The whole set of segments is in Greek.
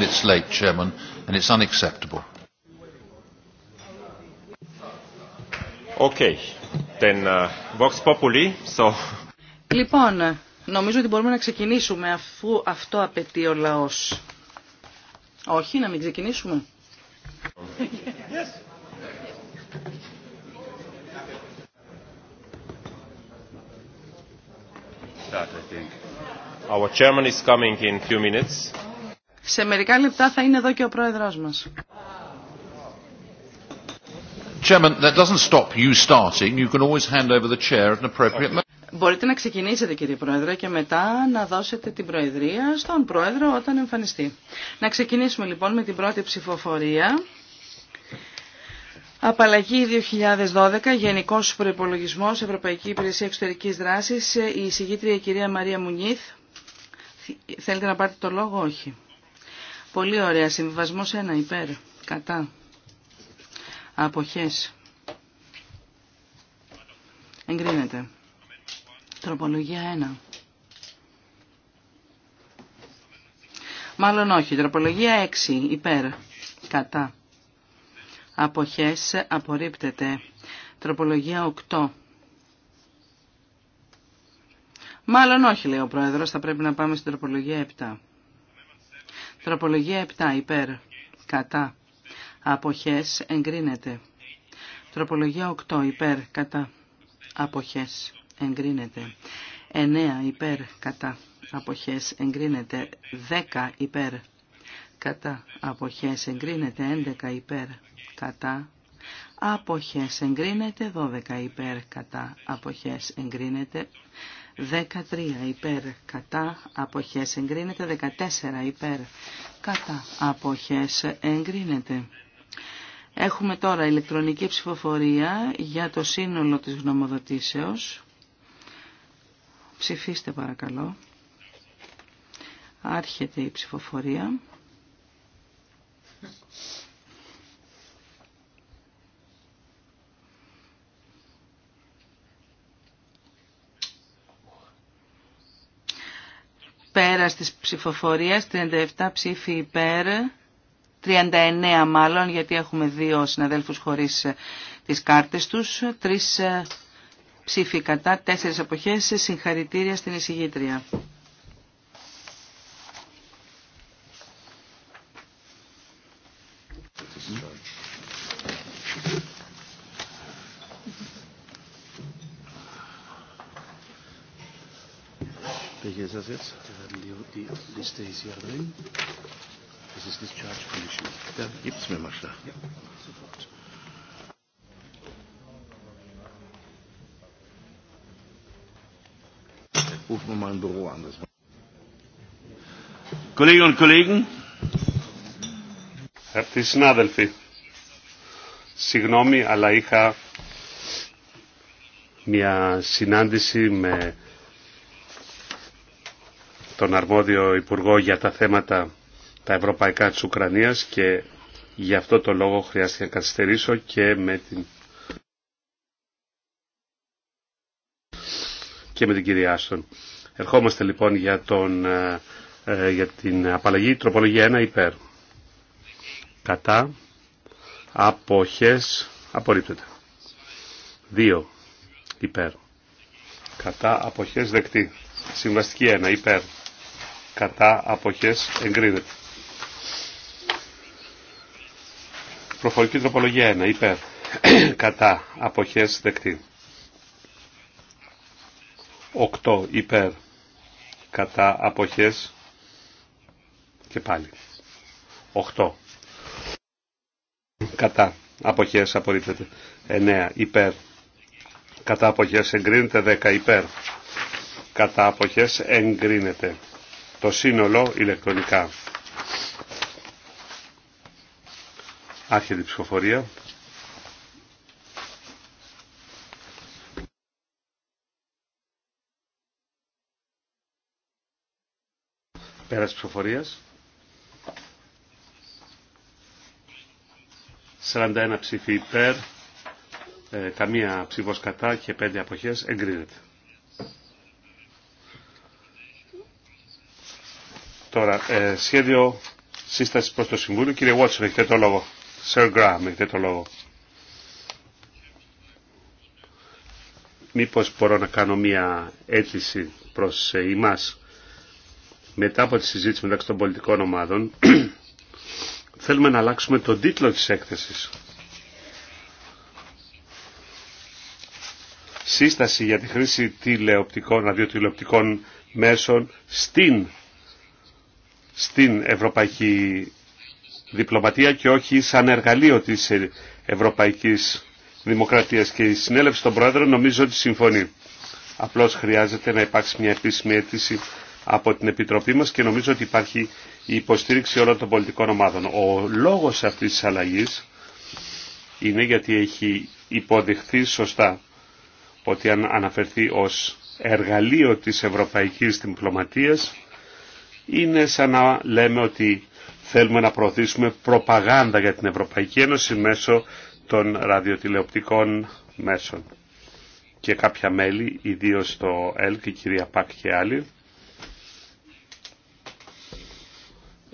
and it's late, Chairman, and it's unacceptable. Okay. Then, uh, Vox Populi, so... Λοιπόν, νομίζω ότι μπορούμε να ξεκινήσουμε αφού αυτό απαιτεί ο λαός. Όχι, να μην ξεκινήσουμε. Yes. That, I think. Our chairman is coming in few minutes. Σε μερικά λεπτά θα είναι εδώ και ο πρόεδρός μας. Μπορείτε να ξεκινήσετε κύριε Πρόεδρε και μετά να δώσετε την Προεδρία στον Πρόεδρο όταν εμφανιστεί. Να ξεκινήσουμε λοιπόν με την πρώτη ψηφοφορία. Απαλλαγή 2012, Γενικός Προϋπολογισμός, Ευρωπαϊκή Υπηρεσία Εξωτερικής Δράσης, η εισηγήτρια κυρία Μαρία Μουνίθ. Θέλετε να πάρετε το λόγο, όχι. Πολύ ωραία. Συμβιβασμός 1 υπέρ. Κατά. Αποχές. Εγκρίνεται. Τροπολογία 1. Μάλλον όχι. Τροπολογία 6 υπέρ. Κατά. Αποχές απορρίπτεται. Τροπολογία 8. Μάλλον όχι, λέει ο Πρόεδρος, θα πρέπει να πάμε στην τροπολογία 7. Τροπολογία 7 υπέρ κατά αποχές εγκρίνεται. Τροπολογία 8 υπέρ κατά αποχές εγκρίνεται. 9 υπέρ κατά αποχές εγκρίνεται. 10 υπέρ κατά αποχές εγκρίνεται. 11 υπέρ κατά αποχές εγκρίνεται. 12 υπέρ κατά αποχές εγκρίνεται. 13 υπέρ κατά αποχές εγκρίνεται, 14 υπέρ κατά αποχές εγκρίνεται. Έχουμε τώρα ηλεκτρονική ψηφοφορία για το σύνολο της γνωμοδοτήσεως. Ψηφίστε παρακαλώ. Άρχεται η ψηφοφορία. Πέρα τη ψηφοφορία 37 ψήφοι υπέρ, 39 μάλλον, γιατί έχουμε δύο συναδέλφους χωρίς ε, τις κάρτες τους, τρεις ε, ψήφοι κατά, τέσσερις αποχές, συγχαρητήρια στην εισηγήτρια die Liste ist hier drin. Das ist Discharge Commission. Ja, gibt's mir mal schnell. Ja, sofort. Rufen wir mal ein Büro an. Das Kolleginnen und Kollegen, Αυτοί συνάδελφοι, συγγνώμη, αλλά είχα μια συνάντηση με τον αρμόδιο Υπουργό για τα θέματα τα ευρωπαϊκά της Ουκρανίας και γι' αυτό το λόγο χρειάστηκε να καθυστερήσω και με την, και με την κυρία Άστον. Ερχόμαστε λοιπόν για, τον, ε, ε, για την απαλλαγή τροπολογία 1 υπέρ. Κατά αποχές απορρίπτεται. 2 υπέρ. Κατά αποχές δεκτή. Συμβαστική 1 υπέρ κατά αποχές εγκρίνεται. Προφορική τροπολογία 1 υπέρ κατά αποχές δεκτή. 8 υπέρ κατά αποχές και πάλι. 8 κατά αποχές απορρίπτεται. 9 υπέρ κατά αποχές εγκρίνεται. 10 υπέρ κατά αποχές εγκρίνεται το σύνολο ηλεκτρονικά. Άρχεται η ψηφοφορία. Πέρας ψηφοφορίας. 41 ψήφοι υπέρ, ε, καμία ψήφος κατά και 5 αποχές εγκρίνεται. Τώρα, ε, σχέδιο σύσταση προς το Συμβούλιο. Κύριε Βότσον, έχετε το λόγο. Σερ Γκράμ, έχετε το λόγο. Μήπως μπορώ να κάνω μία αίτηση προς ε, εμάς. Μετά από τη συζήτηση μεταξύ των πολιτικών ομάδων, θέλουμε να αλλάξουμε τον τίτλο της έκθεσης. Σύσταση για τη χρήση τηλεοπτικών, ραδιοτηλεοπτικών μέσων στην στην ευρωπαϊκή διπλωματία και όχι σαν εργαλείο της ευρωπαϊκής δημοκρατίας. Και η συνέλευση των Πρόεδρων νομίζω ότι συμφωνεί. Απλώς χρειάζεται να υπάρξει μια επίσημη αίτηση από την Επιτροπή μας και νομίζω ότι υπάρχει η υποστήριξη όλων των πολιτικών ομάδων. Ο λόγος αυτής της αλλαγής είναι γιατί έχει υποδειχθεί σωστά ότι αν αναφερθεί ως εργαλείο της ευρωπαϊκής διπλωματίας είναι σαν να λέμε ότι θέλουμε να προωθήσουμε προπαγάνδα για την Ευρωπαϊκή Ένωση μέσω των ραδιοτηλεοπτικών μέσων. Και κάποια μέλη, ιδίως το ΕΛΚ, η κυρία Πακ και άλλοι,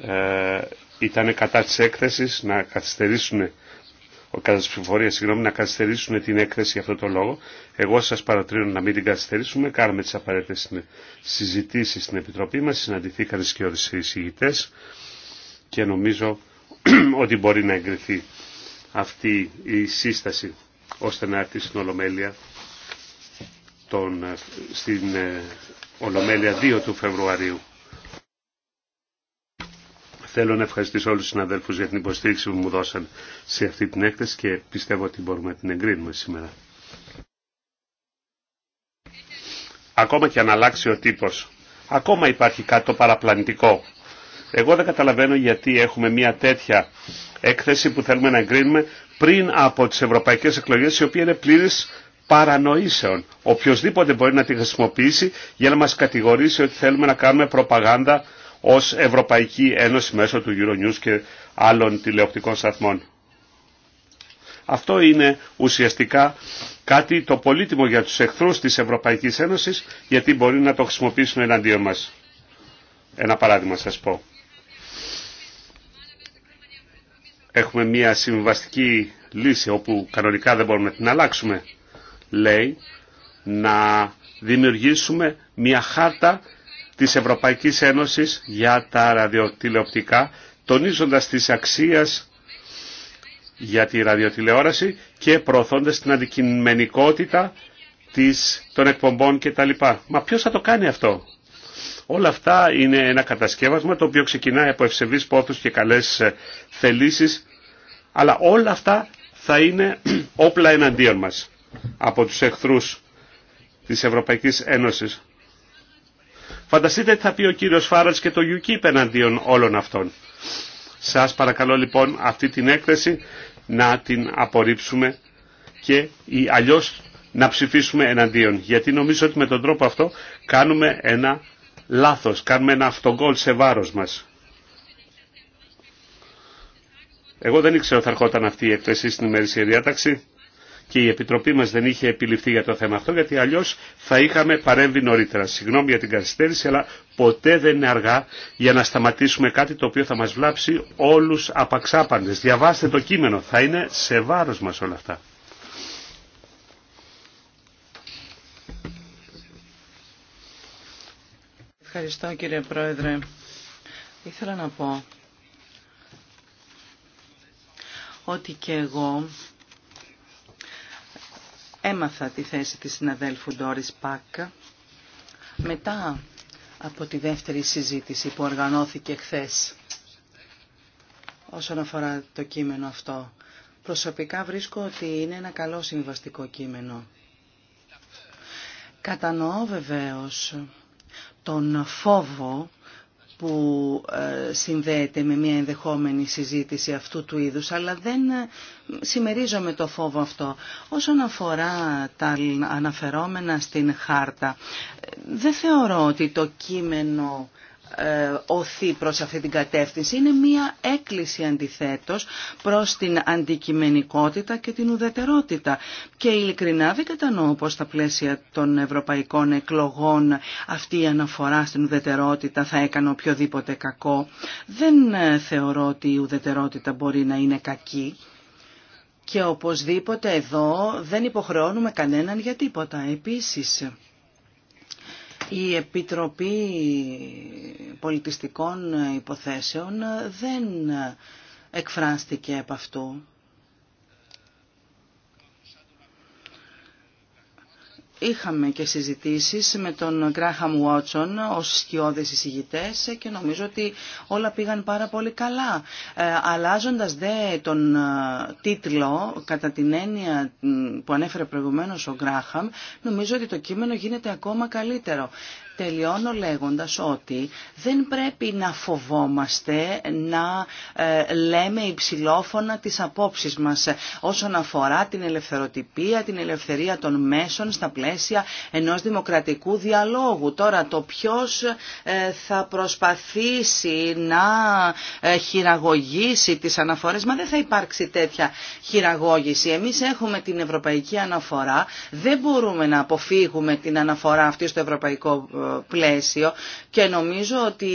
ε, ήταν κατά της έκθεσης να καθυστερήσουν κατά τι συγγνώμη, να καθυστερήσουν την έκθεση για αυτό το λόγο. Εγώ σας παρατρύνω να μην την καθυστερήσουμε. Κάναμε τι απαραίτητε συζητήσεις στην Επιτροπή μας, συναντηθήκαν και οι και νομίζω ότι μπορεί να εγκριθεί αυτή η σύσταση ώστε να έρθει στην Ολομέλεια, τον, ε, στην ε, Ολομέλεια 2 του Φεβρουαρίου. Θέλω να ευχαριστήσω όλους τους συναδέλφους για την υποστήριξη που μου δώσαν σε αυτή την έκθεση και πιστεύω ότι μπορούμε να την εγκρίνουμε σήμερα. Ακόμα και αν αλλάξει ο τύπος, ακόμα υπάρχει κάτι το παραπλανητικό. Εγώ δεν καταλαβαίνω γιατί έχουμε μια τέτοια έκθεση που θέλουμε να εγκρίνουμε πριν από τις ευρωπαϊκές εκλογές, η οποία είναι πλήρης παρανοήσεων. Οποιοδήποτε μπορεί να τη χρησιμοποιήσει για να μας κατηγορήσει ότι θέλουμε να κάνουμε προπαγάνδα ως Ευρωπαϊκή Ένωση μέσω του Euronews και άλλων τηλεοπτικών σταθμών. Αυτό είναι ουσιαστικά κάτι το πολύτιμο για τους εχθρούς της Ευρωπαϊκής Ένωσης γιατί μπορεί να το χρησιμοποιήσουν εναντίον μας. Ένα παράδειγμα σας πω. Έχουμε μια συμβαστική λύση όπου κανονικά δεν μπορούμε να την αλλάξουμε. Λέει να δημιουργήσουμε μια χάρτα της Ευρωπαϊκής Ένωσης για τα ραδιοτηλεοπτικά, τονίζοντας τις αξίες για τη ραδιοτηλεόραση και προωθώντας την αντικειμενικότητα της, των εκπομπών κτλ. Μα ποιος θα το κάνει αυτό. Όλα αυτά είναι ένα κατασκεύασμα το οποίο ξεκινάει από ευσεβείς πόθους και καλές ε, θελήσεις, αλλά όλα αυτά θα είναι όπλα εναντίον μας από τους εχθρούς της Ευρωπαϊκής Ένωσης. Φανταστείτε τι θα πει ο κύριος Φάρας και το UKIP εναντίον όλων αυτών. Σας παρακαλώ λοιπόν αυτή την έκθεση να την απορρίψουμε και ή αλλιώς να ψηφίσουμε εναντίον. Γιατί νομίζω ότι με τον τρόπο αυτό κάνουμε ένα λάθος, κάνουμε ένα αυτογκόλ σε βάρο μας. Εγώ δεν ήξερα ότι θα ερχόταν αυτή η έκθεση στην ημερήσια διάταξη και η Επιτροπή μας δεν είχε επιληφθεί για το θέμα αυτό γιατί αλλιώς θα είχαμε παρέμβει νωρίτερα. Συγγνώμη για την καθυστέρηση αλλά ποτέ δεν είναι αργά για να σταματήσουμε κάτι το οποίο θα μας βλάψει όλους απαξάπαντες. Διαβάστε το κείμενο, θα είναι σε βάρος μας όλα αυτά. Ευχαριστώ κύριε Πρόεδρε. Ήθελα να πω ότι και εγώ έμαθα τη θέση της συναδέλφου Ντόρις Πάκ μετά από τη δεύτερη συζήτηση που οργανώθηκε χθες όσον αφορά το κείμενο αυτό. Προσωπικά βρίσκω ότι είναι ένα καλό συμβαστικό κείμενο. Κατανοώ βεβαίως τον φόβο που ε, συνδέεται με μια ενδεχόμενη συζήτηση αυτού του είδους, αλλά δεν ε, συμμερίζομαι το φόβο αυτό. Όσον αφορά τα αναφερόμενα στην χάρτα, ε, δεν θεωρώ ότι το κείμενο ε, οθεί προς αυτή την κατεύθυνση. Είναι μία έκκληση αντιθέτως προς την αντικειμενικότητα και την ουδετερότητα. Και ειλικρινά δεν κατανοώ πως στα πλαίσια των ευρωπαϊκών εκλογών αυτή η αναφορά στην ουδετερότητα θα έκανε οποιοδήποτε κακό. Δεν ε, θεωρώ ότι η ουδετερότητα μπορεί να είναι κακή. Και οπωσδήποτε εδώ δεν υποχρεώνουμε κανέναν για τίποτα. Επίσης, η Επιτροπή Πολιτιστικών Υποθέσεων δεν εκφράστηκε από αυτού. Είχαμε και συζητήσεις με τον Γκράχαμ Βότσον ως σκιώδες εισηγητές και νομίζω ότι όλα πήγαν πάρα πολύ καλά. Ε, αλλάζοντας δε τον ε, τίτλο κατά την έννοια που ανέφερε προηγουμένως ο Γκράχαμ, νομίζω ότι το κείμενο γίνεται ακόμα καλύτερο. Τελειώνω λέγοντας ότι δεν πρέπει να φοβόμαστε να ε, λέμε υψηλόφωνα τις απόψεις μας όσον αφορά την ελευθεροτυπία, την ελευθερία των μέσων στα πλαίσια ενός δημοκρατικού διαλόγου. Τώρα το ποιος ε, θα προσπαθήσει να ε, χειραγωγήσει τις αναφορές, μα δεν θα υπάρξει τέτοια χειραγώγηση. Εμείς έχουμε την ευρωπαϊκή αναφορά, δεν μπορούμε να αποφύγουμε την αναφορά αυτή στο ευρωπαϊκό πλαίσιο και νομίζω ότι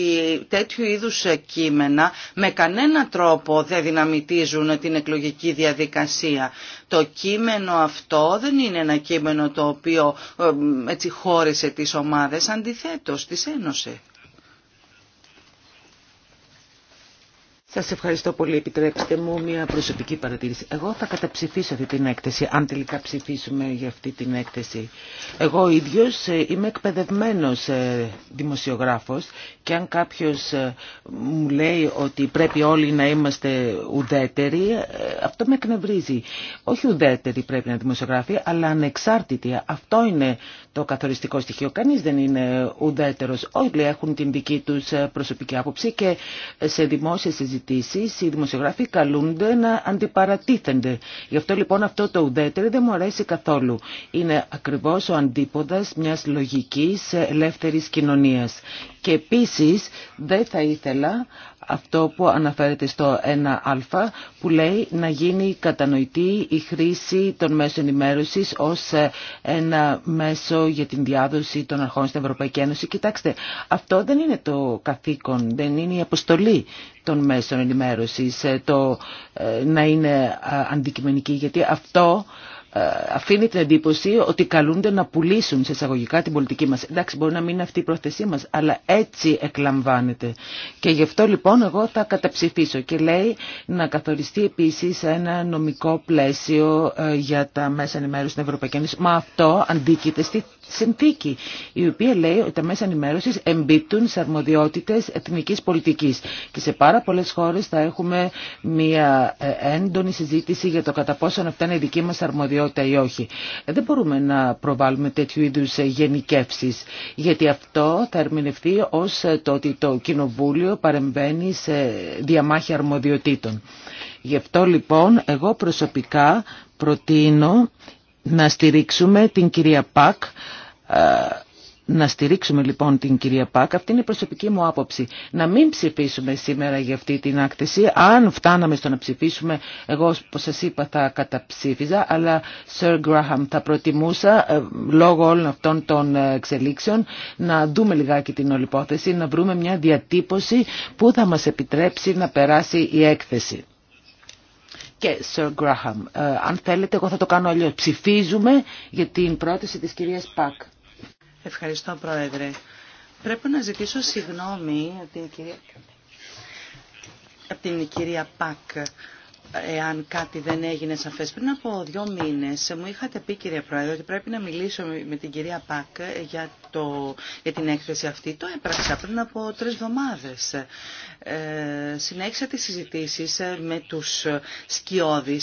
τέτοιου είδους κείμενα με κανένα τρόπο δεν δυναμητίζουν την εκλογική διαδικασία. Το κείμενο αυτό δεν είναι ένα κείμενο το οποίο ε, έτσι χώρισε τις ομάδες, αντιθέτως τις ένωσε. Σας ευχαριστώ πολύ. Επιτρέψτε μου μια προσωπική παρατήρηση. Εγώ θα καταψηφίσω αυτή την έκθεση, αν τελικά ψηφίσουμε για αυτή την έκθεση. Εγώ ίδιος ε, είμαι εκπαιδευμένος ε, δημοσιογράφος και αν κάποιος ε, μου λέει ότι πρέπει όλοι να είμαστε ουδέτεροι, αυτό με εκνευρίζει. Όχι ουδέτεροι πρέπει να δημοσιογράφει, αλλά ανεξάρτητοι. Αυτό είναι το καθοριστικό στοιχείο. Κανείς δεν είναι ουδέτερος. Όλοι έχουν την δική τους προσωπική άποψη και σε δημόσια συζητήσεις οι δημοσιογράφοι καλούνται να αντιπαρατίθενται. Γι' αυτό λοιπόν αυτό το ουδέτερο δεν μου αρέσει καθόλου. Είναι ακριβώς ο αντίποδας μιας λογικής ελεύθερης κοινωνίας. Και επίσης δεν θα ήθελα αυτό που αναφέρεται στο 1α που λέει να γίνει κατανοητή η χρήση των μέσων ενημέρωση ως ε, ένα μέσο για την διάδοση των αρχών στην Ευρωπαϊκή Ένωση. Κοιτάξτε, αυτό δεν είναι το καθήκον, δεν είναι η αποστολή των μέσων ενημέρωσης ε, το ε, να είναι αντικειμενική γιατί αυτό ε, αφήνει την εντύπωση ότι καλούνται να πουλήσουν σε εισαγωγικά την πολιτική μας. Εντάξει, μπορεί να μην είναι αυτή η πρόθεσή μας, αλλά έτσι εκλαμβάνεται. Και γι' αυτό λοιπόν εγώ θα καταψηφίσω και λέει να καθοριστεί επίσης ένα νομικό πλαίσιο ε, για τα μέσα ενημέρωση στην Ευρωπαϊκή Ένωση. Μα αυτό αντίκειται στη συνθήκη, η οποία λέει ότι τα μέσα ενημέρωση εμπίπτουν σε αρμοδιότητε εθνική πολιτική. Και σε πάρα πολλέ χώρε θα έχουμε μια ε, έντονη συζήτηση για το κατά πόσο αυτά είναι η δική μα αρμοδιότητα ή όχι. Ε, δεν μπορούμε να προβάλλουμε τέτοιου είδου ε, γενικεύσει, γιατί αυτό θα ερμηνευτεί ω το ότι το Κοινοβούλιο παρεμβαίνει σε διαμάχη αρμοδιοτήτων. Γι' αυτό λοιπόν εγώ προσωπικά προτείνω να στηρίξουμε την κυρία Πακ ε, να στηρίξουμε λοιπόν την κυρία Πάκ, αυτή είναι η προσωπική μου άποψη. Να μην ψηφίσουμε σήμερα για αυτή την άκτηση. Αν φτάναμε στο να ψηφίσουμε, εγώ όπως σας είπα θα καταψήφιζα, αλλά Sir Graham θα προτιμούσα ε, λόγω όλων αυτών των ε, εξελίξεων να δούμε λιγάκι την όλη να βρούμε μια διατύπωση που θα μας επιτρέψει να περάσει η έκθεση. Και Sir Graham, αν θέλετε εγώ θα το κάνω αλλιώς. Ψηφίζουμε για την πρόταση της κυρίας Πάκ. Ευχαριστώ, Πρόεδρε. Πρέπει να ζητήσω συγγνώμη από την κυρία, από την κυρία Πακ εάν κάτι δεν έγινε σαφέ, Πριν από δύο μήνε, μου είχατε πει κυρία Πρόεδρε ότι πρέπει να μιλήσω με την κυρία Πακ για, το, για την έκθεση αυτή. Το έπραξα πριν από τρει εβδομάδε. Ε, συνέχισα τις συζητήσεις με του σκιώδει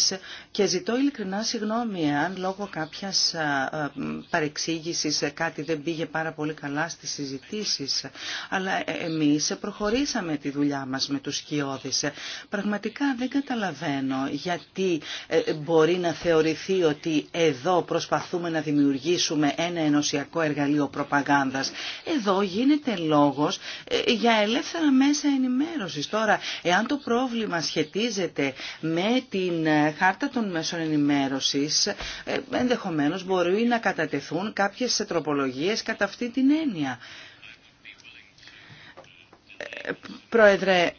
και ζητώ ειλικρινά συγγνώμη αν λόγω κάποια ε, παρεξήγηση κάτι δεν πήγε πάρα πολύ καλά στι συζητήσει. Αλλά ε, εμεί προχωρήσαμε τη δουλειά μα με του σκιώδει. Πραγματικά δεν καταλαβαίνω γιατί ε, μπορεί να θεωρηθεί ότι εδώ προσπαθούμε να δημιουργήσουμε ένα ενωσιακό εργαλείο προπαγάνδας. Εδώ γίνεται λόγος ε, για ελεύθερα μέσα ενημέρωσης. Τώρα, εάν το πρόβλημα σχετίζεται με την ε, χάρτα των μέσων ενημέρωσης, ενδεχομένως μπορεί να κατατεθούν κάποιες τροπολογίες κατά αυτή την έννοια. Πρόεδρε,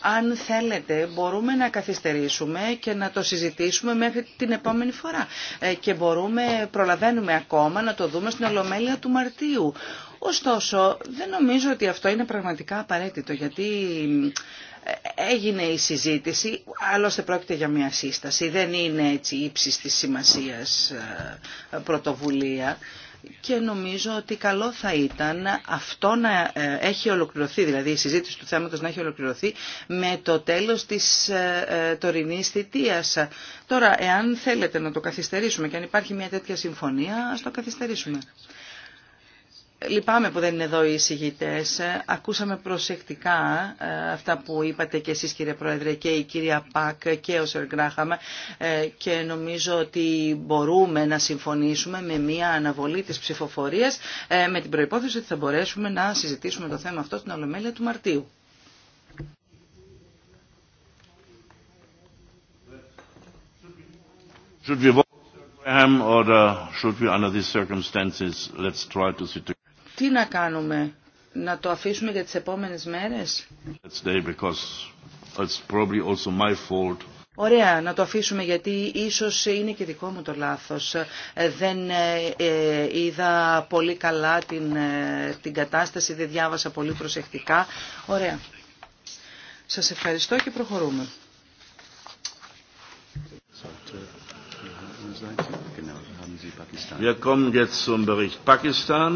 αν θέλετε, μπορούμε να καθυστερήσουμε και να το συζητήσουμε μέχρι την επόμενη φορά. Ε, και μπορούμε, προλαβαίνουμε ακόμα να το δούμε στην Ολομέλεια του Μαρτίου. Ωστόσο, δεν νομίζω ότι αυτό είναι πραγματικά απαραίτητο, γιατί ε, έγινε η συζήτηση, άλλωστε πρόκειται για μια σύσταση, δεν είναι έτσι ύψης της σημασίας ε, πρωτοβουλία και νομίζω ότι καλό θα ήταν αυτό να ε, έχει ολοκληρωθεί, δηλαδή η συζήτηση του θέματος να έχει ολοκληρωθεί με το τέλος της ε, ε, τωρινής θητείας. Τώρα, εάν θέλετε να το καθυστερήσουμε και αν υπάρχει μια τέτοια συμφωνία, ας το καθυστερήσουμε. Λυπάμαι που δεν είναι εδώ οι εισηγητές. Ακούσαμε προσεκτικά ε, αυτά που είπατε και εσείς κύριε Πρόεδρε και η κυρία Πακ και ο Σερ Γκράχαμ ε, και νομίζω ότι μπορούμε να συμφωνήσουμε με μια αναβολή της ψηφοφορίας ε, με την προϋπόθεση ότι θα μπορέσουμε να συζητήσουμε το θέμα αυτό στην Ολομέλεια του Μαρτίου. Τι να κάνουμε, να το αφήσουμε για τις επόμενες μέρες. Ωραία, να το αφήσουμε γιατί ίσως είναι και δικό μου το λάθος. Ε, δεν ε, ε, είδα πολύ καλά την, την κατάσταση, δεν διάβασα πολύ προσεκτικά. Ωραία. Σας ευχαριστώ και προχωρούμε. Wir kommen jetzt zum Bericht Pakistan.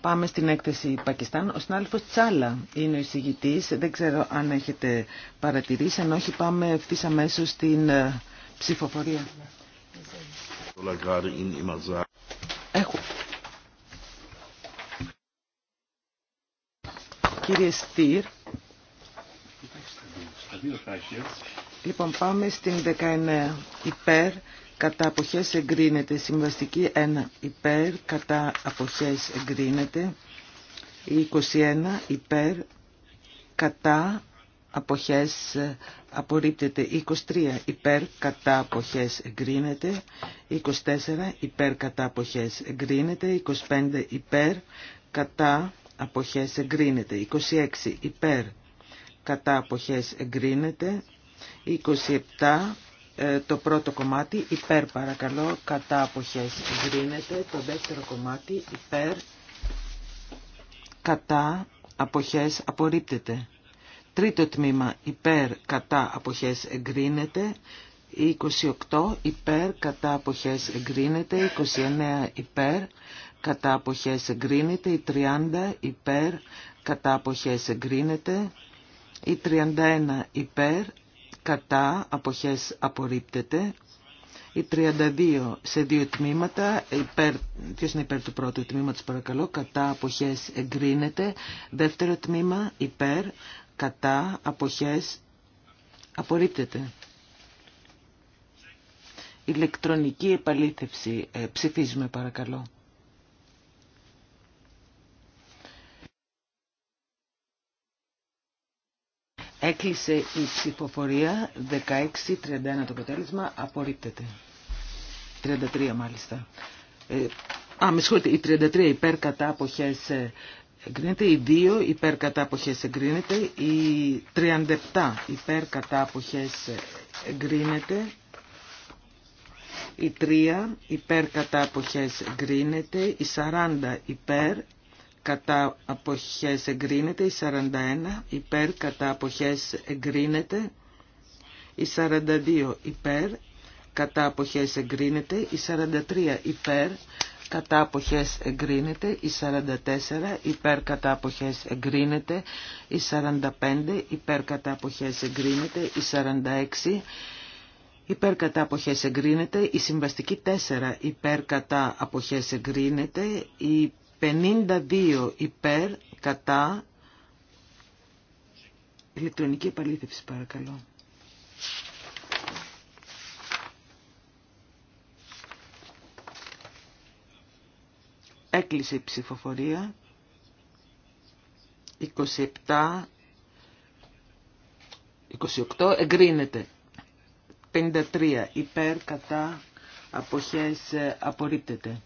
Πάμε στην έκθεση Πακιστάν. Ο συνάδελφο Τσάλα είναι ο εισηγητή. Δεν ξέρω αν έχετε παρατηρήσει. Αν όχι πάμε ευθύ αμέσω στην ε, ψηφοφορία. Er Έχω... Κύριε Στυρ. Λοιπόν πάμε στην 19 υπέρ κατά αποχές εγκρίνεται. Συμβαστική 1 υπέρ, κατά αποχές εγκρίνεται. 21 υπέρ, κατά αποχές απορρίπτεται. 23 υπέρ, κατά αποχές εγκρίνεται. 24 υπέρ, κατά αποχές εγκρίνεται. 25 υπέρ, κατά αποχές εγκρίνεται. 26 υπέρ, κατά αποχές εγκρίνεται. 27 ε, το πρώτο κομμάτι υπέρ παρακαλώ κατά αποχές εγκρίνεται το δεύτερο κομμάτι υπέρ κατά αποχές απορρίπτεται τρίτο τμήμα υπέρ κατά αποχές εγκρίνεται 28 υπέρ κατά αποχές εγκρίνεται 29 υπέρ κατά αποχές εγκρίνεται 30 υπέρ κατά αποχές εγκρίνεται η 31 υπέρ κατά αποχές απορρίπτεται. Οι 32 σε δύο τμήματα, υπέρ, ποιος είναι υπέρ του πρώτου τμήματος παρακαλώ, κατά αποχές εγκρίνεται. Δεύτερο τμήμα υπέρ, κατά αποχές απορρίπτεται. Ηλεκτρονική επαλήθευση, ε, ψηφίζουμε παρακαλώ. Έκλεισε η ψηφοφορία 16-31 το αποτέλεσμα. Απορρίπτεται. 33 μάλιστα. Ε, α, με συγχωρείτε, η 33 ε, υπέρ κατά αποχές εγκρίνεται, η 2 ε, υπέρ κατά αποχές εγκρίνεται, η 37 υπέρ κατά αποχές εγκρίνεται, η 3 υπέρ κατά αποχές εγκρίνεται, η 40 υπέρ κατά αποχές εγκρίνεται, η 41 υπέρ κατά αποχές εγκρίνεται, η 42 υπέρ κατά αποχές εγκρίνεται, η 43 υπέρ κατά αποχές εγκρίνεται, η 44 υπέρ κατά αποχές εγκρίνεται, η 45 υπέρ κατά αποχές εγκρίνεται, η 46 υπέρ κατά αποχές εγκρίνεται, η συμβαστική 4 υπέρ κατά αποχές εγκρίνεται, η 52 υπέρ κατά ηλεκτρονική επαλήθευση παρακαλώ. Έκλεισε η ψηφοφορία. 27, 28 εγκρίνεται. 53 υπέρ κατά αποχές ε, απορρίπτεται.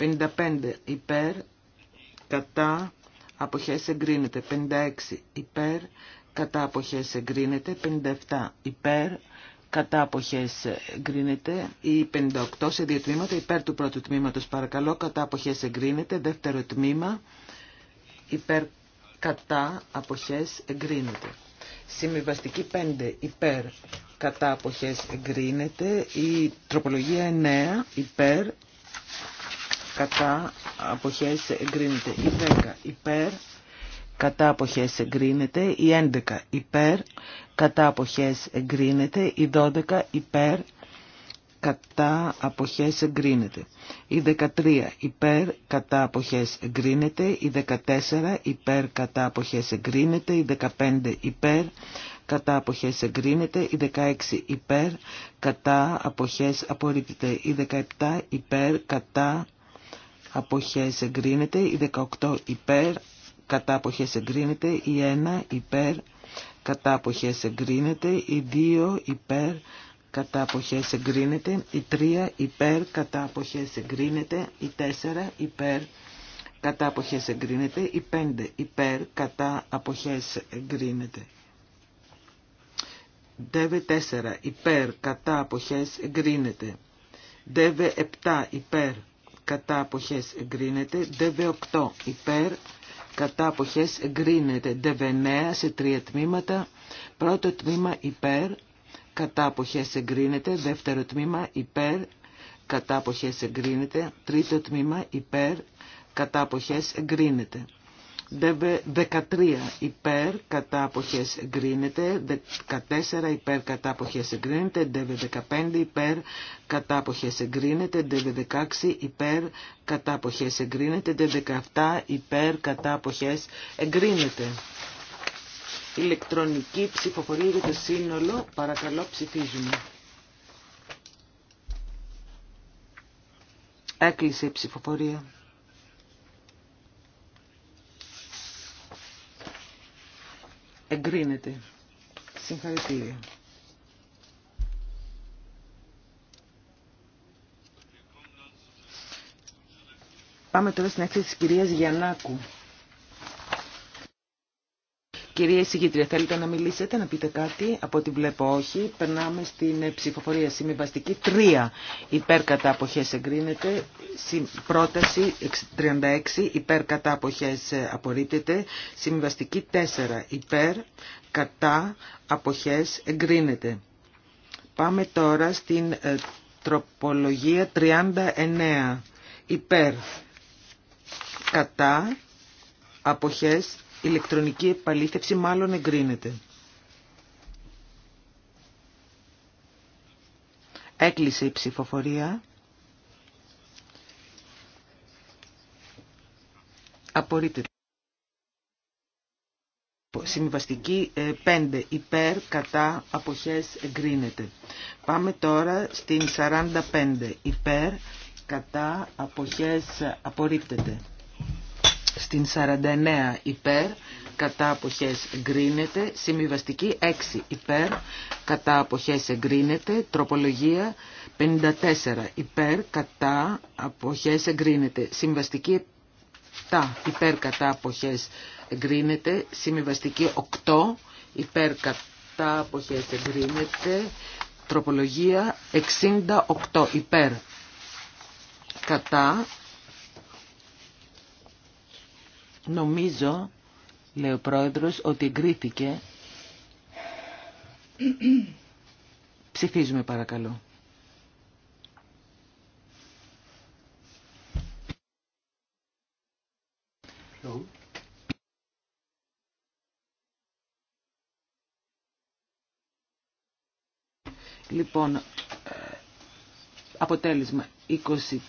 55 υπέρ κατά αποχές εγκρίνεται. 56 υπέρ κατά αποχές εγκρίνεται. 57 υπέρ κατά αποχές εγκρίνεται. Η 58 σε δύο τμήματα υπέρ του πρώτου τμήματος παρακαλώ κατά αποχές εγκρίνεται. Δεύτερο τμήμα υπέρ κατά αποχές εγκρίνεται. Συμβιβαστική 5 υπέρ κατά αποχές εγκρίνεται. Η τροπολογία 9 υπέρ κατά αποχές εγκρίνεται. Η 10 υπέρ κατά αποχές εγκρίνεται. Η 11 υπέρ κατά αποχές εγκρίνεται. Η 12 υπέρ κατά αποχές εγκρίνεται. Η 13 υπέρ κατά αποχές εγκρίνεται. Η 14 υπέρ κατά αποχές εγκρίνεται. Η 15 υπέρ κατά αποχές εγκρίνεται, η 16 υπέρ, κατά αποχές απορρίπτεται, η 17 υπέρ, κατά αποχές εγκρίνεται, η 18 υπέρ, κατά αποχές εγκρίνεται, η 1 υπέρ, κατά αποχές εγκρίνεται, η 2 υπέρ, κατά αποχές εγκρίνεται, η 3 υπέρ, κατά αποχές εγκρίνεται, η 4 υπέρ, κατά αποχές εγκρίνεται, η 5 υπέρ, κατά αποχές εγκρίνεται. ΔΕΒΕ 4 υπέρ, κατά αποχές εγκρίνεται. ΔΕΒΕ 7 υπέρ, κατά αποχές εγκρίνεται, DV8 υπέρ, κατά αποχές εγκρίνεται, DV9 σε τρία τμήματα, πρώτο τμήμα υπέρ, κατά αποχές εγκρίνεται, δεύτερο τμήμα υπέρ, κατά αποχές εγκρίνεται, τρίτο τμήμα υπέρ, κατά αποχές εγκρίνεται. Δεβε 13 υπέρ κατά αποχές εγκρίνεται, 14 υπέρ κατά αποχές εγκρίνεται, Δεβε 15 υπέρ κατά αποχές εγκρίνεται, Δεβε 16 υπέρ κατά αποχές εγκρίνεται, Δεβε 17 υπέρ κατά αποχές εγκρίνεται. Ηλεκτρονική ψηφοφορία για το σύνολο, παρακαλώ ψηφίζουμε. Έκλεισε η ψηφοφορία. Εγκρίνεται. Συγχαρητήρια. Πάμε τώρα στην έκθεση της κυρίας Γιαννάκου. Κυρία Εισηγήτρια, θέλετε να μιλήσετε, να πείτε κάτι. Από ό,τι βλέπω όχι. Περνάμε στην ψηφοφορία. Συμβιβαστική 3. Υπέρ κατά αποχές εγκρίνεται. Πρόταση 36. Υπέρ κατά αποχές ε, απορρίπτεται. Συμβιβαστική 4. Υπέρ κατά αποχές εγκρίνεται. Πάμε τώρα στην ε, τροπολογία 39. Υπέρ κατά αποχές ηλεκτρονική επαλήθευση μάλλον εγκρίνεται. Έκλεισε η ψηφοφορία. Απορρίπτεται. Συμβαστική 5 ε, υπέρ κατά αποχές εγκρίνεται. Πάμε τώρα στην 45 υπέρ κατά αποχές απορρίπτεται στην 49 υπέρ, κατά αποχές εγκρίνεται, συμβιβαστική 6 υπέρ, κατά αποχές εγκρίνεται, τροπολογία 54 υπέρ, κατά αποχές εγκρίνεται, συμβαστική 7 υπέρ, κατά αποχές εγκρίνεται, συμβιβαστική 8 υπέρ, κατά αποχές εγκρίνεται, τροπολογία 68 υπέρ, κατά Νομίζω, λέει ο πρόεδρος, ότι εγκρίθηκε. Ψηφίζουμε παρακαλώ. Λοιπόν, ε, αποτέλεσμα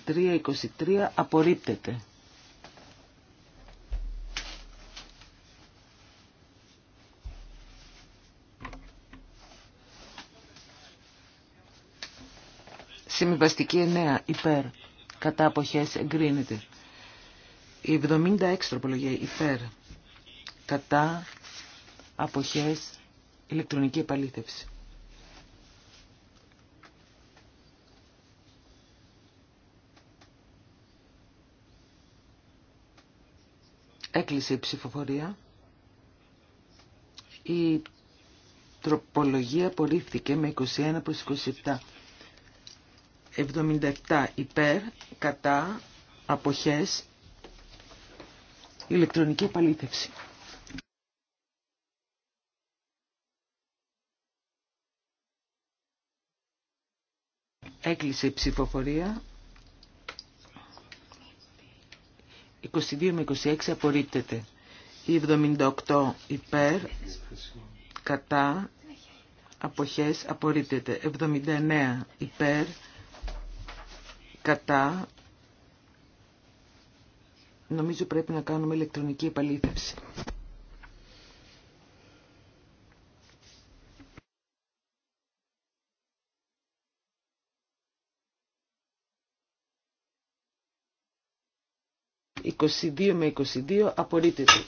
23-23 απορρίπτεται. Συμβαστική 9 υπέρ. Κατά αποχές εγκρίνεται. Η 76 τροπολογία υπέρ. Κατά αποχές ηλεκτρονική επαλήθευση. Έκλεισε η ψηφοφορία. Η τροπολογία απορρίφθηκε με 21 προς 27. 77 υπέρ, κατά, αποχές, ηλεκτρονική επαλήθευση. Έκλεισε η ψηφοφορία. 22 με 26 απορρίπτεται. 78 υπέρ, κατά, αποχές απορρίπτεται. 79 υπέρ, κατά νομίζω πρέπει να κάνουμε ηλεκτρονική επαλήθευση. «22 με 22 απορρίπτεται»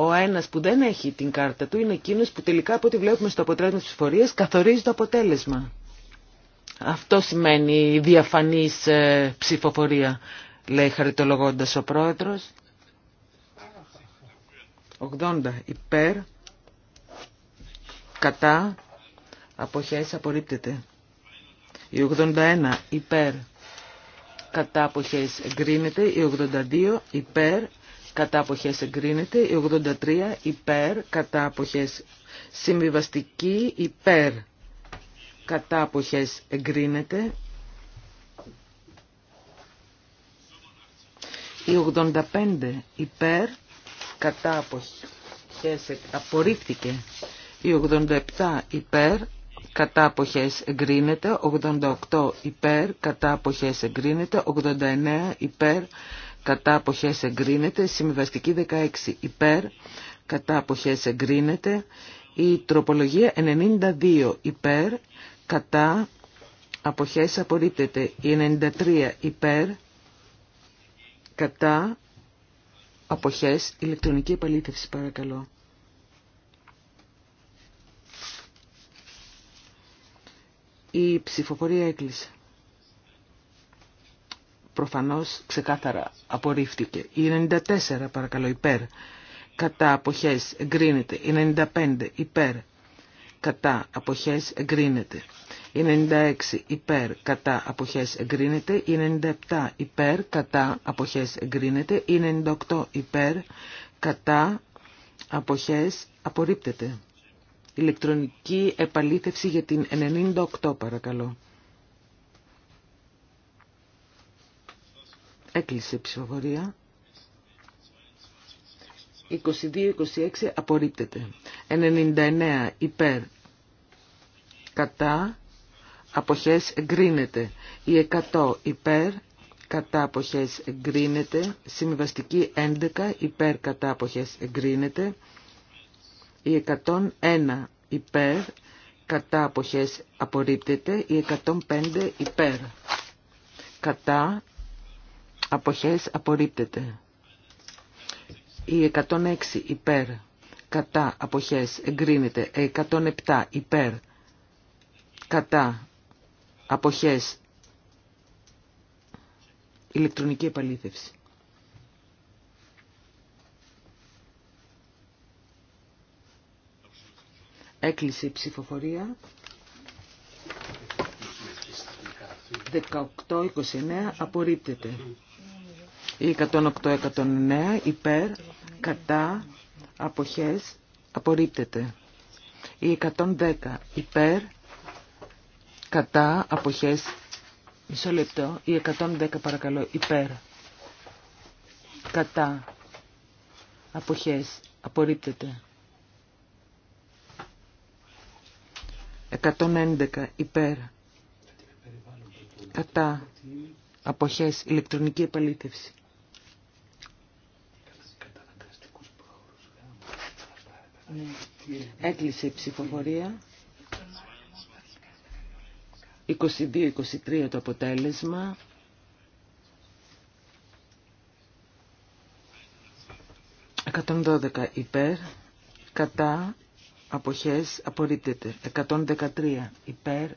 ο ένας που δεν έχει την κάρτα του είναι εκείνος που τελικά από ό,τι βλέπουμε στο αποτέλεσμα της φορίας καθορίζει το αποτέλεσμα. Αυτό σημαίνει διαφανής ε, ψηφοφορία, λέει χαριτολογώντας ο πρόεδρος. 80 υπέρ, κατά, αποχές απορρίπτεται. Η 81 υπέρ, κατά αποχές εγκρίνεται. Η 82 υπέρ, κατά αποχές εγκρίνεται, η 83 υπέρ, κατά αποχές συμβιβαστική υπέρ, κατά αποχές εγκρίνεται, η 85 υπέρ, κατά αποχές απορρίφθηκε, η 87 υπέρ, κατά αποχές εγκρίνεται, 88 υπέρ, κατά αποχές εγκρίνεται, 89 υπέρ, κατά αποχές εγκρίνεται, συμβιβαστική 16 υπέρ, κατά αποχές εγκρίνεται, η τροπολογία 92 υπέρ, κατά αποχές απορρίπτεται, η 93 υπέρ, κατά αποχές, ηλεκτρονική επαλήθευση παρακαλώ. Η ψηφοφορία έκλεισε. Προφανώς ξεκάθαρα απορρίφθηκε. Η 94 παρακαλώ υπέρ. Κατά αποχές εγκρίνεται. Η 95 υπέρ. Κατά αποχές εγκρίνεται. Η 96 υπέρ κατά αποχές εγκρίνεται. Η 97 υπέρ κατά αποχές εγκρίνεται. Η 98 υπέρ κατά αποχές απορρίπτεται. Ηλεκτρονική επαλήθευση για την 98 παρακαλώ. Έκλεισε η ψηφοφορία. 22-26 απορρίπτεται. 99 υπέρ κατά αποχές εγκρίνεται. Η 100 υπέρ κατά αποχές εγκρίνεται. Συμβαστική 11 υπέρ κατά αποχές εγκρίνεται. Η 101 υπέρ κατά αποχές απορρίπτεται. Η 105 υπέρ κατά αποχές απορρίπτεται. Η 106 υπέρ κατά αποχές εγκρίνεται. Η 107 υπέρ κατά αποχές ηλεκτρονική επαλήθευση. Έκλεισε η ψηφοφορία. 18-29 απορρίπτεται. Η 108-109 υπέρ, κατά, αποχές, απορρίπτεται. Η 110 υπέρ, κατά, αποχές, μισό λεπτό, η 110 παρακαλώ, υπέρ, κατά, αποχές, απορρίπτεται. 111 υπέρ, κατά, αποχές, ηλεκτρονική επαλήθευση. Έκλεισε η ψηφοφορία. 22-23 το αποτέλεσμα. 112 υπέρ, κατά, αποχές, απορρίπτεται. 113 υπέρ,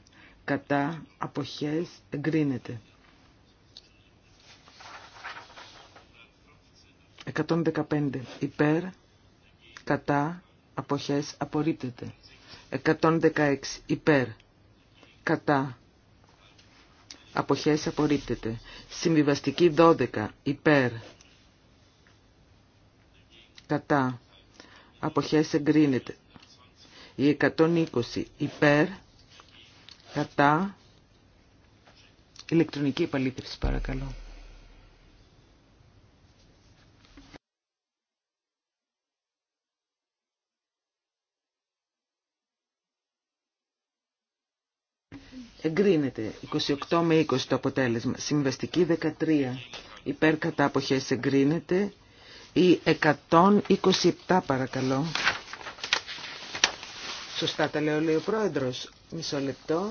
κατά, αποχές, εγκρίνεται. 115 υπέρ, κατά, αποχές απορρίπτεται. 116 υπέρ κατά αποχές απορρίπτεται. Συμβιβαστική 12 υπέρ κατά αποχές εγκρίνεται. Η 120 υπέρ κατά ηλεκτρονική επαλήθευση παρακαλώ. Εγκρίνεται 28 με 20 το αποτέλεσμα. Συμβαστική 13. Υπέρ κατά αποχές εγκρίνεται. Η 127 παρακαλώ. Σωστά τα λέω λέει ο πρόεδρος. Μισό λεπτό.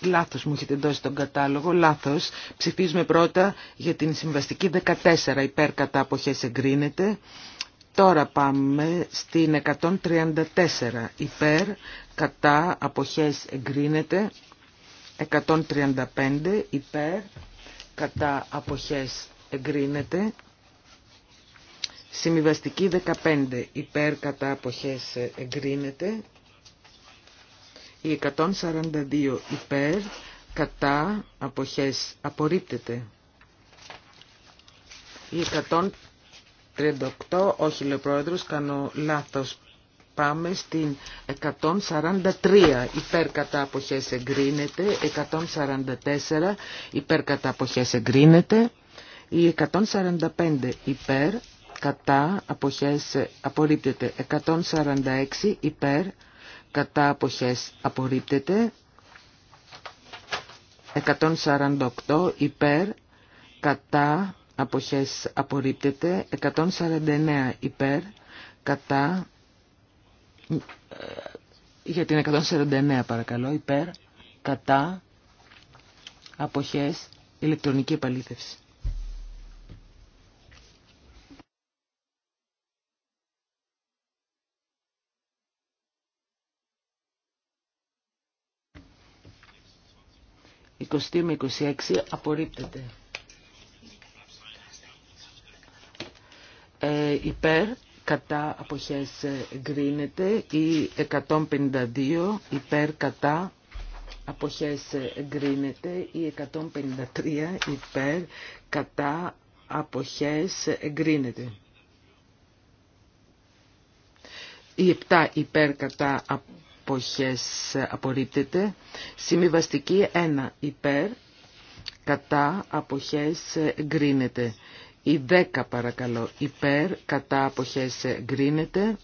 Λάθος μου έχετε δώσει τον κατάλογο. Λάθος. Ψηφίζουμε πρώτα για την συμβαστική 14. Υπέρ κατά αποχές εγκρίνεται. Τώρα πάμε στην 134 υπέρ, κατά, αποχές εγκρίνεται. 135 υπέρ, κατά, αποχές εγκρίνεται. Συμβιβαστική 15 υπέρ, κατά, αποχές εγκρίνεται. Η 142 υπέρ, κατά, αποχές απορρίπτεται. Η 38, όχι λέει ο πρόεδρος, κάνω λάθος. Πάμε στην 143, υπέρ κατά αποχές εγκρίνεται, 144, υπέρ κατά αποχές εγκρίνεται, η 145 υπέρ, κατά αποχές απορρίπτεται, 146 υπέρ, κατά αποχές απορρίπτεται, 148 υπέρ, κατά αποχές απορρίπτεται 149 υπέρ κατά ε, για την 149 παρακαλώ υπέρ κατά αποχές ηλεκτρονική επαλήθευση ...22 με 26 απορρίπτεται. ε, υπέρ, κατά αποχές ε, εγκρίνεται ή 152 υπέρ κατά αποχές ε, εγκρίνεται ή 153 υπέρ κατά αποχές ε, εγκρίνεται. Η 7 υπέρ κατά αποχές απορρίπτεται. Συμβιβαστική 1 υπέρ κατά αποχές εγκρίνεται. Η 10 παρακαλώ υπέρ, κατά αποχές ε, γκρίνεται.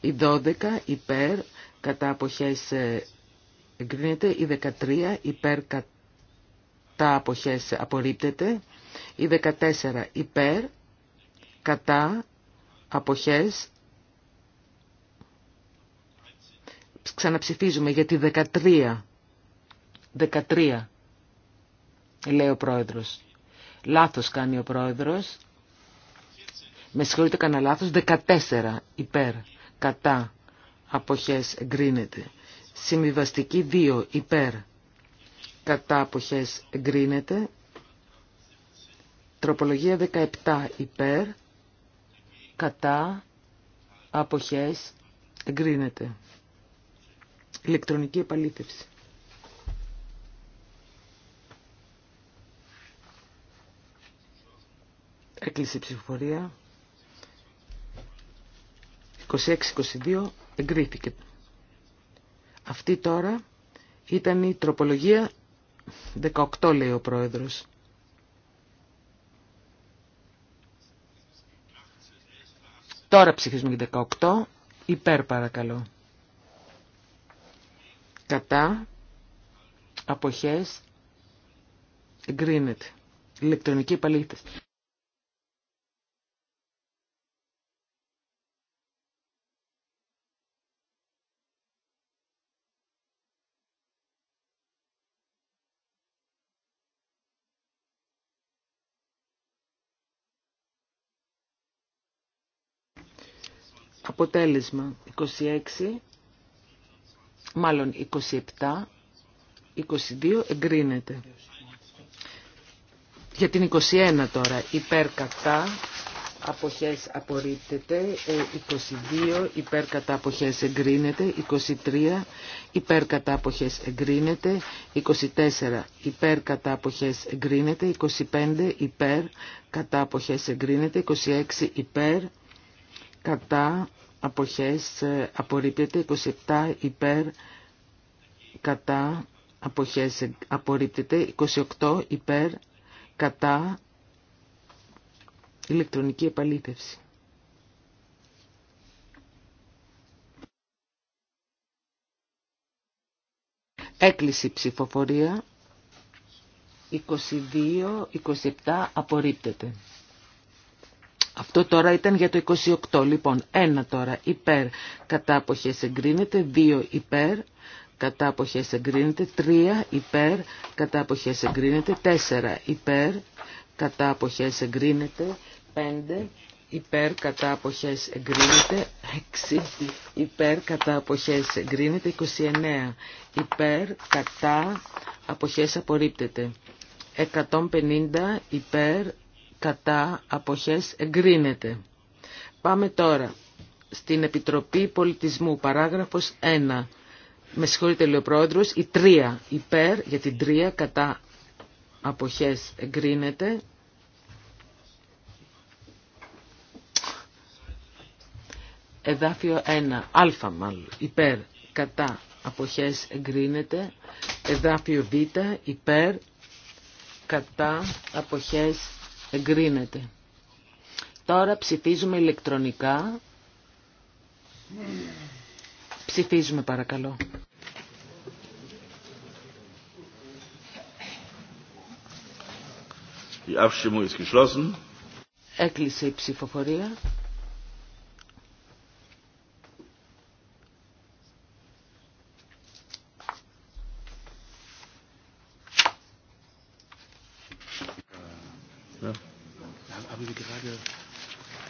Η 12 υπέρ, κατά αποχές ε, γκρίνεται. Η 13 υπέρ, κατά αποχές ε, απορρίπτεται. Η 14 υπέρ, κατά αποχές ξαναψηφίζουμε για τη 13. 13, λέει ο πρόεδρος. Λάθος κάνει ο πρόεδρος. Με συγχωρείτε κανένα λάθος. 14 υπέρ. Κατά. Αποχές εγκρίνεται. Συμβιβαστική 2 υπέρ. Κατά αποχές εγκρίνεται. Τροπολογία 17 υπέρ. Κατά αποχές εγκρίνεται. Ηλεκτρονική επαλήθευση. Έκλεισε η ψηφοφορία. 26-22 εγκρίθηκε. Αυτή τώρα ήταν η τροπολογία 18 λέει ο πρόεδρος. Τώρα ψηφίζουμε για 18. Υπέρ παρακαλώ. Κατά. Αποχές. Εγκρίνεται. Ηλεκτρονική επαλήθευση. Αποτέλεσμα 26, μάλλον 27, 22 εγκρίνεται. Για την 21 τώρα, υπέρ κατά, αποχές απορρίπτεται, 22 ε, υπέρ κατά αποχές εγκρίνεται, 23 υπέρ κατά αποχές εγκρίνεται, 24 υπέρ κατά αποχές εγκρίνεται, 25 υπέρ κατά αποχές εγκρίνεται, 26 υπέρ κατά αποχές ε, απορρίπτεται 27 υπέρ κατά αποχές ε, απορρίπτεται 28 υπέρ κατά ηλεκτρονική επαλήθευση. επαλήτευση. ψηφοφορία. 22-27 απορρίπτεται. Αυτό τώρα ήταν για το 28. Λοιπόν, 1 τώρα υπέρ κατά αποχές εγκρίνεται, 2 υπέρ κατά αποχές εγκρίνεται, 3 υπέρ κατά αποχές εγκρίνεται, 4 υπέρ κατά αποχές εγκρίνεται, 5 υπέρ κατά αποχές εγκρίνεται, 6 υπέρ κατά αποχές εγκρίνεται, 29 υπέρ κατά αποχές απορρίπτεται. 150 υπέρ κατά αποχές εγκρίνεται. Πάμε τώρα στην Επιτροπή Πολιτισμού, παράγραφος 1. Με συγχωρείτε λέει η 3 υπέρ για την 3 κατά αποχές εγκρίνεται. Εδάφιο 1, α μάλλον, υπέρ κατά αποχές εγκρίνεται. Εδάφιο β, υπέρ κατά αποχές Εγκρίνεται. Τώρα ψηφίζουμε ηλεκτρονικά. Ψηφίζουμε παρακαλώ. Η Abstimmung Έκλεισε η ψηφοφορία.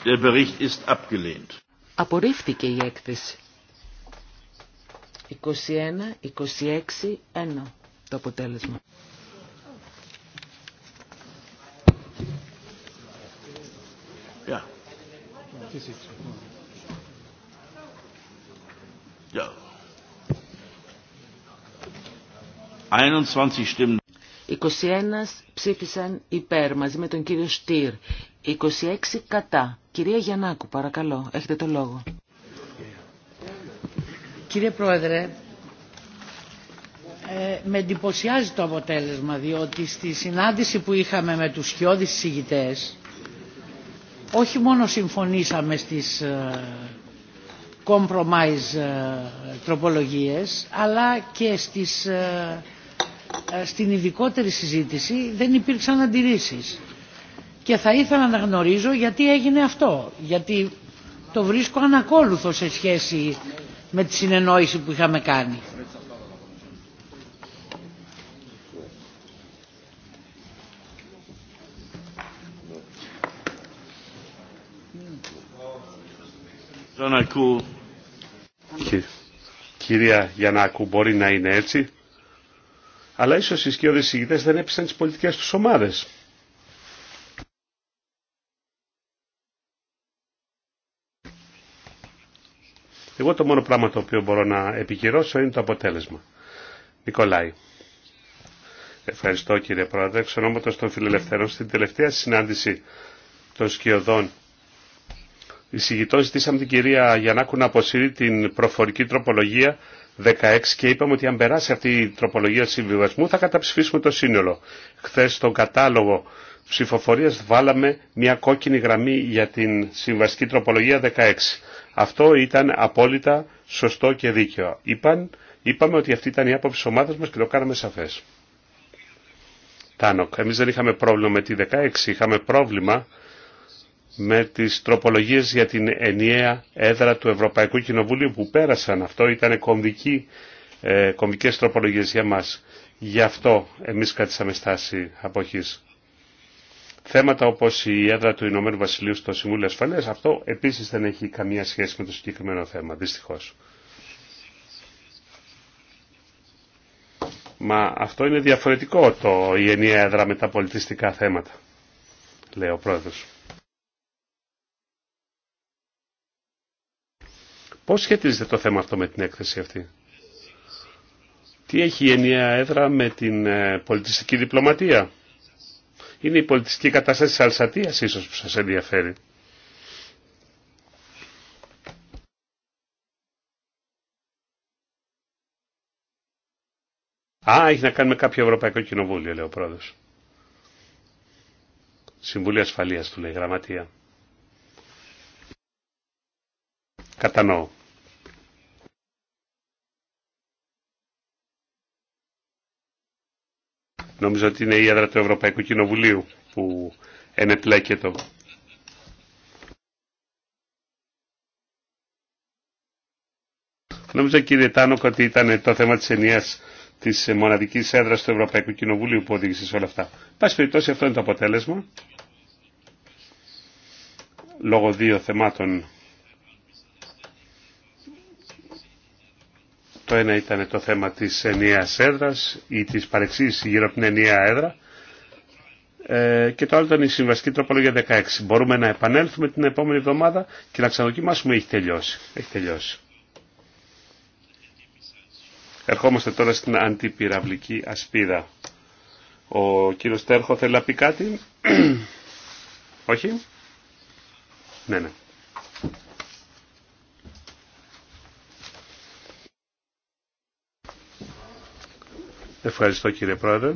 Der Bericht ist abgelehnt. Απορρίφθηκε η έκθεση. 21-26-1 το αποτέλεσμα. Ja. Ja. 21 Stimmen. 21 ψήφισαν υπέρ μαζί με τον κύριο Στυρ. 26 κατά. Κυρία Γιαννάκου, παρακαλώ, έχετε το λόγο. Κύριε Πρόεδρε, ε, με εντυπωσιάζει το αποτέλεσμα διότι στη συνάντηση που είχαμε με τους χιώδεις συγητές όχι μόνο συμφωνήσαμε στις ε, compromise ε, αλλά και στις, ε, ε, στην ειδικότερη συζήτηση δεν υπήρξαν αντιρρήσεις και θα ήθελα να γνωρίζω γιατί έγινε αυτό. Γιατί το βρίσκω ανακόλουθο σε σχέση με τη συνεννόηση που είχαμε κάνει. Κυρία Γιαννάκου, μπορεί να είναι έτσι, αλλά ίσως οι σκιώδες ηγητές δεν έπισαν τις πολιτικές τους ομάδες. Εγώ το μόνο πράγμα το οποίο μπορώ να επικυρώσω είναι το αποτέλεσμα. Νικολάη. Ευχαριστώ κύριε Πρόεδρε. Εξ ονόματος των φιλελευθέρων στην τελευταία συνάντηση των σκιωδών εισηγητών ζητήσαμε την κυρία Γιαννάκου να αποσύρει την προφορική τροπολογία 16 και είπαμε ότι αν περάσει αυτή η τροπολογία συμβιβασμού θα καταψηφίσουμε το σύνολο. Χθε στον κατάλογο ψηφοφορίας βάλαμε μια κόκκινη γραμμή για την συμβαστική τροπολογία 16. Αυτό ήταν απόλυτα σωστό και δίκαιο. Είπαν, είπαμε ότι αυτή ήταν η άποψη της ομάδα μα και το κάναμε σαφέ. Τάνοκ. Εμεί δεν είχαμε πρόβλημα με τη 16, είχαμε πρόβλημα με τις τροπολογίες για την ενιαία έδρα του Ευρωπαϊκού Κοινοβουλίου που πέρασαν. Αυτό ήταν κομβική, ε, τροπολογίες για μας. Γι' αυτό εμείς κρατήσαμε στάση αποχής. Θέματα όπως η έδρα του Ηνωμένου Βασιλείου στο Συμβούλιο Ασφαλείας, αυτό επίσης δεν έχει καμία σχέση με το συγκεκριμένο θέμα, δυστυχώς. Μα αυτό είναι διαφορετικό το η ενιαία έδρα με τα πολιτιστικά θέματα, λέει ο πρόεδρος. Πώς σχετίζεται το θέμα αυτό με την έκθεση αυτή. Τι έχει η ενιαία έδρα με την ε, πολιτιστική διπλωματία. Είναι η πολιτιστική κατάσταση της Αλσατίας ίσως που σας ενδιαφέρει. Α, έχει να κάνει με κάποιο Ευρωπαϊκό Κοινοβούλιο, λέει ο πρόεδρος. Συμβουλή Ασφαλείας του λέει γραμματεία. Κατανοώ. Νομίζω ότι είναι η έδρα του Ευρωπαϊκού Κοινοβουλίου που ενεπλέκεται. Νομίζω κύριε Τάνοκ ότι ήταν το θέμα της ενίας της μοναδικής έδρας του Ευρωπαϊκού Κοινοβουλίου που οδήγησε σε όλα αυτά. Πάση περιπτώσει αυτό είναι το αποτέλεσμα. Λόγω δύο θεμάτων Το ένα ήταν το θέμα της ενιαίας έδρας ή της παρεξής γύρω από την ενιαία έδρα ε, και το άλλο ήταν η συμβαστική τροπολογία 16. Μπορούμε να επανέλθουμε την επόμενη εβδομάδα και να ξαναδοκιμάσουμε έχει τελειώσει. Έχει τελειώσει. Ερχόμαστε τώρα στην αντιπυραυλική ασπίδα. Ο κύριος Τέρχο θέλει να πει κάτι. Όχι. Ναι, ναι. Ευχαριστώ κύριε Πρόεδρε.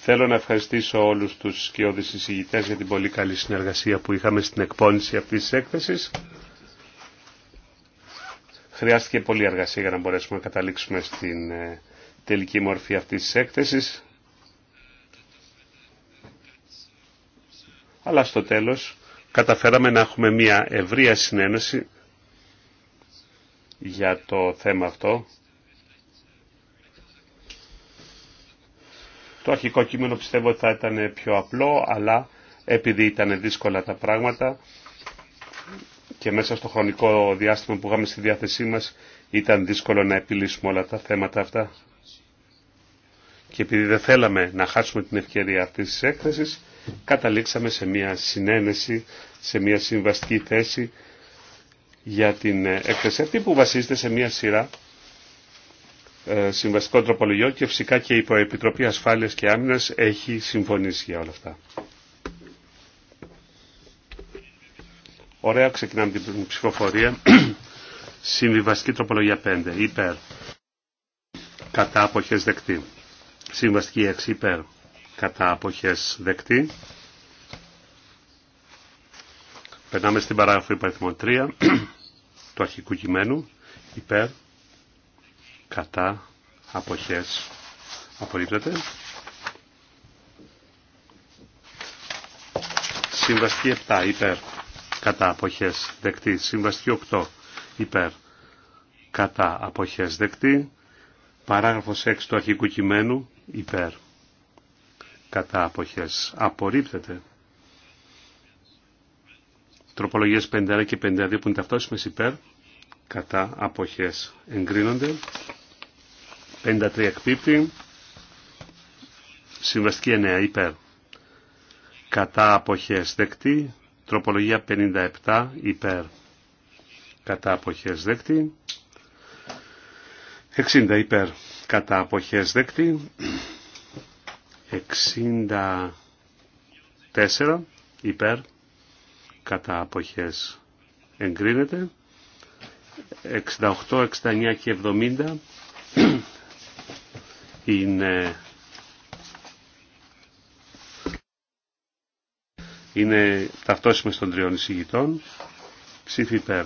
Θέλω να ευχαριστήσω όλους τους σκιώδεις εισηγητές για την πολύ καλή συνεργασία που είχαμε στην εκπόνηση αυτής της έκθεσης. Χρειάστηκε πολύ εργασία για να μπορέσουμε να καταλήξουμε στην ε, τελική μορφή αυτής της έκθεσης. Αλλά στο τέλος καταφέραμε να έχουμε μια ευρεία συνένωση για το θέμα αυτό Το αρχικό κείμενο πιστεύω ότι θα ήταν πιο απλό, αλλά επειδή ήταν δύσκολα τα πράγματα και μέσα στο χρονικό διάστημα που είχαμε στη διάθεσή μας ήταν δύσκολο να επιλύσουμε όλα τα θέματα αυτά. Και επειδή δεν θέλαμε να χάσουμε την ευκαιρία αυτής της έκθεσης, καταλήξαμε σε μια συνένεση, σε μια συμβαστική θέση για την έκθεση αυτή που βασίζεται σε μια σειρά ε, Συμβαστικό τροπολογιό και φυσικά και η Επιτροπή Ασφάλειας και Άμυνας έχει συμφωνήσει για όλα αυτά. Ωραία, ξεκινάμε την ψηφοφορία. Συμβιβαστική τροπολογία 5, υπέρ. Κατά αποχές δεκτή. Συμβαστική 6, υπέρ. Κατά αποχές δεκτή. Περνάμε στην παράγραφο υπαριθμό 3 του αρχικού κειμένου. Υπέρ κατά αποχές απορρίπτεται. Σύμβαστη 7 υπέρ κατά αποχές δεκτή. Σύμβαστη 8 υπέρ κατά αποχές δεκτή. Παράγραφος 6 του αρχικού κειμένου υπέρ κατά αποχές απορρίπτεται. Τροπολογίες 51 και 52 που είναι ταυτόσιμες υπέρ κατά αποχές εγκρίνονται 53 εκπίπτει συμβαστική 9 υπέρ κατά αποχές δεκτή τροπολογία 57 υπέρ κατά αποχές δεκτή 60 υπέρ κατά αποχές δεκτή 64 υπέρ κατά αποχές εγκρίνεται 68, 69 και 70 είναι, είναι ταυτόσιμες των τριών εισηγητών. Ψήφι υπέρ.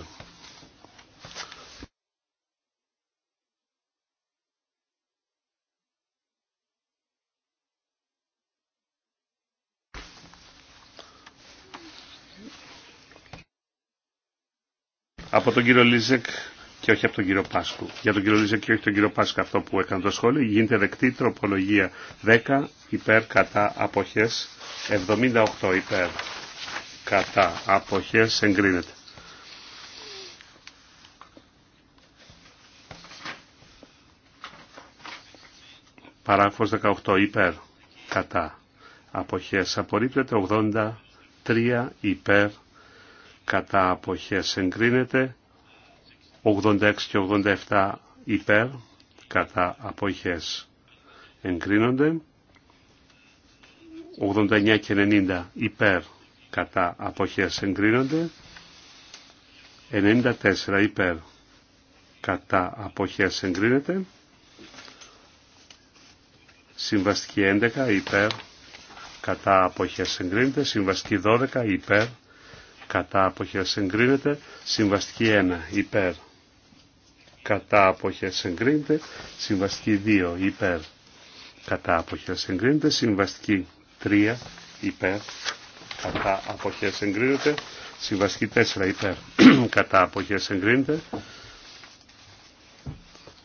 από τον κύριο Λίζεκ και όχι από τον κύριο Πάσκου. Για τον κύριο Λίζεκ και όχι τον κύριο Πάσκου αυτό που έκανε το σχόλιο. Γίνεται δεκτή τροπολογία 10 υπέρ κατά αποχές 78 υπέρ κατά αποχές εγκρίνεται. Παράγραφος 18 υπέρ κατά αποχές απορρίπτεται 83 υπέρ κατά αποχές εγκρίνεται 86 και 87 υπέρ κατά αποχές εγκρίνονται 89 και 90 υπέρ κατά αποχές εγκρίνονται 94 υπέρ κατά αποχές εγκρίνεται Συμβαστική 11 υπέρ κατά αποχές εγκρίνεται. Συμβαστική 12 υπέρ κατά αποχές εγκρίνεται, συμβαστική 1 υπέρ κατά αποχές εγκρίνεται, συμβαστική 2 υπέρ κατά αποχές εγκρίνεται, συμβαστική 3 υπέρ κατά αποχές εγκρίνεται, συμβαστική 4 υπέρ κατά αποχέ εγκρίνεται,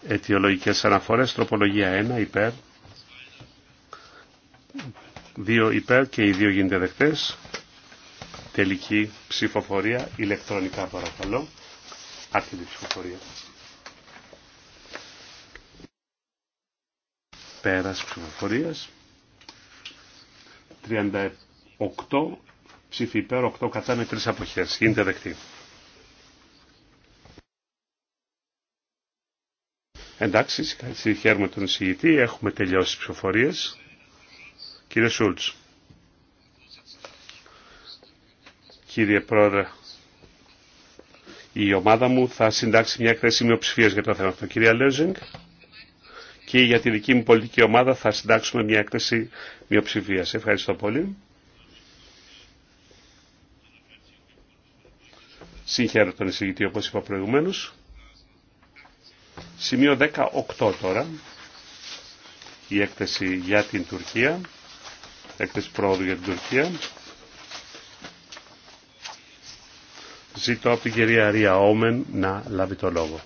αιτιολογικές αναφορές, τροπολογία 1 υπέρ, 2 υπέρ και οι 2 γίνεται δεκτές, τελική ψηφοφορία ηλεκτρονικά παρακαλώ. Άρχεται η ψηφοφορία. Πέρας ψηφοφορίας. 38 ψήφι υπέρ, 8 κατά με 3 αποχές. Γίνεται δεκτή. Εντάξει, συγχαίρουμε τον συγητή. έχουμε τελειώσει τις ψηφοφορίες. Κύριε Σούλτς. κύριε Πρόεδρε. Η ομάδα μου θα συντάξει μια έκθεση μειοψηφία για το θέμα αυτό. Κυρία Λέζινγκ, και για τη δική μου πολιτική ομάδα θα συντάξουμε μια έκθεση μειοψηφία. Ευχαριστώ πολύ. Συγχαίρω τον εισηγητή όπως είπα προηγουμένως. Σημείο 18 τώρα. Η έκθεση για την Τουρκία. Έκθεση πρόοδου για την Τουρκία. Ζήτω από την κυρία Ρία Όμεν να λάβει το λόγο.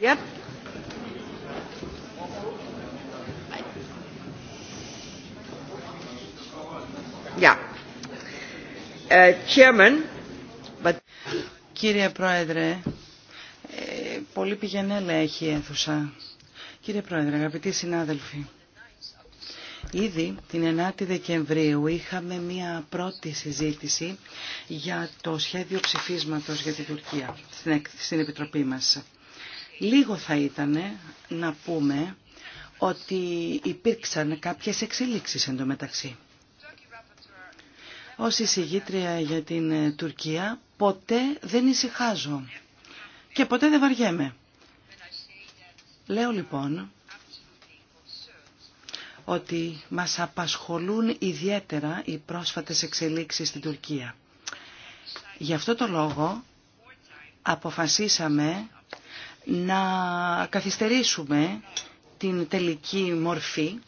Yep. Yeah. Uh, chairman. Κύριε Πρόεδρε, ε, πολύ πηγενέλα έχει η αίθουσα. Κύριε Πρόεδρε, αγαπητοί συνάδελφοι, Ήδη την 9η Δεκεμβρίου είχαμε μία πρώτη συζήτηση για το σχέδιο ψηφίσματος για την Τουρκία στην Επιτροπή μας. Λίγο θα ήταν να πούμε ότι υπήρξαν κάποιες εξελίξεις εντωμεταξύ. Ως εισηγήτρια για την Τουρκία ποτέ δεν ησυχάζω και ποτέ δεν βαριέμαι. Λέω λοιπόν ότι μας απασχολούν ιδιαίτερα οι πρόσφατες εξελίξεις στην Τουρκία. Γι' αυτό το λόγο αποφασίσαμε να καθυστερήσουμε την τελική μορφή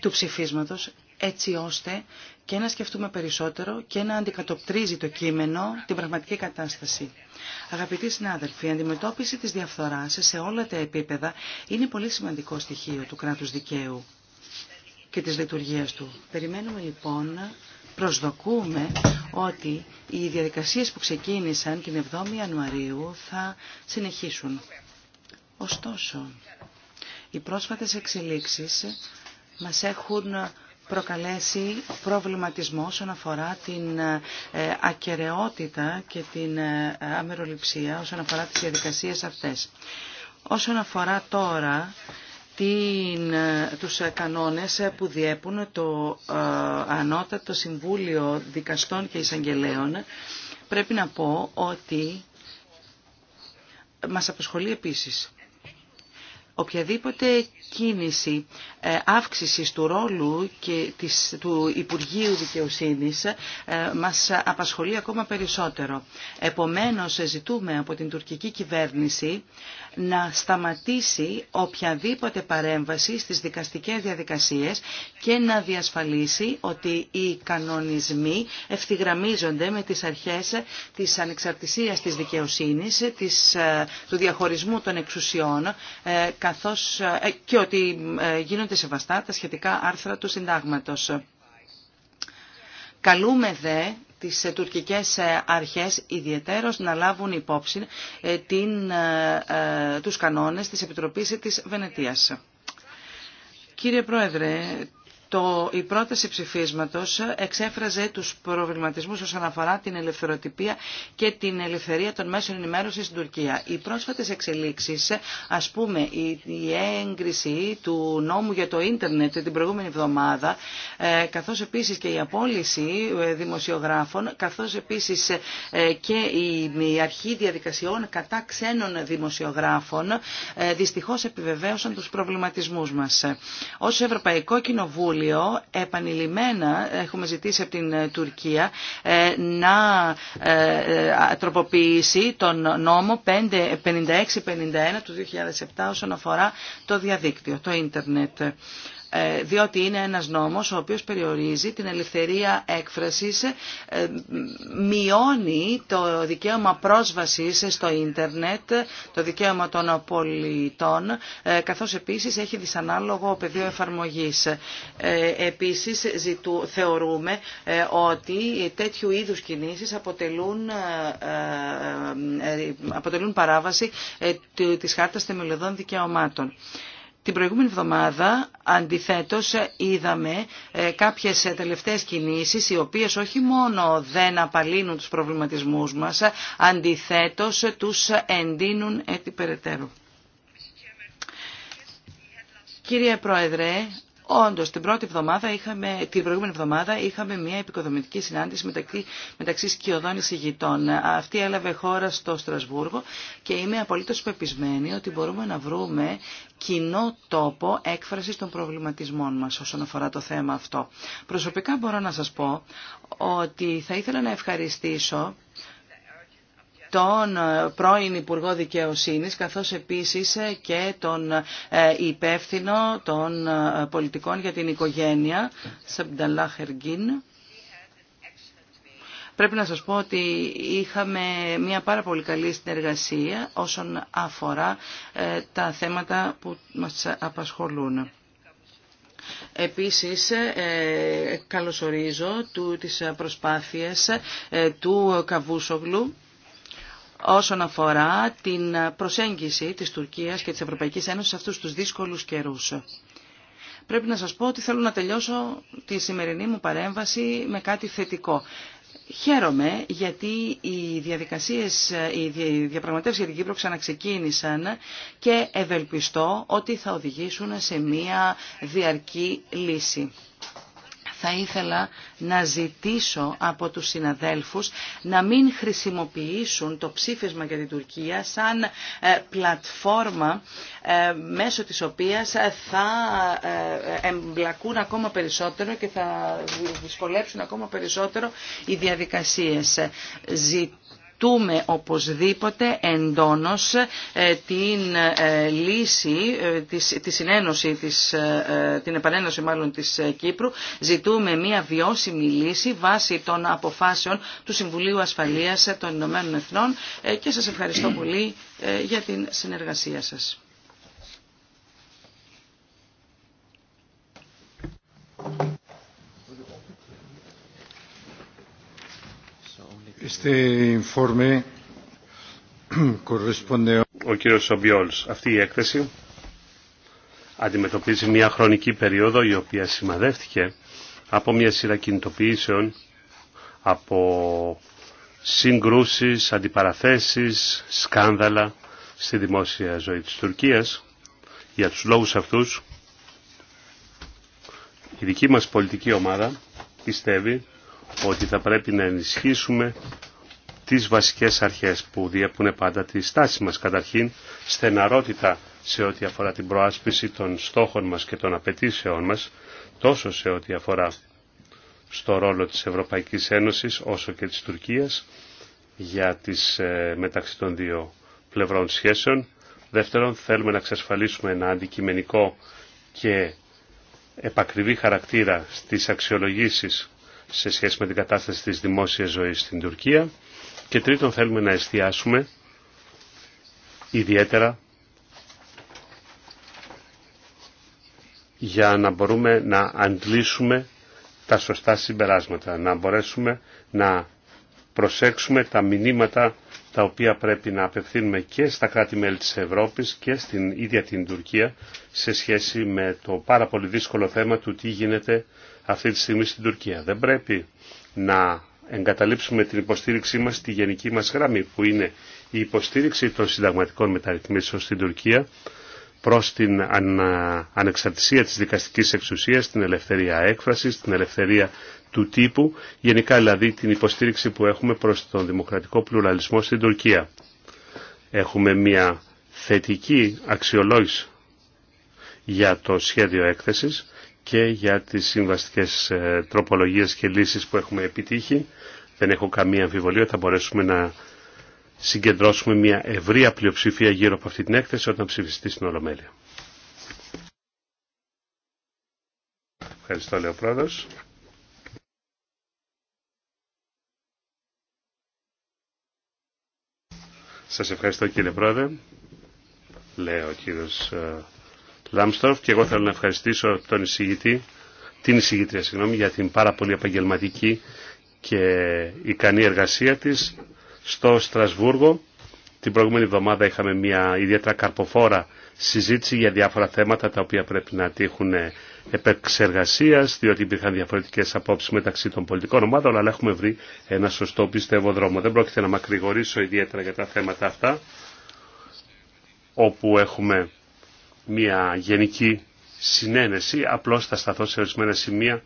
του ψηφίσματος έτσι ώστε και να σκεφτούμε περισσότερο και να αντικατοπτρίζει το κείμενο την πραγματική κατάσταση. Αγαπητοί συνάδελφοι, η αντιμετώπιση της διαφθοράς σε όλα τα επίπεδα είναι πολύ σημαντικό στοιχείο του κράτους δικαίου και της λειτουργίας του. Περιμένουμε λοιπόν, προσδοκούμε ότι οι διαδικασίες που ξεκίνησαν την 7η Ιανουαρίου θα συνεχίσουν. Ωστόσο, οι πρόσφατες εξελίξεις μας έχουν προκαλέσει προβληματισμό όσον αφορά την ε, ακαιρεότητα και την ε, αμεροληψία όσον αφορά τις διαδικασίες αυτές. Όσον αφορά τώρα την, ε, τους κανόνες που διέπουν το Ανώτατο Συμβούλιο Δικαστών και Εισαγγελέων, πρέπει να πω ότι μας απασχολεί επίσης οποιαδήποτε κίνηση ε, αύξησης του ρόλου και της, του Υπουργείου Δικαιοσύνης ε, μας απασχολεί ακόμα περισσότερο. Επομένως, ζητούμε από την τουρκική κυβέρνηση να σταματήσει οποιαδήποτε παρέμβαση στις δικαστικές διαδικασίες και να διασφαλίσει ότι οι κανονισμοί ευθυγραμμίζονται με τις αρχές της ανεξαρτησίας της δικαιοσύνης, της, ε, του διαχωρισμού των εξουσιών, καθώς ε, και ότι ε, γίνονται σεβαστά τα σχετικά άρθρα του συντάγματος. Καλούμε δε τις ε, τουρκικές αρχές ιδιαιτέρως να λάβουν υπόψη την, τους κανόνες της Επιτροπής της Βενετίας. Κύριε Πρόεδρε, το, η πρόταση ψηφίσματος εξέφραζε τους προβληματισμούς όσον αφορά την ελευθεροτυπία και την ελευθερία των μέσων ενημέρωσης στην Τουρκία. Οι πρόσφατες εξελίξεις, ας πούμε η, έγκριση του νόμου για το ίντερνετ την προηγούμενη εβδομάδα, ε, καθώς επίσης και η απόλυση ε, δημοσιογράφων, καθώς επίσης ε, και η, αρχή διαδικασιών κατά ξένων δημοσιογράφων, ε, δυστυχώς επιβεβαίωσαν τους προβληματισμού μα. Ως Ευρωπαϊκό επανειλημμένα ε, έχουμε ζητήσει από την ε, Τουρκία ε, να τροποποιήσει τον νόμο 5651 του 2007 όσον αφορά το διαδίκτυο, το ίντερνετ. Ε, διότι είναι ένας νόμος ο οποίος περιορίζει την ελευθερία έκφρασης, ε, μειώνει το δικαίωμα πρόσβασης στο ίντερνετ, το δικαίωμα των πολιτών, ε, καθώς επίσης έχει δυσανάλογο πεδίο εφαρμογής. Επίσης θεωρούμε ότι τέτοιου είδους κινήσεις αποτελούν, αποτελούν παράβαση της Χάρτας Θεμελιωδών Δικαιωμάτων. Την προηγούμενη εβδομάδα, αντιθέτως, είδαμε ε, κάποιες τελευταίες κινήσεις, οι οποίες όχι μόνο δεν απαλύνουν τους προβληματισμούς μας, αντιθέτως τους εντείνουν επί περαιτέρω. Κύριε Πρόεδρε, Όντω την, πρώτη εβδομάδα την προηγούμενη εβδομάδα είχαμε μια επικοδομητική συνάντηση μεταξύ, μεταξύ σκιωδών εισηγητών. Αυτή έλαβε χώρα στο Στρασβούργο και είμαι απολύτως πεπισμένη ότι μπορούμε να βρούμε κοινό τόπο έκφρασης των προβληματισμών μας όσον αφορά το θέμα αυτό. Προσωπικά μπορώ να σας πω ότι θα ήθελα να ευχαριστήσω τον ε, πρώην Υπουργό Δικαιοσύνης καθώς επίσης ε, και τον ε, υπεύθυνο των πολιτικών για την οικογένεια Σαμπταλά Χεργίν. Πρέπει να σας πω ότι είχαμε μια πάρα πολύ καλή συνεργασία όσον αφορά τα θέματα που μας απασχολούν. Επίσης, καλωσορίζω του, τις προσπάθειες του Καβούσογλου όσον αφορά την προσέγγιση της Τουρκίας και της Ευρωπαϊκής Ένωσης σε αυτούς τους δύσκολους καιρούς. Πρέπει να σας πω ότι θέλω να τελειώσω τη σημερινή μου παρέμβαση με κάτι θετικό. Χαίρομαι γιατί οι διαδικασίες, οι διαπραγματεύσεις για την Κύπρο ξαναξεκίνησαν και ευελπιστώ ότι θα οδηγήσουν σε μία διαρκή λύση θα ήθελα να ζητήσω από τους συναδέλφους να μην χρησιμοποιήσουν το ψήφισμα για την Τουρκία σαν ε, πλατφόρμα ε, μέσω της οποίας ε, θα εμπλακούν ακόμα περισσότερο και θα δυσκολέψουν ακόμα περισσότερο οι διαδικασίες. Ζητούμε οπωσδήποτε εντόνως ε, την ε, λύση, ε, τη συνένωση, της, την επανένωση μάλλον της Κύπρου. Ζητούμε μια βιώσιμη λύση βάσει των αποφάσεων του Συμβουλίου Ασφαλείας των Ηνωμένων Εθνών και σας ευχαριστώ πολύ για την συνεργασία σας. Ο κύριος Σομπιόλς, αυτή η έκθεση αντιμετωπίζει μια χρονική περίοδο η οποία σημαδεύτηκε από μια σειρά κινητοποιήσεων, από συγκρούσεις, αντιπαραθέσεις, σκάνδαλα στη δημόσια ζωή της Τουρκίας. Για τους λόγους αυτούς η δική μας πολιτική ομάδα πιστεύει ότι θα πρέπει να ενισχύσουμε τις βασικές αρχές που διέπουν πάντα τη στάση μας. Καταρχήν, στεναρότητα σε ό,τι αφορά την προάσπιση των στόχων μας και των απαιτήσεών μας, τόσο σε ό,τι αφορά στο ρόλο της Ευρωπαϊκής Ένωσης όσο και της Τουρκίας για τις ε, μεταξύ των δύο πλευρών σχέσεων. Δεύτερον, θέλουμε να εξασφαλίσουμε ένα αντικειμενικό και επακριβή χαρακτήρα στις αξιολογήσεις σε σχέση με την κατάσταση της δημόσιας ζωής στην Τουρκία και τρίτον θέλουμε να εστιάσουμε ιδιαίτερα για να μπορούμε να αντλήσουμε τα σωστά συμπεράσματα, να μπορέσουμε να προσέξουμε τα μηνύματα τα οποία πρέπει να απευθύνουμε και στα κράτη-μέλη της Ευρώπης και στην ίδια την Τουρκία σε σχέση με το πάρα πολύ δύσκολο θέμα του τι γίνεται αυτή τη στιγμή στην Τουρκία. Δεν πρέπει να εγκαταλείψουμε την υποστήριξή μας στη γενική μας γραμμή που είναι η υποστήριξη των συνταγματικών μεταρρυθμίσεων στην Τουρκία προς την ανεξαρτησία της δικαστικής εξουσίας, την ελευθερία έκφρασης, την ελευθερία του τύπου, γενικά δηλαδή την υποστήριξη που έχουμε προς τον δημοκρατικό πλουραλισμό στην Τουρκία. Έχουμε μια θετική αξιολόγηση για το σχέδιο έκθεσης και για τις συμβαστικές ε, τροπολογίες και λύσεις που έχουμε επιτύχει. Δεν έχω καμία αμφιβολία, θα μπορέσουμε να συγκεντρώσουμε μια ευρεία πλειοψηφία γύρω από αυτή την έκθεση όταν ψηφιστεί στην Ολομέλεια. Ευχαριστώ, λέει Σας ευχαριστώ κύριε πρόεδρε, Λέω, κύριος ε, Λάμστροφ, και εγώ θέλω να ευχαριστήσω τον εισηγητή, την εισηγητρία συγγνώμη, για την πάρα πολύ επαγγελματική και ικανή εργασία της στο Στρασβούργο. Την προηγούμενη εβδομάδα είχαμε μια ιδιαίτερα καρποφόρα συζήτηση για διάφορα θέματα τα οποία πρέπει να τύχουν επεξεργασία, διότι υπήρχαν διαφορετικέ απόψει μεταξύ των πολιτικών ομάδων, αλλά έχουμε βρει ένα σωστό πιστεύω δρόμο. Δεν πρόκειται να μακρηγορήσω ιδιαίτερα για τα θέματα αυτά, όπου έχουμε μια γενική συνένεση, απλώς θα σταθώ σε ορισμένα σημεία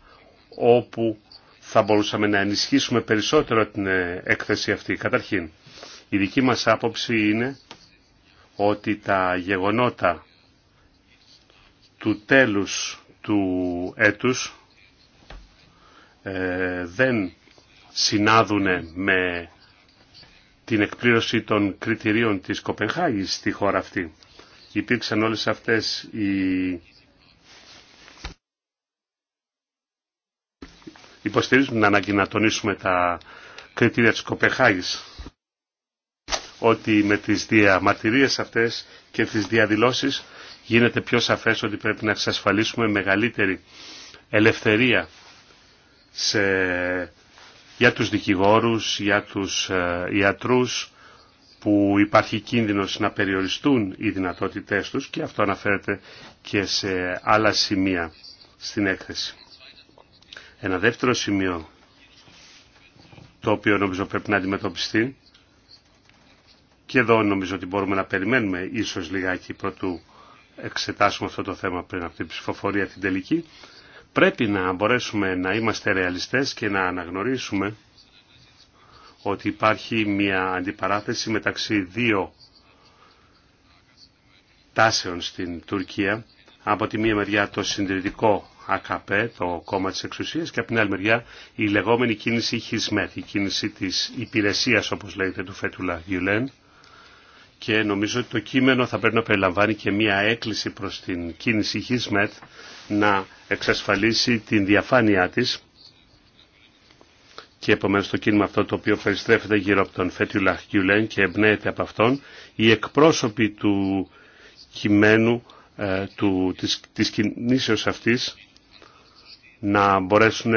όπου θα μπορούσαμε να ενισχύσουμε περισσότερο την ε, έκθεση αυτή. Καταρχήν, η δική μας άποψη είναι ότι τα γεγονότα του τέλους του έτους ε, δεν συνάδουν με την εκπλήρωση των κριτηρίων της Κοπενχάγης στη χώρα αυτή υπήρξαν όλες αυτές οι υποστηρίζουν να τονίσουμε τα κριτήρια της Κοπεχάγης ότι με τις διαμαρτυρίες αυτές και τις διαδηλώσεις γίνεται πιο σαφές ότι πρέπει να εξασφαλίσουμε μεγαλύτερη ελευθερία σε, για τους δικηγόρους, για τους ε, ιατρούς, που υπάρχει κίνδυνος να περιοριστούν οι δυνατότητές τους και αυτό αναφέρεται και σε άλλα σημεία στην έκθεση. Ένα δεύτερο σημείο το οποίο νομίζω πρέπει να αντιμετωπιστεί και εδώ νομίζω ότι μπορούμε να περιμένουμε ίσως λιγάκι πρωτού εξετάσουμε αυτό το θέμα πριν από την ψηφοφορία την τελική. Πρέπει να μπορέσουμε να είμαστε ρεαλιστές και να αναγνωρίσουμε ότι υπάρχει μια αντιπαράθεση μεταξύ δύο τάσεων στην Τουρκία. Από τη μία μεριά το συντηρητικό ΑΚΠ, το κόμμα της εξουσίας, και από την άλλη μεριά η λεγόμενη κίνηση Χισμέτ, η κίνηση της υπηρεσίας, όπως λέγεται, του Φέτουλα Γιουλέν. Και νομίζω ότι το κείμενο θα πρέπει να περιλαμβάνει και μια έκκληση προς την κίνηση Χισμέτ να εξασφαλίσει την διαφάνειά της και επομένως το κίνημα αυτό το οποίο περιστρέφεται γύρω από τον Φέτιουλαχ Γιουλέν και εμπνέεται από αυτόν, οι εκπρόσωποι του κειμένου ε, του, της, της κινήσεως αυτής να μπορέσουν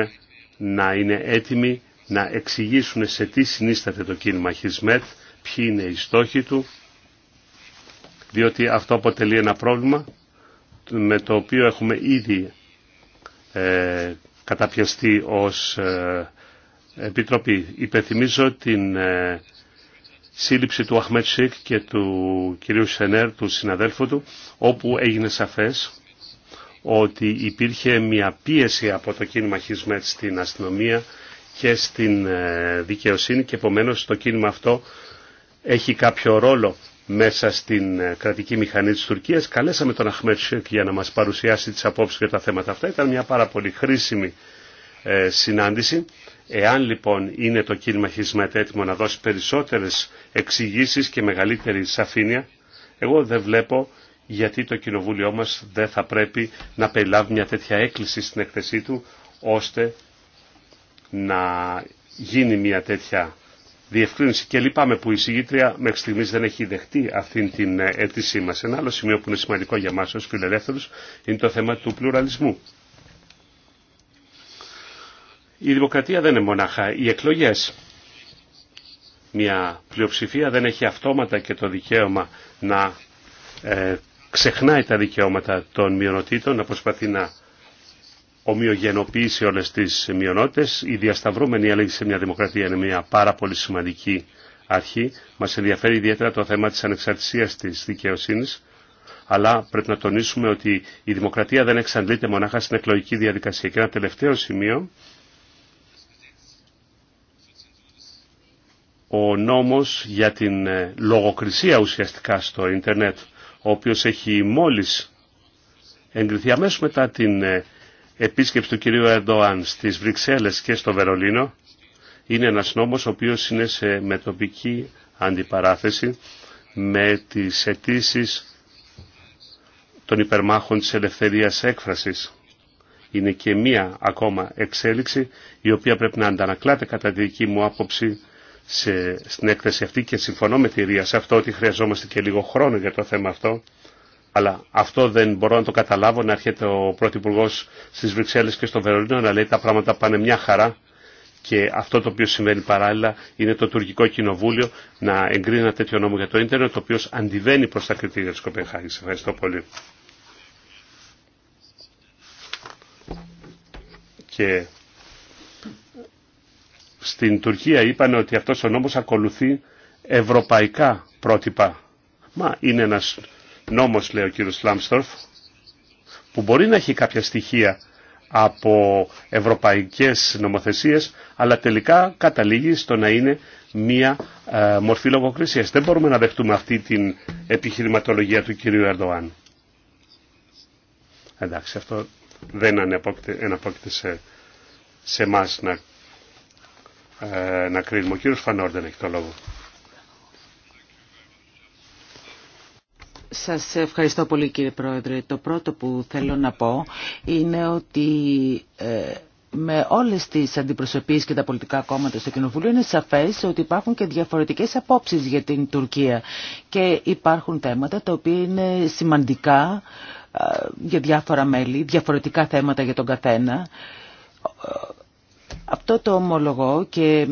να είναι έτοιμοι να εξηγήσουν σε τι συνίσταται το κίνημα Χισμέτ, ποιοι είναι οι στόχοι του, διότι αυτό αποτελεί ένα πρόβλημα με το οποίο έχουμε ήδη ε, καταπιαστεί ως ε, Επιτροπή. Υπενθυμίζω την ε, σύλληψη του Αχμέτ Σίκ και του κυρίου Σενέρ, του συναδέλφου του, όπου έγινε σαφές ότι υπήρχε μια πίεση από το κίνημα Χισμέτ στην αστυνομία και στην ε, δικαιοσύνη και επομένως το κίνημα αυτό έχει κάποιο ρόλο μέσα στην ε, κρατική μηχανή της Τουρκίας. Καλέσαμε τον Αχμέτ για να μας παρουσιάσει τις απόψεις για τα θέματα αυτά. Ήταν μια πάρα πολύ χρήσιμη ε, συνάντηση. Εάν λοιπόν είναι το κίνημα Χισμέτ έτοιμο να δώσει περισσότερες εξηγήσει και μεγαλύτερη σαφήνεια, εγώ δεν βλέπω γιατί το κοινοβούλιο μας δεν θα πρέπει να περιλάβει μια τέτοια έκκληση στην εκθεσή του, ώστε να γίνει μια τέτοια διευκρίνηση και λυπάμαι που η συγγήτρια μέχρι στιγμής δεν έχει δεχτεί αυτή την ε, αίτησή μας. Ένα άλλο σημείο που είναι σημαντικό για μας ως φιλελεύθερους είναι το θέμα του πλουραλισμού. Η δημοκρατία δεν είναι μονάχα οι εκλογές. Μια πλειοψηφία δεν έχει αυτόματα και το δικαίωμα να ε, ξεχνάει τα δικαιώματα των μειονοτήτων, να προσπαθεί να ομοιογενοποιήσει όλες τις μειονότητες. Η διασταυρούμενη έλεγχη σε μια δημοκρατία είναι μια πάρα πολύ σημαντική αρχή. Μας ενδιαφέρει ιδιαίτερα το θέμα της ανεξαρτησίας της δικαιοσύνης, αλλά πρέπει να τονίσουμε ότι η δημοκρατία δεν εξαντλείται μονάχα στην εκλογική διαδικασία. Και ένα τελευταίο σημείο ο νόμος για την ε, λογοκρισία ουσιαστικά στο ίντερνετ, ο οποίος έχει μόλις εγκριθεί αμέσως μετά την ε, επίσκεψη του κυρίου Ερντοάν στις Βρυξέλλες και στο Βερολίνο, είναι ένας νόμος ο οποίος είναι σε μετοπική αντιπαράθεση με τις αιτήσει των υπερμάχων της ελευθερίας έκφρασης. Είναι και μία ακόμα εξέλιξη η οποία πρέπει να αντανακλάται κατά τη δική μου άποψη σε, στην έκθεση αυτή και συμφωνώ με τη Ρία σε αυτό ότι χρειαζόμαστε και λίγο χρόνο για το θέμα αυτό. Αλλά αυτό δεν μπορώ να το καταλάβω να έρχεται ο Πρωθυπουργό στις Βρυξέλλες και στο Βερολίνο να λέει τα πράγματα πάνε μια χαρά και αυτό το οποίο συμβαίνει παράλληλα είναι το τουρκικό κοινοβούλιο να εγκρίνει ένα τέτοιο νόμο για το ίντερνετ το οποίο αντιβαίνει προ τα κριτήρια τη Κοπενχάγη. Ευχαριστώ πολύ στην Τουρκία είπαν ότι αυτός ο νόμος ακολουθεί ευρωπαϊκά πρότυπα. Μα είναι ένας νόμος, λέει ο κύριος Λάμστορφ, που μπορεί να έχει κάποια στοιχεία από ευρωπαϊκές νομοθεσίες, αλλά τελικά καταλήγει στο να είναι μία ε, μορφή λογοκρισίας. Δεν μπορούμε να δεχτούμε αυτή την επιχειρηματολογία του κυρίου Ερντοάν. Εντάξει, αυτό δεν αναπόκειται, σε, σε να ε, να κρίνουμε. Ο κύριος δεν έχει το λόγο. Σας ευχαριστώ πολύ κύριε Πρόεδρε. Το πρώτο που θέλω να πω είναι ότι... Ε, με όλες τις αντιπροσωπείες και τα πολιτικά κόμματα στο Κοινοβούλιο είναι σαφές ότι υπάρχουν και διαφορετικές απόψεις για την Τουρκία και υπάρχουν θέματα τα οποία είναι σημαντικά ε, για διάφορα μέλη, διαφορετικά θέματα για τον καθένα αυτό το ομολογώ και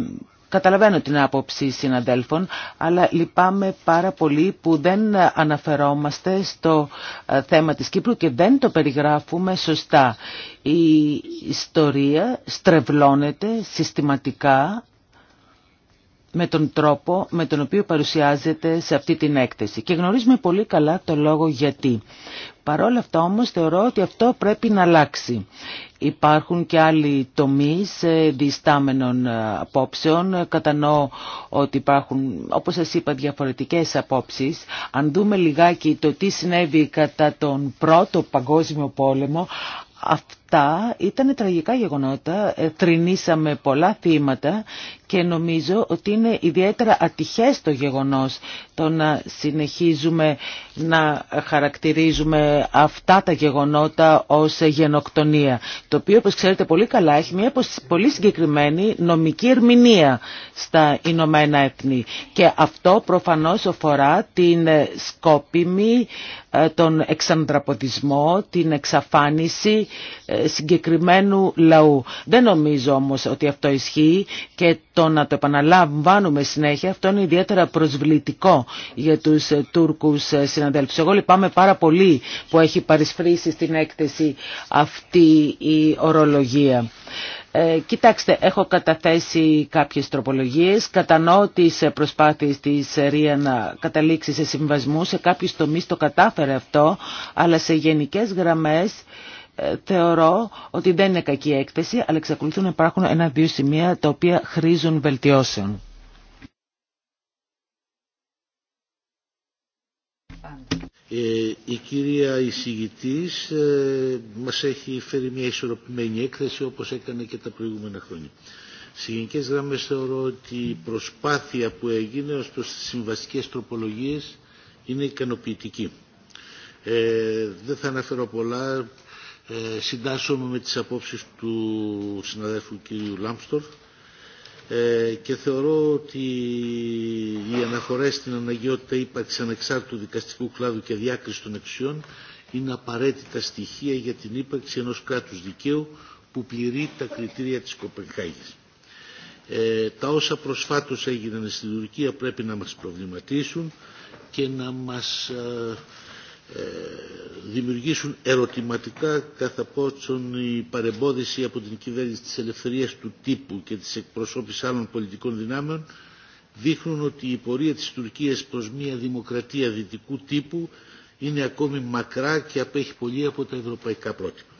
Καταλαβαίνω την άποψη συναδέλφων, αλλά λυπάμαι πάρα πολύ που δεν αναφερόμαστε στο ε, θέμα της Κύπρου και δεν το περιγράφουμε σωστά. Η ιστορία στρεβλώνεται συστηματικά με τον τρόπο με τον οποίο παρουσιάζεται σε αυτή την έκθεση. Και γνωρίζουμε πολύ καλά το λόγο γιατί. Παρόλα αυτά όμως θεωρώ ότι αυτό πρέπει να αλλάξει. Υπάρχουν και άλλοι τομείς ε, διστάμενων ε, απόψεων. Κατανοώ ότι υπάρχουν, όπως σας είπα, διαφορετικές απόψεις. Αν δούμε λιγάκι το τι συνέβη κατά τον πρώτο παγκόσμιο πόλεμο, ήταν τραγικά γεγονότα, ε, τρινήσαμε πολλά θύματα και νομίζω ότι είναι ιδιαίτερα ατυχές το γεγονός το να συνεχίζουμε να χαρακτηρίζουμε αυτά τα γεγονότα ως γενοκτονία, το οποίο όπως ξέρετε πολύ καλά έχει μια πολύ συγκεκριμένη νομική ερμηνεία στα Ηνωμένα Έθνη και αυτό προφανώς αφορά την σκόπιμη, ε, τον εξαντραποδισμό, την εξαφάνιση ε, συγκεκριμένου λαού. Δεν νομίζω όμως ότι αυτό ισχύει και το να το επαναλαμβάνουμε συνέχεια αυτό είναι ιδιαίτερα προσβλητικό για τους ε, Τούρκους ε, συναδέλφους. Εγώ λυπάμαι πάρα πολύ που έχει παρισφρήσει στην έκθεση αυτή η ορολογία. Ε, κοιτάξτε, έχω καταθέσει κάποιες τροπολογίες, κατανοώ τις προσπάθειες της ΡΙΑ να καταλήξει σε συμβασμού, σε κάποιους τομείς το κατάφερε αυτό, αλλά σε γενικές γραμμές θεωρώ ότι δεν είναι κακή έκθεση, αλλά εξακολουθούν να υπάρχουν ένα-δύο σημεία τα οποία χρήζουν βελτιώσεων. Ε, η κυρία εισηγητής ε, μας έχει φέρει μια ισορροπημένη έκθεση όπως έκανε και τα προηγούμενα χρόνια. Σε γενικέ γραμμέ θεωρώ ότι η προσπάθεια που έγινε ως προς τις συμβαστικές τροπολογίες είναι ικανοποιητική. Ε, δεν θα αναφέρω πολλά, ε, συντάσσομαι με τις απόψεις του συναδέλφου κ. Λάμπστορφ ε, και θεωρώ ότι οι αναφορές στην αναγκαιότητα ύπαρξη ανεξάρτητου δικαστικού κλάδου και διάκριση των αξιών είναι απαραίτητα στοιχεία για την ύπαρξη ενός κράτους δικαίου που πληρεί τα κριτήρια της Κοπενχάγης. Ε, τα όσα προσφάτως έγιναν στην Τουρκία πρέπει να μας προβληματίσουν και να μας ε, δημιουργήσουν ερωτηματικά κατά πόσον η παρεμπόδιση από την κυβέρνηση της ελευθερίας του τύπου και της εκπροσώπης άλλων πολιτικών δυνάμεων δείχνουν ότι η πορεία της Τουρκίας προς μια δημοκρατία δυτικού τύπου είναι ακόμη μακρά και απέχει πολύ από τα ευρωπαϊκά πρότυπα.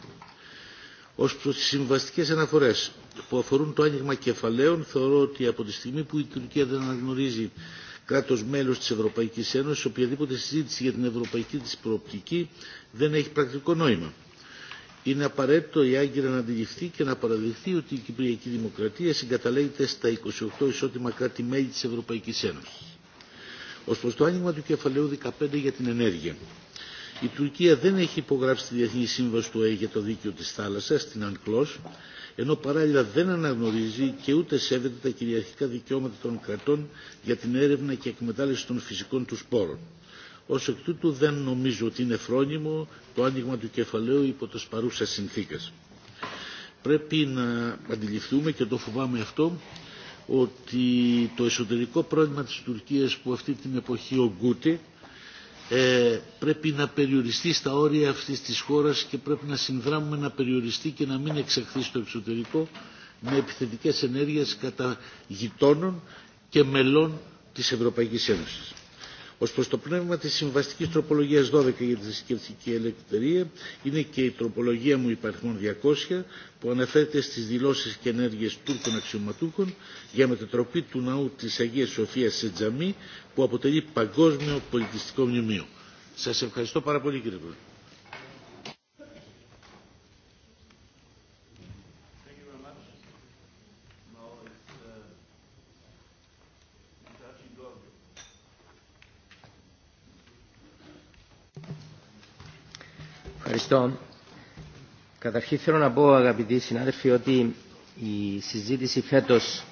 Ως προς τις συμβαστικές αναφορές που αφορούν το άνοιγμα κεφαλαίων θεωρώ ότι από τη στιγμή που η Τουρκία δεν αναγνωρίζει κράτος μέλος της Ευρωπαϊκής Ένωσης, οποιαδήποτε συζήτηση για την ευρωπαϊκή τη προοπτική δεν έχει πρακτικό νόημα. Είναι απαραίτητο η Άγκυρα να αντιληφθεί και να παραδειχθεί ότι η Κυπριακή Δημοκρατία συγκαταλέγεται στα 28 ισότιμα κράτη-μέλη της Ευρωπαϊκής Ένωσης. Ω προ το άνοιγμα του κεφαλαίου 15 για την ενέργεια. Η Τουρκία δεν έχει υπογράψει τη Διεθνή Σύμβαση του ΟΕΕ για το Δίκαιο της Θάλασσας, την UNCLOS, ενώ παράλληλα δεν αναγνωρίζει και ούτε σέβεται τα κυριαρχικά δικαιώματα των κρατών για την έρευνα και εκμετάλλευση των φυσικών του πόρων. Ω εκ τούτου δεν νομίζω ότι είναι φρόνιμο το άνοιγμα του κεφαλαίου υπό τι παρούσε συνθήκε. Πρέπει να αντιληφθούμε και το φοβάμαι αυτό ότι το εσωτερικό πρόβλημα της Τουρκίας που αυτή την εποχή ογκούται ε, πρέπει να περιοριστεί στα όρια αυτής της χώρας και πρέπει να συνδράμουμε να περιοριστεί και να μην εξαχθεί στο εξωτερικό με επιθετικές ενέργειες κατά γειτόνων και μελών της Ευρωπαϊκής Ένωσης. Ω προ το πνεύμα τη συμβαστική τροπολογία 12 για τη θρησκευτική ελευθερία είναι και η τροπολογία μου υπαριθμών 200 που αναφέρεται στι δηλώσει και ενέργειε Τούρκων αξιωματούχων για μετατροπή του ναού τη Αγία Σοφία σε τζαμί που αποτελεί παγκόσμιο πολιτιστικό μνημείο. Σα ευχαριστώ πάρα πολύ κύριε Πρόεδρε. Ευχαριστώ. Καταρχήν θέλω να πω αγαπητοί συνάδελφοι ότι η συζήτηση φέτος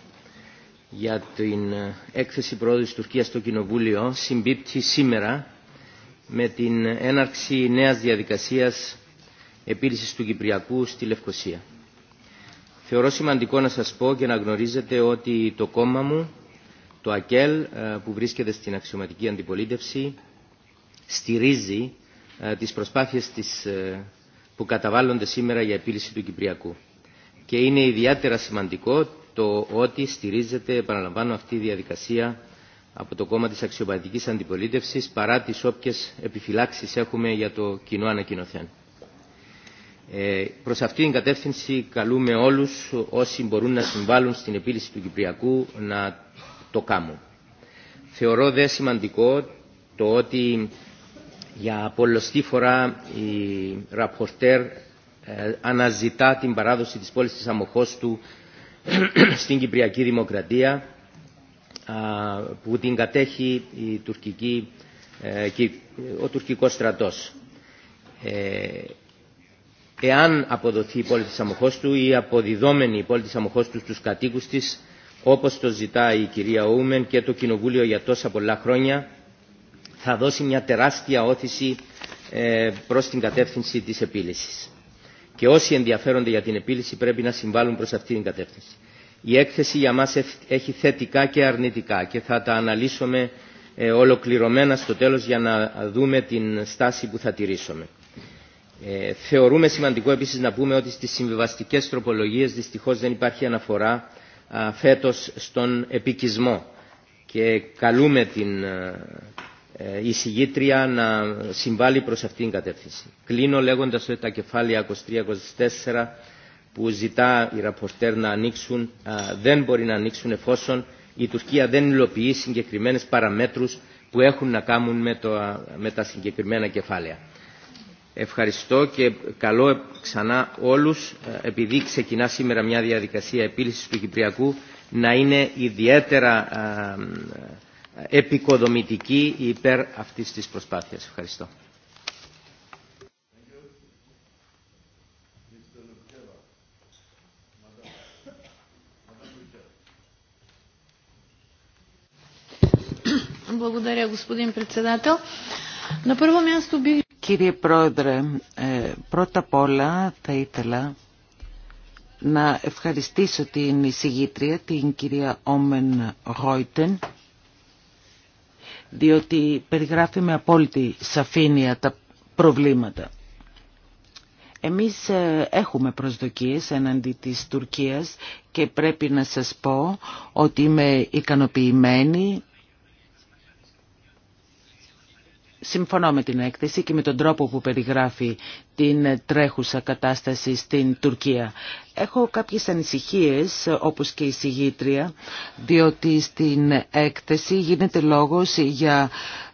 για την έκθεση πρόοδου της Τουρκίας στο Κοινοβούλιο συμπίπτει σήμερα με την έναρξη νέας διαδικασίας επίλυσης του Κυπριακού στη Λευκοσία. Θεωρώ σημαντικό να σας πω και να γνωρίζετε ότι το κόμμα μου, το ΑΚΕΛ, ε, που βρίσκεται στην αξιωματική αντιπολίτευση, στηρίζει ε, τις προσπάθειες της, ε, που καταβάλλονται σήμερα για επίλυση του Κυπριακού. Και είναι ιδιαίτερα σημαντικό το ότι στηρίζεται, επαναλαμβάνω, αυτή η διαδικασία από το κόμμα της αξιωματικής αντιπολίτευσης παρά τις όποιες επιφυλάξεις έχουμε για το κοινό ανακοινωθέν. Ε, προς αυτήν την κατεύθυνση καλούμε όλους όσοι μπορούν να συμβάλλουν στην επίλυση του Κυπριακού να το κάνουν. Θεωρώ δε σημαντικό το ότι για πολλωστή φορά η ραπορτέρ ε, αναζητά την παράδοση της πόλης της Αμοχώστου στην Κυπριακή Δημοκρατία που την κατέχει η ε, ο τουρκικός στρατός. Ε, εάν αποδοθεί η πόλη της Αμοχώστου ή αποδιδόμενη η πόλη της Αμοχώστου στους κατοίκους της, όπως το ζητά η κυρία Ούμεν και το Κοινοβούλιο για τόσα πολλά χρόνια, θα δώσει μια τεράστια όθηση ε, προς την κατεύθυνση της επίλυσης. Και όσοι ενδιαφέρονται για την επίλυση πρέπει να συμβάλλουν προς αυτή την κατεύθυνση. Η έκθεση για μας έχει θετικά και αρνητικά και θα τα αναλύσουμε ε, ολοκληρωμένα στο τέλος για να δούμε την στάση που θα τηρήσουμε. Ε, θεωρούμε σημαντικό επίσης να πούμε ότι στις συμβιβαστικές τροπολογίες δυστυχώς δεν υπάρχει αναφορά α, φέτος στον επικισμό και καλούμε την, ε, η συγγήτρια να συμβάλλει προς αυτήν την κατεύθυνση. Κλείνω λέγοντας ότι τα κεφάλαια 23-24 που ζητά η ραπορτέρ να ανοίξουν δεν μπορεί να ανοίξουν εφόσον η Τουρκία δεν υλοποιεί συγκεκριμένες παραμέτρους που έχουν να κάνουν με, το, με τα συγκεκριμένα κεφάλαια. Ευχαριστώ και καλώ ξανά όλους, επειδή ξεκινά σήμερα μια διαδικασία επίλυσης του Κυπριακού, να είναι ιδιαίτερα επικοδομητική υπέρ αυτής της προσπάθειας. Ευχαριστώ. Κύριε Πρόεδρε, ε, πρώτα απ' όλα θα ήθελα να ευχαριστήσω την εισηγήτρια, την κυρία Όμεν Γόιτεν, διότι περιγράφει με απόλυτη σαφήνεια τα προβλήματα. Εμείς ε, έχουμε προσδοκίες εναντί της Τουρκίας και πρέπει να σας πω ότι είμαι ικανοποιημένη συμφωνώ με την έκθεση και με τον τρόπο που περιγράφει την τρέχουσα κατάσταση στην Τουρκία. Έχω κάποιες ανησυχίες, όπως και η συγγήτρια, διότι στην έκθεση γίνεται λόγος για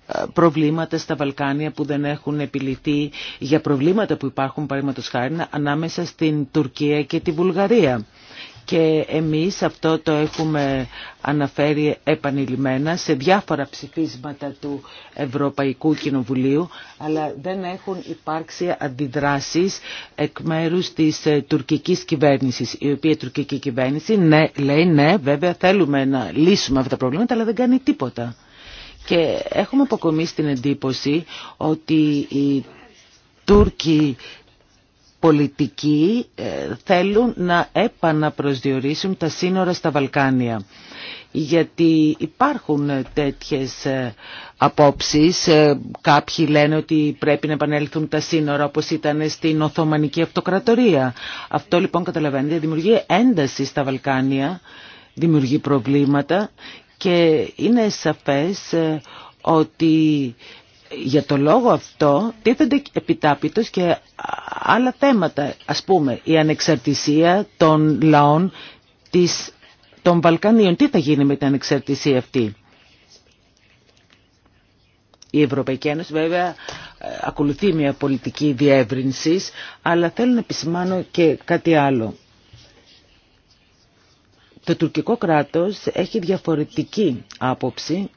ε, προβλήματα στα Βαλκάνια που δεν έχουν επιληθεί, για προβλήματα που υπάρχουν, παραδείγματος χάρη, ανάμεσα στην Τουρκία και τη Βουλγαρία και εμείς αυτό το έχουμε αναφέρει επανειλημμένα σε διάφορα ψηφίσματα του Ευρωπαϊκού Κοινοβουλίου αλλά δεν έχουν υπάρξει αντιδράσεις εκ μέρους της ε, τουρκικής κυβέρνησης η οποία η τουρκική κυβέρνηση ναι, λέει ναι βέβαια θέλουμε να λύσουμε αυτά τα προβλήματα αλλά δεν κάνει τίποτα και έχουμε αποκομίσει την εντύπωση ότι οι Τούρκοι πολιτικοί ε, θέλουν να επαναπροσδιορίσουν τα σύνορα στα Βαλκάνια. Γιατί υπάρχουν ε, τέτοιες ε, απόψεις. Κάποιοι λένε ότι πρέπει να επανέλθουν τα σύνορα όπως ήταν στην Οθωμανική Αυτοκρατορία. Αυτό λοιπόν καταλαβαίνετε δημιουργεί ένταση στα Βαλκάνια, δημιουργεί προβλήματα και είναι σαφές ότι για το λόγο αυτό τίθενται επιτάπητος και άλλα θέματα, ας πούμε, η ανεξαρτησία των λαών της, των Βαλκανίων. Τι θα γίνει με την ανεξαρτησία αυτή. Η Ευρωπαϊκή Ένωση βέβαια ε, ακολουθεί μια πολιτική διεύρυνσης, αλλά θέλω να επισημάνω και κάτι άλλο. Το τουρκικό κράτος έχει διαφορετική άποψη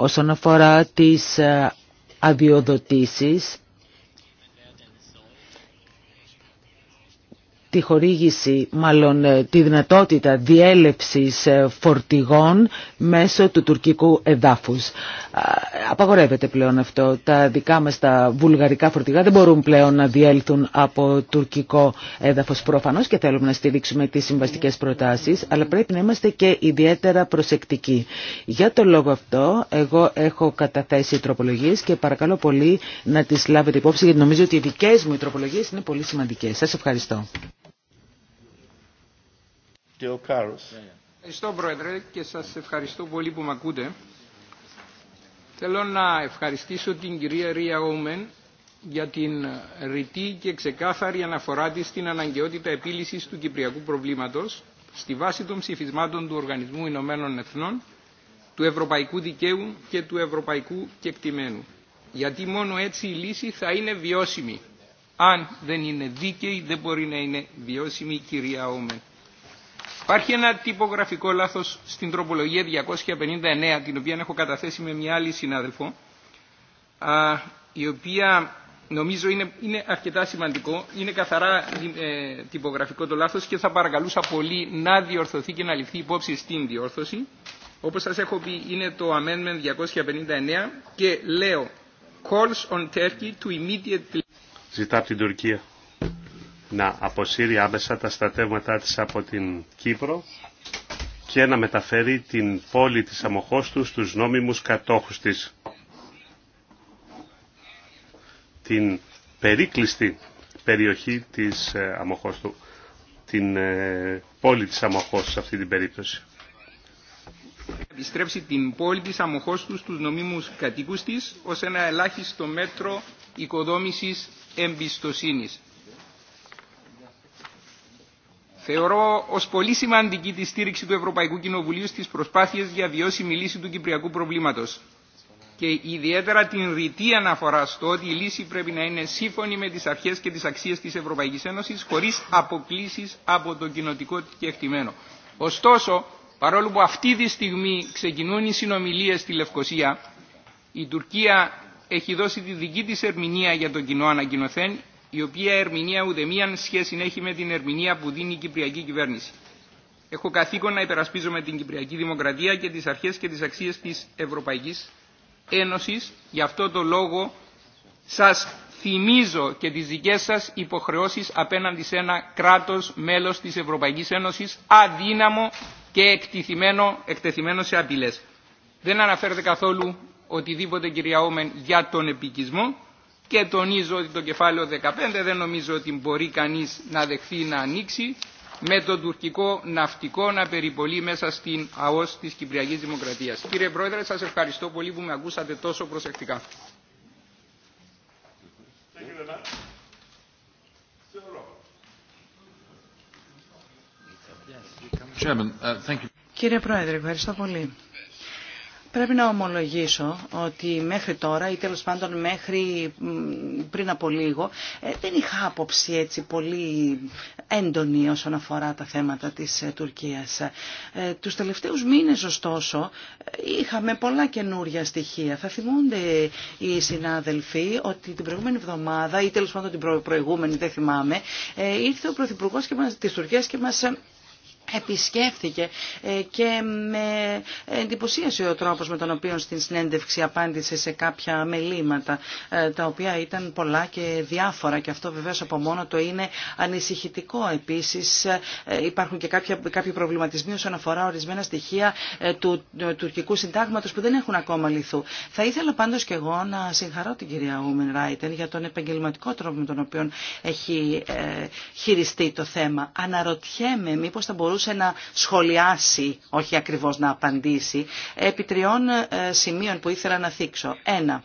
Όσον αφορά τις ε, αδειοδοτήσεις, τη χορήγηση, μάλλον ε, τη δυνατότητα διέλευσης ε, φορτηγών μέσω του τουρκικού εδάφους. Απαγορεύεται πλέον αυτό. Τα δικά μας τα βουλγαρικά φορτηγά δεν μπορούν πλέον να διέλθουν από τουρκικό έδαφος. Προφανώς και θέλουμε να στηρίξουμε τις συμβαστικές προτάσεις, αλλά πρέπει να είμαστε και ιδιαίτερα προσεκτικοί. Για το λόγο αυτό, εγώ έχω καταθέσει τροπολογίες και παρακαλώ πολύ να τις λάβετε υπόψη, γιατί νομίζω ότι οι δικές μου οι τροπολογίες είναι πολύ σημαντικές. Σας ευχαριστώ. Ευχαριστώ Πρόεδρε και σας ευχαριστώ πολύ που με ακούτε. Θέλω να ευχαριστήσω την κυρία Ρία Όμεν για την ρητή και ξεκάθαρη αναφορά της στην αναγκαιότητα επίλυσης του κυπριακού προβλήματος στη βάση των ψηφισμάτων του Οργανισμού Ηνωμένων Εθνών, του Ευρωπαϊκού Δικαίου και του Ευρωπαϊκού Κεκτημένου. Γιατί μόνο έτσι η λύση θα είναι βιώσιμη. Αν δεν είναι δίκαιη δεν μπορεί να είναι βιώσιμη κυρία Όμεν. Υπάρχει ένα τυπογραφικό λάθος στην τροπολογία 259, την οποία έχω καταθέσει με μια άλλη συνάδελφο, η οποία νομίζω είναι, αρκετά σημαντικό, είναι καθαρά ε, τυπογραφικό το λάθος και θα παρακαλούσα πολύ να διορθωθεί και να ληφθεί υπόψη στην διόρθωση. Όπως σας έχω πει είναι το Amendment 259 και λέω calls on Turkey to immediately... Ζητά από την Τουρκία να αποσύρει άμεσα τα στρατεύματά της από την Κύπρο και να μεταφέρει την πόλη της Αμοχώστου στους νόμιμους κατόχους της. Την περίκλειστη περιοχή της ε, Αμοχώστου, την ε, πόλη της Αμοχώστου σε αυτή την περίπτωση. Επιστρέψει την πόλη της Αμοχώστου στους νομίμους κατοικούς της ως ένα ελάχιστο μέτρο οικοδόμησης εμπιστοσύνης Θεωρώ ως πολύ σημαντική τη στήριξη του Ευρωπαϊκού Κοινοβουλίου στις προσπάθειες για βιώσιμη λύση του κυπριακού προβλήματος και ιδιαίτερα την ρητή αναφορά στο ότι η λύση πρέπει να είναι σύμφωνη με τις αρχές και τις αξίες της Ευρωπαϊκής Ένωσης χωρίς αποκλήσεις από το κοινοτικό κεκτημένο. Ωστόσο, παρόλο που αυτή τη στιγμή ξεκινούν οι συνομιλίες στη Λευκοσία, η Τουρκία έχει δώσει τη δική της ερμηνεία για το κοινό ανακοινωθέν η οποία ερμηνεία ουδεμίαν σχέση έχει με την ερμηνεία που δίνει η Κυπριακή κυβέρνηση. Έχω καθήκον να υπερασπίζομαι την Κυπριακή Δημοκρατία και τις αρχές και τις αξίες της Ευρωπαϊκής Ένωσης. Γι' αυτό το λόγο σας θυμίζω και τις δικές σας υποχρεώσεις απέναντι σε ένα κράτος μέλος της Ευρωπαϊκή Ένωσης αδύναμο και εκτεθειμένο, σε απειλές. Δεν αναφέρεται καθόλου οτιδήποτε κυρία Όμεν για τον επικισμό και τονίζω ότι το κεφάλαιο 15 δεν νομίζω ότι μπορεί κανείς να δεχθεί να ανοίξει με το τουρκικό ναυτικό να περιπολεί μέσα στην ΑΟΣ της Κυπριακής Δημοκρατίας. Κύριε Πρόεδρε, σας ευχαριστώ πολύ που με ακούσατε τόσο προσεκτικά. Uh, Κύριε Πρόεδρε, ευχαριστώ πολύ. Πρέπει να ομολογήσω ότι μέχρι τώρα ή τέλος πάντων μέχρι πριν από λίγο ε, δεν είχα άποψη έτσι πολύ έντονη όσον αφορά τα θέματα της ε, Τουρκίας. Ε, τους τελευταίους μήνες ωστόσο είχαμε πολλά καινούρια στοιχεία. Θα θυμούνται οι συνάδελφοι ότι την προηγούμενη εβδομάδα ή τέλος πάντων την προηγούμενη δεν θυμάμαι ήρθε ο Πρωθυπουργός της Τουρκίας και μας επισκέφθηκε ε, και με εντυπωσίασε ο τρόπος με τον οποίο στην συνέντευξη απάντησε σε κάποια μελήματα ε, τα οποία ήταν πολλά και διάφορα και αυτό βεβαίως από μόνο το είναι ανησυχητικό επίσης ε, υπάρχουν και κάποια, κάποιοι προβληματισμοί όσον αφορά ορισμένα στοιχεία του τουρκικού συντάγματος που δεν έχουν ακόμα λυθού. Θα ήθελα πάντως και εγώ να συγχαρώ την κυρία Ούμεν Ράιτεν για τον επαγγελματικό τρόπο με τον οποίο έχει χειριστεί το θέμα. Αναρωτιέμαι μήπως θα μπορούσε μπορούσε να σχολιάσει, όχι ακριβώς να απαντήσει, επί τριών ε, σημείων που ήθελα να θίξω. Ένα,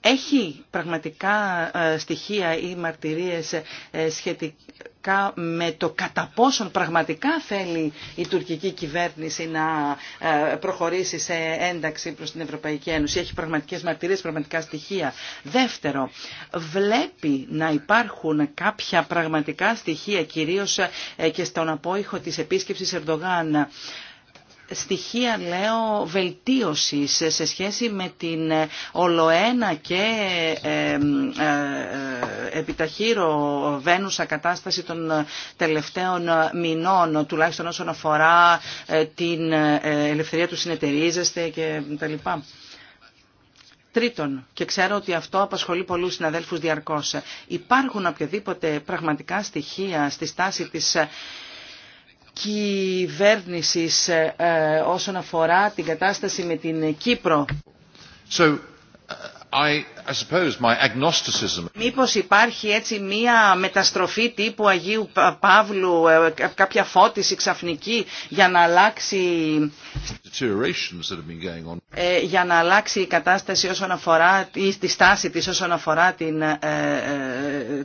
έχει πραγματικά ε, στοιχεία ή μαρτυρίες ε, σχετικά με το κατά πόσον πραγματικά θέλει η τουρκική κυβέρνηση να ε, προχωρήσει σε ένταξη προς την Ευρωπαϊκή Ένωση. Έχει πραγματικές μαρτυρίες, πραγματικά στοιχεία. Δεύτερο, βλέπει να υπάρχουν κάποια πραγματικά στοιχεία, κυρίως και στον απόϊχο της επίσκεψης Ερντογάν, στοιχεία λέω βελτίωσης σε σχέση με την ε, ολοένα και ε, ε, επιταχύρω βένουσα κατάσταση των τελευταίων μηνών τουλάχιστον όσον αφορά την ελευθερία του συνεταιρίζεστε και τα λοιπά. Τρίτον, και ξέρω ότι αυτό απασχολεί πολλούς συναδέλφους διαρκώς, υπάρχουν οποιαδήποτε πραγματικά στοιχεία στη στάση της κυβέρνησης ε, ε, όσον αφορά την κατάσταση με την Κύπρο. Μήπω Μήπως υπάρχει έτσι μία μεταστροφή τύπου Αγίου Παύλου, ε, κάποια φώτιση ξαφνική για να αλλάξει, ε, για να αλλάξει η κατάσταση όσον αφορά ή τη στάση της όσον αφορά την ε,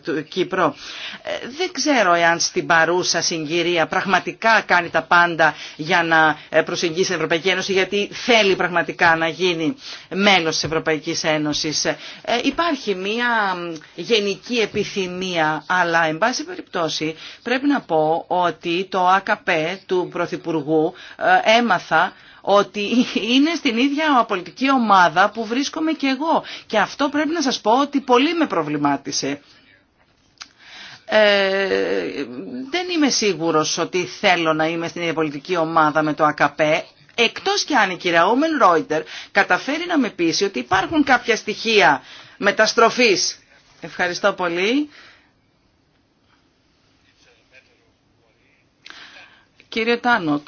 ε, Κύπρο. Ε, δεν ξέρω εάν στην παρούσα συγκυρία πραγματικά κάνει τα πάντα για να προσεγγίσει την Ευρωπαϊκή Ένωση γιατί θέλει πραγματικά να γίνει μέλος της Ευρωπαϊκής Ένωσης. Ε, υπάρχει μία γενική επιθυμία, αλλά εν πάση περιπτώσει πρέπει να πω ότι το ΑΚΠ του Πρωθυπουργού ε, έμαθα ότι είναι στην ίδια πολιτική ομάδα που βρίσκομαι και εγώ. Και αυτό πρέπει να σας πω ότι πολύ με προβλημάτισε. Ε, δεν είμαι σίγουρος ότι θέλω να είμαι στην ίδια πολιτική ομάδα με το ΑΚΠ, Εκτός κι αν η κυρία Όμεν Ρόιτερ καταφέρει να με πείσει ότι υπάρχουν κάποια στοιχεία μεταστροφής. Ευχαριστώ πολύ. Κύριε Τάνοκ.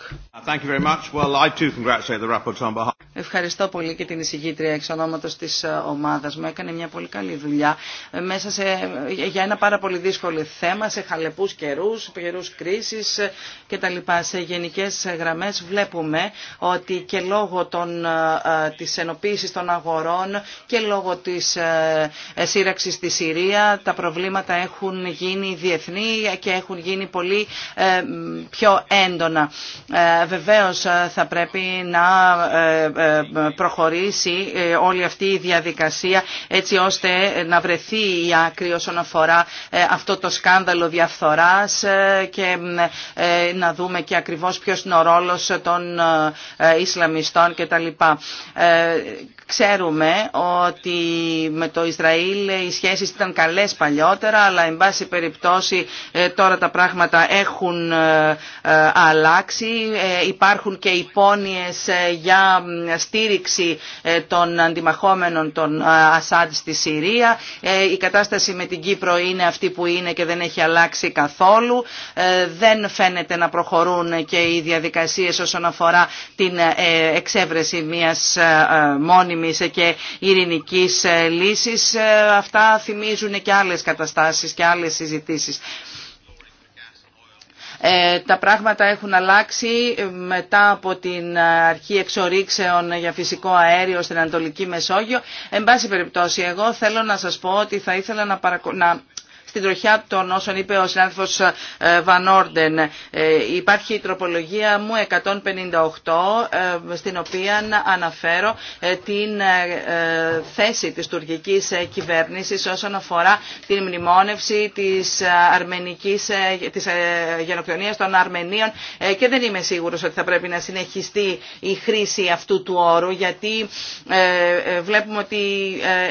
Ευχαριστώ πολύ και την εισηγήτρια εξ ονόματο τη ε, ομάδα μου. Έκανε μια πολύ καλή δουλειά ε, μέσα σε, ε, για ένα πάρα πολύ δύσκολο θέμα, σε χαλεπούς καιρού, καιρούς κρίσης και τα λοιπά. Σε γενικές γραμμές βλέπουμε ότι και λόγω τη της των αγορών και λόγω της σύραξη στη Συρία τα προβλήματα έχουν γίνει διεθνή και έχουν γίνει πολύ πιο έντονα Βεβαίω Βεβαίως ε, θα πρέπει να ε, ε, προχωρήσει όλη αυτή η διαδικασία έτσι ώστε να βρεθεί η άκρη όσον αφορά αυτό το σκάνδαλο διαφθοράς και να δούμε και ακριβώς ποιος είναι ο ρόλος των Ισλαμιστών κτλ. Ξέρουμε ότι με το Ισραήλ οι σχέσεις ήταν καλές παλιότερα, αλλά εν πάση περιπτώσει ε, τώρα τα πράγματα έχουν ε, ε, αλλάξει. Υπάρχουν και υπόνοιες για στήριξη των αντιμαχόμενων των Ασάντ στη Συρία. Η κατάσταση με την Κύπρο είναι αυτή που είναι και δεν έχει αλλάξει καθόλου. Δεν φαίνεται να προχωρούν και οι διαδικασίες όσον αφορά την εξέβρεση μιας μόνιμης μόνιμης και ειρηνικής ε, λύσης. Ε, αυτά θυμίζουν και άλλες καταστάσεις και άλλες συζητήσεις. Ε, τα πράγματα έχουν αλλάξει μετά από την αρχή εξορίξεων για φυσικό αέριο στην Ανατολική Μεσόγειο. Εν πάση περιπτώσει, εγώ θέλω να σας πω ότι θα ήθελα να στην τροχιά των όσων είπε ο συνάδελφος ε, Βανόρντεν. Ε, υπάρχει η τροπολογία μου 158 ε, στην οποία αναφέρω την θέση της τουρκικής κυβέρνησης όσον αφορά την μνημόνευση της, αρμενικής, της γενοκτονίας των Αρμενίων και δεν είμαι σίγουρος ότι θα πρέπει να συνεχιστεί η χρήση αυτού του όρου γιατί βλέπουμε ότι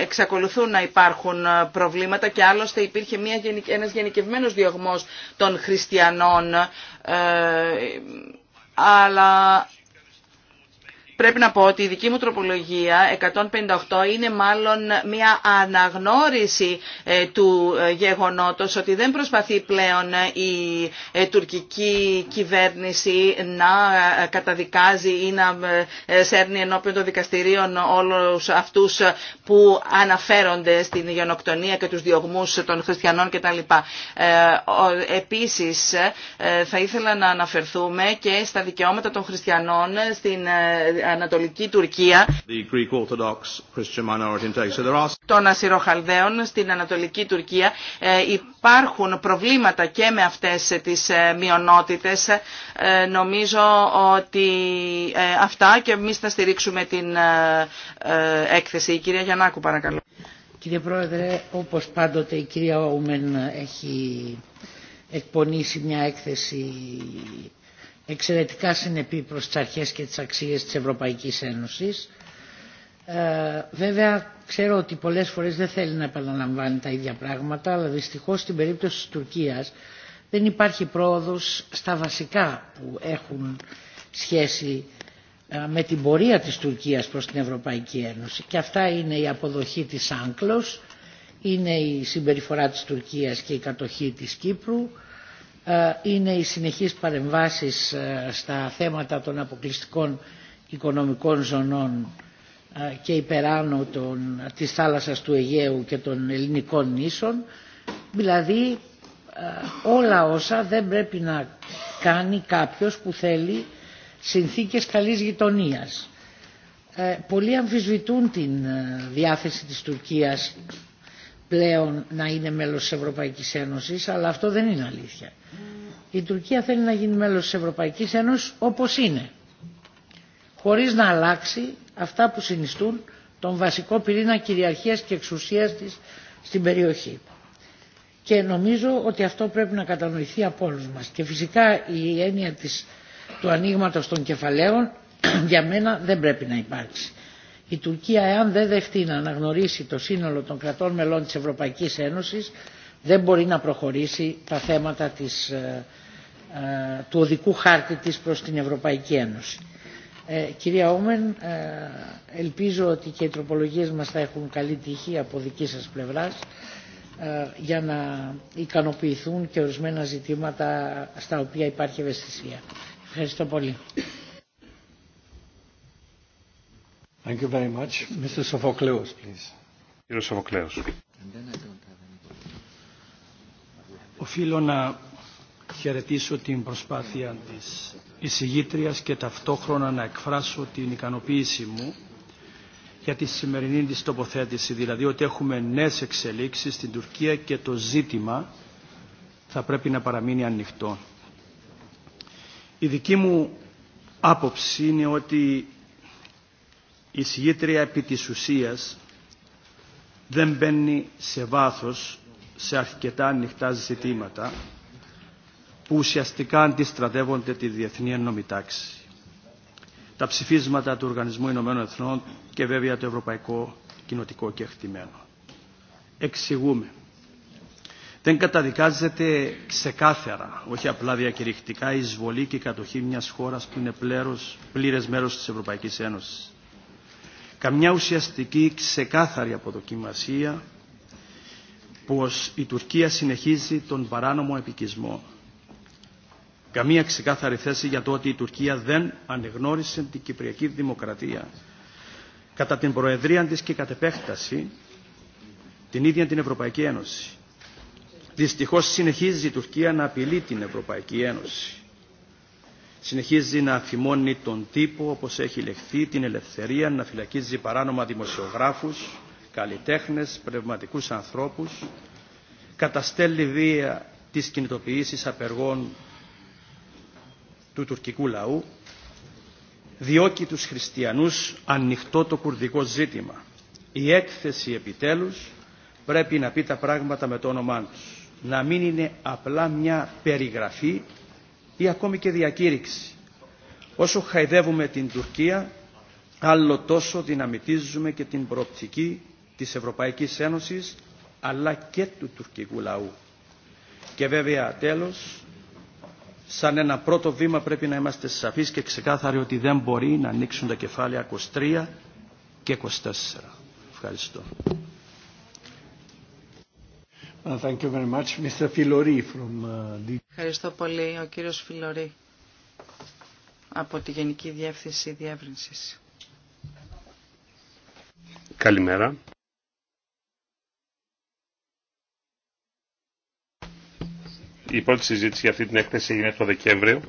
εξακολουθούν να υπάρχουν προβλήματα και άλλωστε υπήρχε μια μια, ένας γενικευμένος διωγμός των χριστιανών, ε, αλλά Πρέπει να πω ότι η δική μου τροπολογία 158 είναι μάλλον μια αναγνώριση ε, του ε, γεγονότος ότι δεν προσπαθεί πλέον ε, η τουρκική κυβέρνηση να καταδικάζει ή να σέρνει ενώπιον των δικαστηρίων όλους αυτούς που αναφέρονται στην γενοκτονία και τους διωγμούς των χριστιανών κτλ. Επίσης θα ήθελα να αναφερθούμε και στα δικαιώματα των χριστιανών στην Ανατολική Τουρκία των Ασυροχαλδαίων στην Ανατολική Τουρκία. Ε, υπάρχουν προβλήματα και με αυτές τις ε, μειονότητες. Ε, νομίζω ότι αυτά και εμείς θα στηρίξουμε την έκθεση. Η κυρία Γιαννάκου παρακαλώ. Κύριε Πρόεδρε, όπως πάντοτε η κυρία ουμεν έχει εκπονήσει μια έκθεση εξαιρετικά συνεπή προς τις αρχές και τις αξίες της Ευρωπαϊκής Ένωσης. Ε, βέβαια ξέρω ότι πολλές φορές δεν θέλει να επαναλαμβάνει τα ίδια πράγματα αλλά δυστυχώς στην περίπτωση της Τουρκίας δεν υπάρχει πρόοδος στα βασικά που έχουν σχέση ε, με την πορεία της Τουρκίας προς την Ευρωπαϊκή Ένωση. Και αυτά είναι η αποδοχή της Άγκλος, είναι η συμπεριφορά της Τουρκίας και η κατοχή της Κύπρου, ε, είναι οι συνεχείς παρεμβάσεις ε, στα θέματα των αποκλειστικών οικονομικών ζωνών ε, και υπεράνω των, της θάλασσας του Αιγαίου και των ελληνικών νήσων, δηλαδή όλα όσα δεν πρέπει να κάνει κάποιος που θέλει συνθήκες καλής γειτονίας. Πολλοί αμφισβητούν την διάθεση της Τουρκίας πλέον να είναι μέλος της Ευρωπαϊκής Ένωσης, αλλά αυτό δεν είναι αλήθεια. Η Τουρκία θέλει να γίνει μέλος της Ευρωπαϊκής Ένωσης όπως είναι, χωρίς να αλλάξει αυτά που συνιστούν τον βασικό πυρήνα κυριαρχίας και εξουσίας της στην περιοχή. Και νομίζω ότι αυτό πρέπει να κατανοηθεί από όλους μας. Και φυσικά η έννοια της, του ανοίγματο των κεφαλαίων για μένα δεν πρέπει να υπάρξει η Τουρκία εάν δεν δεχτεί να αναγνωρίσει το σύνολο των κρατών μελών της Ευρωπαϊκής Ένωσης δεν μπορεί να προχωρήσει τα θέματα ε, ε, του οδικού χάρτη της προς την Ευρωπαϊκή Ένωση. Ε, κυρία Όμεν, ελπίζω ότι και οι τροπολογίες μας θα έχουν καλή τύχη από δική σας πλευράς για να ικανοποιηθούν και ορισμένα ζητήματα στα οποία υπάρχει ευαισθησία. Ευχαριστώ πολύ. Οφείλω να χαιρετήσω την προσπάθεια της εισηγήτριας και ταυτόχρονα να εκφράσω την ικανοποίηση μου για τη σημερινή της τοποθέτηση, δηλαδή ότι έχουμε νέες εξελίξεις στην Τουρκία και το ζήτημα θα πρέπει να παραμείνει ανοιχτό. Η δική μου άποψη είναι ότι η συγγήτρια επί της ουσίας δεν μπαίνει σε βάθος σε αρκετά ανοιχτά ζητήματα που ουσιαστικά αντιστρατεύονται τη διεθνή ενόμη Τα ψηφίσματα του Οργανισμού Ηνωμένων Εθνών και βέβαια το Ευρωπαϊκό Κοινοτικό Κεκτημένο. Εξηγούμε. Δεν καταδικάζεται ξεκάθαρα, όχι απλά διακηρυχτικά, η εισβολή και η κατοχή μιας χώρας που είναι πλήρες μέρος της Ευρωπαϊκής Ένωσης καμιά ουσιαστική ξεκάθαρη αποδοκιμασία πως η Τουρκία συνεχίζει τον παράνομο επικισμό. Καμία ξεκάθαρη θέση για το ότι η Τουρκία δεν ανεγνώρισε την Κυπριακή Δημοκρατία. Κατά την προεδρία της και κατ' επέκταση την ίδια την Ευρωπαϊκή Ένωση. Δυστυχώς συνεχίζει η Τουρκία να απειλεί την Ευρωπαϊκή Ένωση συνεχίζει να αφημώνει τον τύπο όπως έχει λεχθεί την ελευθερία να φυλακίζει παράνομα δημοσιογράφους, καλλιτέχνες, πνευματικούς ανθρώπους, καταστέλει βία της κινητοποιήσεις απεργών του τουρκικού λαού, διώκει τους χριστιανούς ανοιχτό το κουρδικό ζήτημα. Η έκθεση επιτέλους πρέπει να πει τα πράγματα με το όνομά τους. Να μην είναι απλά μια περιγραφή ή ακόμη και διακήρυξη. Όσο χαϊδεύουμε την Τουρκία, άλλο τόσο δυναμητίζουμε και την προοπτική της Ευρωπαϊκής Ένωσης, αλλά και του τουρκικού λαού. Και βέβαια τέλος, σαν ένα πρώτο βήμα πρέπει να είμαστε σαφείς και ξεκάθαροι ότι δεν μπορεί να ανοίξουν τα κεφάλαια 23 και 24. Ευχαριστώ. Uh, uh, Ευχαριστώ πολύ. Ο κύριος Φιλορή από τη Γενική Διεύθυνση Διεύρυνσης. Καλημέρα. Η πρώτη συζήτηση για αυτή την έκθεση έγινε το Δεκέμβριο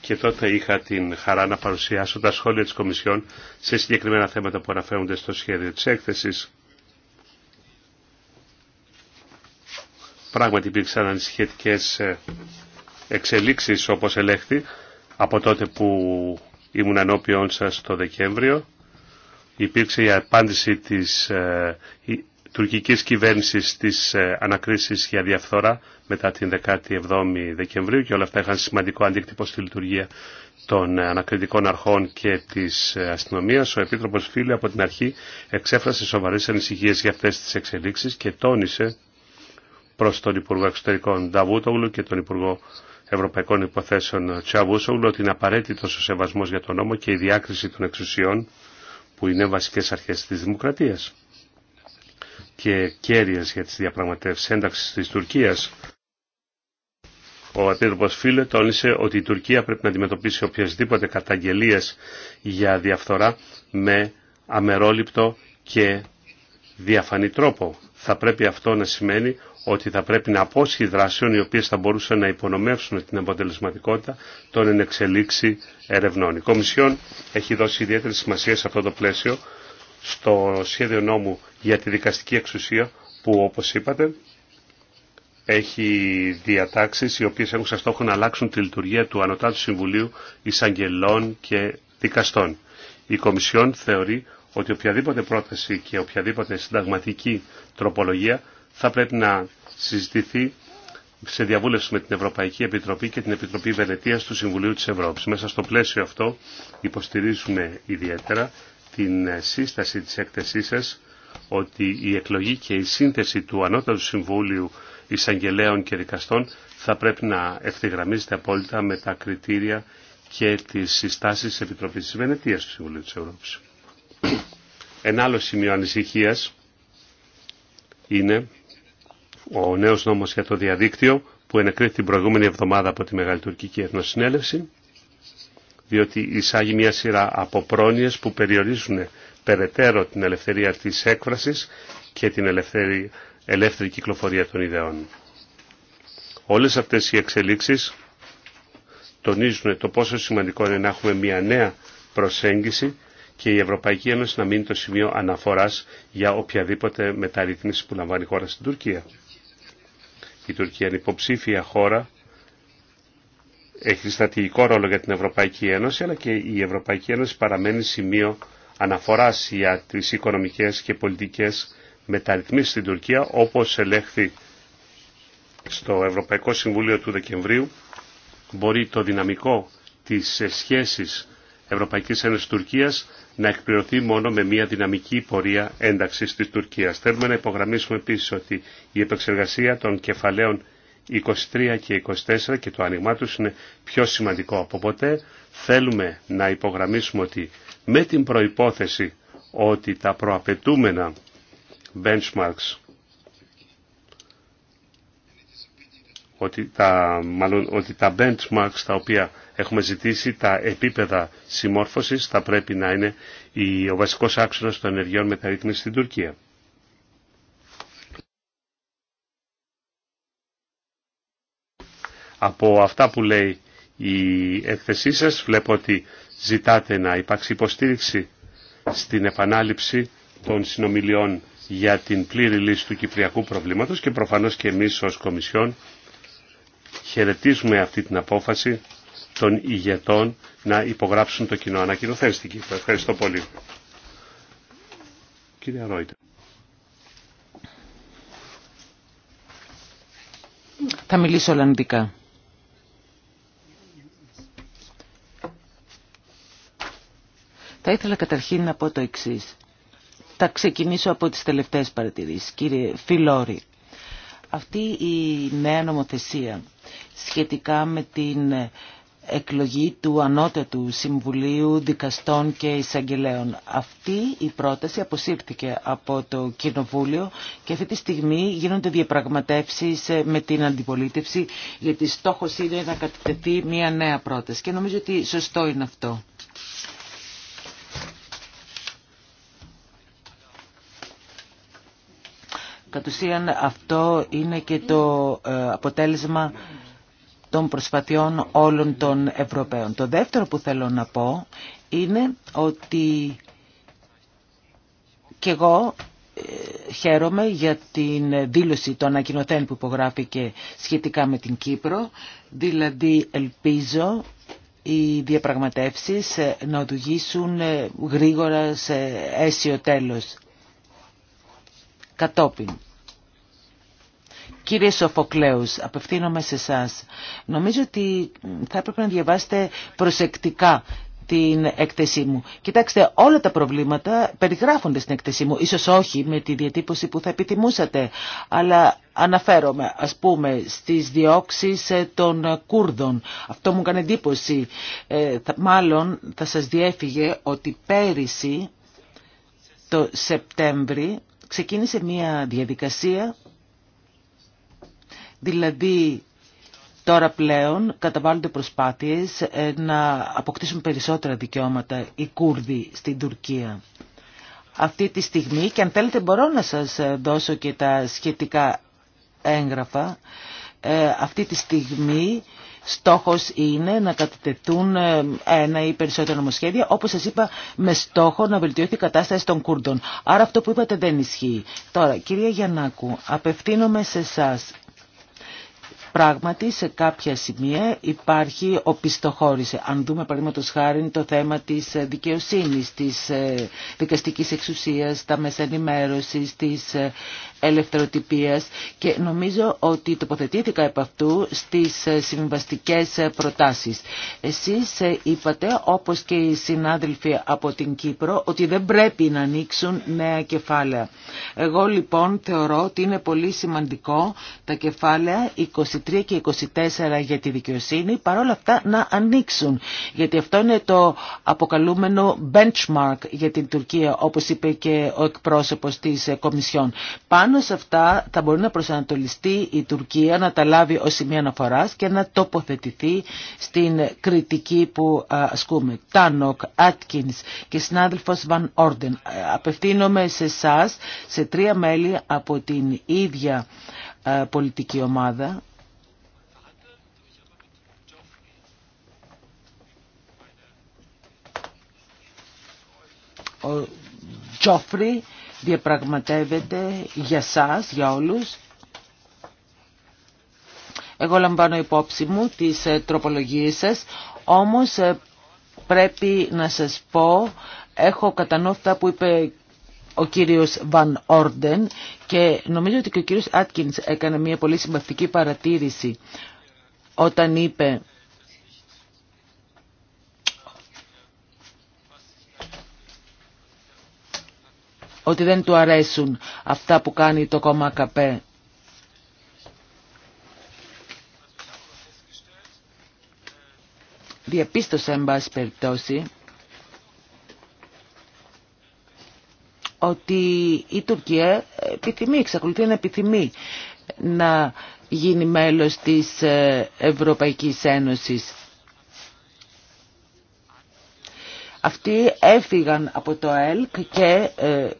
και τότε είχα την χαρά να παρουσιάσω τα σχόλια της Κομισιόν σε συγκεκριμένα θέματα που αναφέρονται στο σχέδιο της έκθεσης. Πράγματι υπήρξαν ανησυχητικέ ε, εξελίξεις όπως ελέγχθη από τότε που ήμουν ενώπιον σας το Δεκέμβριο. Υπήρξε η απάντηση της ε, τουρκικής κυβέρνησης της ε, ανακρίσεις για διαφθόρα μετά την 17η Δεκεμβρίου και όλα αυτά είχαν σημαντικό αντίκτυπο στη λειτουργία των ανακριτικών αρχών και της αστυνομίας. Ο Επίτροπος Φίλου από την αρχή εξέφρασε σοβαρές ανησυχίες για αυτές τις εξελίξεις και τόνισε προς τον Υπουργό Εξωτερικών Νταβούτογλου και τον Υπουργό Ευρωπαϊκών Υποθέσεων Τσαβούσογλου ότι είναι απαραίτητο ο σεβασμός για τον νόμο και η διάκριση των εξουσιών που είναι βασικές αρχές της δημοκρατίας και κέρυες για τις διαπραγματεύσεις ένταξης της Τουρκίας. Ο Αντίδροπος Φίλε τόνισε ότι η Τουρκία πρέπει να αντιμετωπίσει οποιασδήποτε καταγγελίες για διαφθορά με αμερόληπτο και διαφανή τρόπο. Θα πρέπει αυτό να σημαίνει ότι θα πρέπει να απόσχει δράσεων οι οποίες θα μπορούσαν να υπονομεύσουν την αποτελεσματικότητα των ενεξελίξη ερευνών. Η Κομισιόν έχει δώσει ιδιαίτερη σημασία σε αυτό το πλαίσιο στο σχέδιο νόμου για τη δικαστική εξουσία που όπως είπατε έχει διατάξεις οι οποίες έχουν σαν στόχο να αλλάξουν τη λειτουργία του Ανωτάτου Συμβουλίου Εισαγγελών και Δικαστών. Η Κομισιόν θεωρεί ότι οποιαδήποτε πρόταση και οποιαδήποτε συνταγματική τροπολογία θα πρέπει να συζητηθεί σε διαβούλευση με την Ευρωπαϊκή Επιτροπή και την Επιτροπή Βενετίας του Συμβουλίου της Ευρώπης. Μέσα στο πλαίσιο αυτό υποστηρίζουμε ιδιαίτερα την ε, σύσταση της έκθεσής σας ότι η εκλογή και η σύνθεση του Ανώτατου Συμβούλιου Εισαγγελέων και Δικαστών θα πρέπει να ευθυγραμμίζεται απόλυτα με τα κριτήρια και τις συστάσεις της Επιτροπής της Βενετίας του Συμβουλίου της Ευρώπης. Ένα άλλο σημείο είναι ο νέος νόμος για το διαδίκτυο που ενεκρίθηκε την προηγούμενη εβδομάδα από τη Μεγάλη Τουρκική Εθνοσυνέλευση, διότι εισάγει μια σειρά από πρόνοιες που περιορίζουν περαιτέρω την ελευθερία της έκφρασης και την ελευθερή, ελεύθερη κυκλοφορία των ιδεών. Όλες αυτές οι εξελίξεις τονίζουν το πόσο σημαντικό είναι να έχουμε μια νέα προσέγγιση και η Ευρωπαϊκή Ένωση να μείνει το σημείο αναφοράς για οποιαδήποτε μεταρρύθμιση που λαμβάνει η χώρα στην Τουρκία. Η Τουρκία είναι υποψήφια χώρα, έχει στρατηγικό ρόλο για την Ευρωπαϊκή Ένωση, αλλά και η Ευρωπαϊκή Ένωση παραμένει σημείο αναφοράς για τις οικονομικές και πολιτικές μεταρρυθμίσεις στην Τουρκία, όπως ελέγχθη στο Ευρωπαϊκό Συμβούλιο του Δεκεμβρίου. Μπορεί το δυναμικό της σχέσης Ευρωπαϊκής Ένωσης Τουρκίας να εκπληρωθεί μόνο με μια δυναμική πορεία ενταξή τη Τουρκία. Θέλουμε να υπογραμμίσουμε επίσης ότι η επεξεργασία των κεφαλαίων 23 και 24 και το άνοιγμά του είναι πιο σημαντικό από ποτέ. Θέλουμε να υπογραμμίσουμε ότι με την προϋπόθεση ότι τα προαπαιτούμενα benchmarks ότι τα, μάλλον, ότι τα benchmarks τα οποία Έχουμε ζητήσει τα επίπεδα συμμόρφωσης θα πρέπει να είναι ο βασικός άξονας των ενεργειών μεταρρύθμισης στην Τουρκία. Από αυτά που λέει η έκθεσή σας βλέπω ότι ζητάτε να υπάρξει υποστήριξη στην επανάληψη των συνομιλιών για την πλήρη λύση του κυπριακού προβλήματος και προφανώς και εμείς ως Κομισιόν χαιρετίζουμε αυτή την απόφαση των ηγετών να υπογράψουν το κοινό ανακοινωθέστηκε. Ευχαριστώ πολύ. Κύριε Ρόιτε. Θα μιλήσω Ολλανδικά. Θα ήθελα καταρχήν να πω το εξή. Θα ξεκινήσω από τις τελευταίες παρατηρήσεις. Κύριε Φιλόρη, αυτή η νέα νομοθεσία σχετικά με την εκλογή του Ανώτατου Συμβουλίου Δικαστών και Εισαγγελέων. Αυτή η πρόταση αποσύρθηκε από το Κοινοβούλιο και αυτή τη στιγμή γίνονται διαπραγματεύσεις ε, με την αντιπολίτευση γιατί στόχος είναι να κατατεθεί μια νέα πρόταση και νομίζω ότι σωστό είναι αυτό. Κατ' ουσίαν αυτό είναι και το ε, αποτέλεσμα των προσπαθειών όλων των Ευρωπαίων. Το δεύτερο που θέλω να πω είναι ότι και εγώ ε, χαίρομαι για την δήλωση των ανακοινωθέν που υπογράφηκε σχετικά με την Κύπρο. Δηλαδή ελπίζω οι διαπραγματεύσεις ε, να οδηγήσουν ε, γρήγορα σε αίσιο τέλος. Κατόπιν, Κύριε Σοφοκλέους, απευθύνομαι σε εσά. Νομίζω ότι θα έπρεπε να διαβάσετε προσεκτικά την έκθεσή μου. Κοιτάξτε, όλα τα προβλήματα περιγράφονται στην έκθεσή μου. Ίσως όχι με τη διατύπωση που θα επιθυμούσατε, αλλά αναφέρομαι, ας πούμε, στις διώξεις ε, των Κούρδων. Αυτό μου κάνει εντύπωση. Ε, μάλλον θα σας διέφυγε ότι πέρυσι το Σεπτέμβρη ξεκίνησε μια διαδικασία Δηλαδή τώρα πλέον καταβάλλονται προσπάθειες ε, να αποκτήσουν περισσότερα δικαιώματα οι Κούρδοι στην Τουρκία. Αυτή τη στιγμή και αν θέλετε μπορώ να σας ε, δώσω και τα σχετικά έγγραφα. Ε, αυτή τη στιγμή στόχος είναι να κατατεθούν ένα ή περισσότερα νομοσχέδια, όπως σας είπα, με στόχο να βελτιωθεί η κατάσταση των Κούρδων. Άρα αυτό που είπατε δεν ισχύει. Τώρα, κυρία Γιαννάκου, απευθύνομαι σε εσά Πράγματι, σε κάποια σημεία υπάρχει οπισθοχώρηση. Αν δούμε, παραδείγματο χάρη, το θέμα τη ε, δικαιοσύνη, τη ε, δικαστική εξουσία, τα μέσα ενημέρωση, τη ε, ελευθεροτυπίας και νομίζω ότι τοποθετήθηκα επ' αυτού στις ε, συμβαστικές ε, προτάσεις. Εσείς ε, είπατε, όπως και οι συνάδελφοι από την Κύπρο, ότι δεν πρέπει να ανοίξουν νέα κεφάλαια. Εγώ λοιπόν θεωρώ ότι είναι πολύ σημαντικό τα κεφάλαια 23 και 24 για τη δικαιοσύνη, παρόλα αυτά να ανοίξουν, γιατί αυτό είναι το αποκαλούμενο benchmark για την Τουρκία, όπως είπε και ο εκπρόσωπος της Κομισιόν. Πάνω σε αυτά θα μπορεί να προσανατολιστεί η Τουρκία να τα λάβει ως σημεία αναφοράς και να τοποθετηθεί στην κριτική που ασκούμε. Τάνοκ, Άτκινς και συνάδελφος Βαν Όρντεν. Ε, απευθύνομαι σε εσά, σε τρία μέλη από την ίδια πολιτική ομάδα. Ο διαπραγματεύεται για σας, για όλους. Εγώ λαμβάνω υπόψη μου τις ε, τροπολογίες σας, όμως ε, πρέπει να σας πω, έχω κατά που είπε ο κύριος Βαν Όρντεν και νομίζω ότι και ο κύριος Άτκινς έκανε μια πολύ συμπαθητική παρατήρηση όταν είπε ότι δεν του αρέσουν αυτά που κάνει το κόμμα ΚΑΠΕ. Διαπίστωσα, εν πάση περιπτώσει, ότι η Τουρκία επιθυμεί, εξακολουθεί να επιθυμεί να γίνει μέλος της ε, Ευρωπαϊκής Ένωσης. Αυτοί έφυγαν από το ΕΛΚ και ε,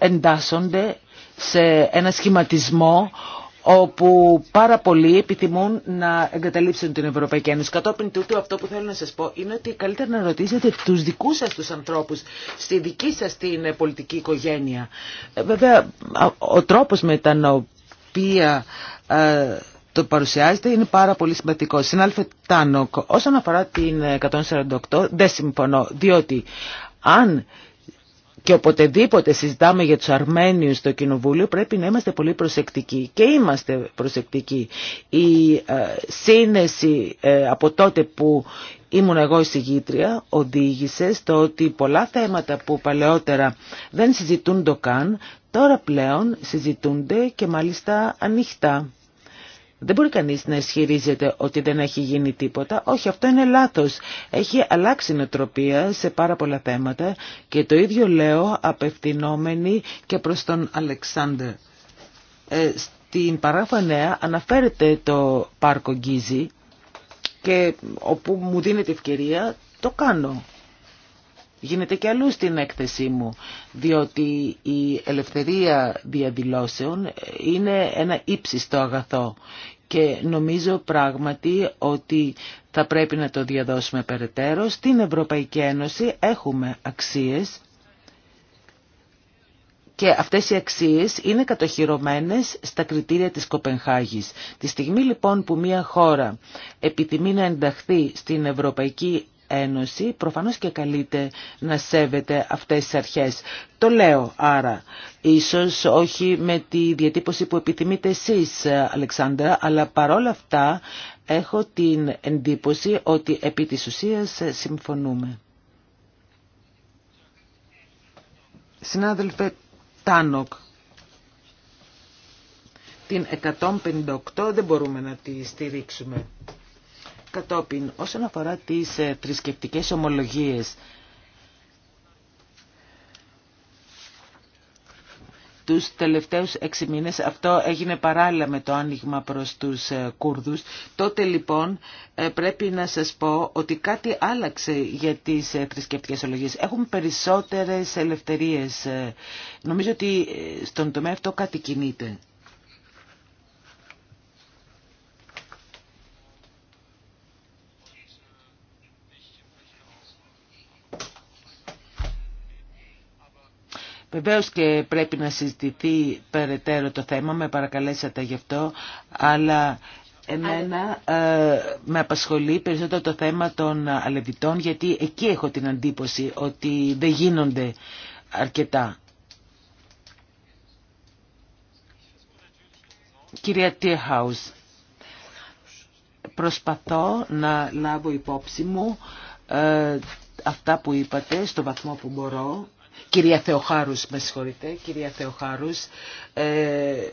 εντάσσονται σε ένα σχηματισμό όπου πάρα πολλοί επιθυμούν να εγκαταλείψουν την Ευρωπαϊκή Ένωση. Κατόπιν τούτου αυτό που θέλω να σας πω είναι ότι καλύτερα να ρωτήσετε τους δικούς σας τους ανθρώπους στη δική σας την πολιτική οικογένεια. Ε, βέβαια ο τρόπος με τον οποίο ε, το παρουσιάζεται είναι πάρα πολύ σημαντικό. Συνάλφε Τάνοκ, όσον αφορά την 148 δεν συμφωνώ διότι αν και οποτεδήποτε συζητάμε για τους Αρμένιους στο Κοινοβούλιο πρέπει να είμαστε πολύ προσεκτικοί και είμαστε προσεκτικοί. Η ε, σύνεση ε, από τότε που ήμουν εγώ εισηγήτρια οδήγησε στο ότι πολλά θέματα που παλαιότερα δεν συζητούν το καν τώρα πλέον συζητούνται και μάλιστα ανοιχτά. Δεν μπορεί κανείς να ισχυρίζεται ότι δεν έχει γίνει τίποτα. Όχι, αυτό είναι λάθος. Έχει αλλάξει νοτροπία σε πάρα πολλά θέματα και το ίδιο λέω απευθυνόμενοι και προς τον Αλεξάνδρ. Ε, στην παράφανεα αναφέρεται το πάρκο Γκίζη και όπου μου δίνεται ευκαιρία το κάνω. Γίνεται και αλλού στην έκθεσή μου, διότι η ελευθερία διαδηλώσεων είναι ένα ύψιστο αγαθό και νομίζω πράγματι ότι θα πρέπει να το διαδώσουμε περαιτέρω. Στην Ευρωπαϊκή Ένωση έχουμε αξίες και αυτές οι αξίες είναι κατοχυρωμένες στα κριτήρια της Κοπενχάγης. Τη στιγμή λοιπόν που μια χώρα επιθυμεί να ενταχθεί στην Ευρωπαϊκή Ένωση προφανώς και καλείται να σέβεται αυτές τις αρχές. Το λέω άρα, ίσως όχι με τη διατύπωση που επιθυμείτε εσείς Αλεξάνδρα, αλλά παρόλα αυτά έχω την εντύπωση ότι επί της ουσίας συμφωνούμε. Συνάδελφε Τάνοκ, την 158 δεν μπορούμε να τη στηρίξουμε. Κατόπιν, όσον αφορά τις ε, θρησκευτικές ομολογίες, τους τελευταίους έξι μήνες. Αυτό έγινε παράλληλα με το άνοιγμα προς τους ε, Κούρδους. Τότε λοιπόν ε, πρέπει να σας πω ότι κάτι άλλαξε για τις θρησκευτικέ ομολογίες. Έχουν περισσότερες ελευθερίες. Νομίζω ότι στον τομέα αυτό κάτι κινείται. Βεβαίως και πρέπει να συζητηθεί περαιτέρω το θέμα, με παρακαλέσατε γι' αυτό, αλλά Εμένα ε, με απασχολεί περισσότερο το θέμα των αλεβιτών γιατί εκεί έχω την αντίποση ότι δεν γίνονται αρκετά. Κυρία Τιεχάουζ, προσπαθώ να λάβω υπόψη μου ε, αυτά που είπατε στο βαθμό που μπορώ Κυρία Θεοχάρους, με συγχωρείτε, κυρία Θεοχάρους, ε,